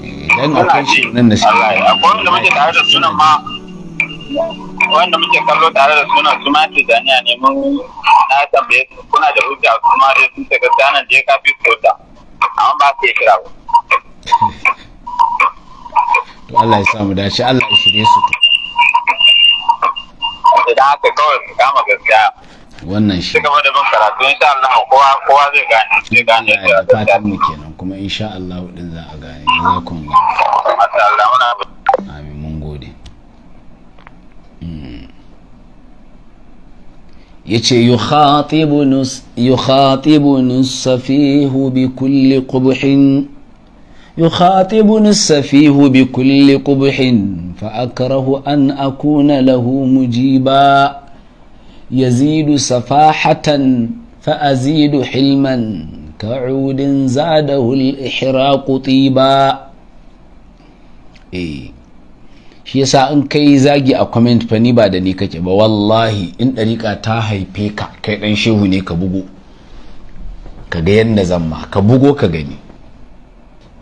eh, dan akwai shi nan da shi akwai wanda muke tare da sunan ma wanda muke kallo tare da suna su ma zaniya ne mun na tambaye kuna da hujja kuma dai sun ta gaskiya nan da ya kafi sota amma ba su yi kira ba to Allah ya samu dace Allah ya shirye su to da haka kawai su kama gaskiya wannan shi kuma da bin karatu insha Allah kowa kowa zai gane zai gane da fatan mu kenan kuma insha Allah din za a gane za ku ga masha Allah muna amin mun gode hmm. yace yukhatibu yukhatibu safihu bi kulli qubhin يخاطبني السفيه بكل قبح فأكره أن أكون له مجيبا يزيد سفاحة فأزيد حلما كعود زاده الإحراق طيبا إيه shi yasa in kai zagi a comment fa ni ba da ni kake ba wallahi in ɗariƙa ta haife ka kai ɗan shehu ne ka bugo ka ga yadda zan ma ka bugo ka gani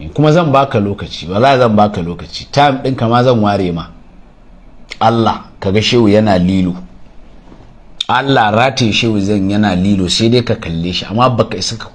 kuma zan baka lokaci wala zan baka lokaci time ɗin kama zan ware ma Allah ka ga shehu yana lilo Allah rataye shehu zan yana lilo sai dai ka kalle shi amma baka isa ka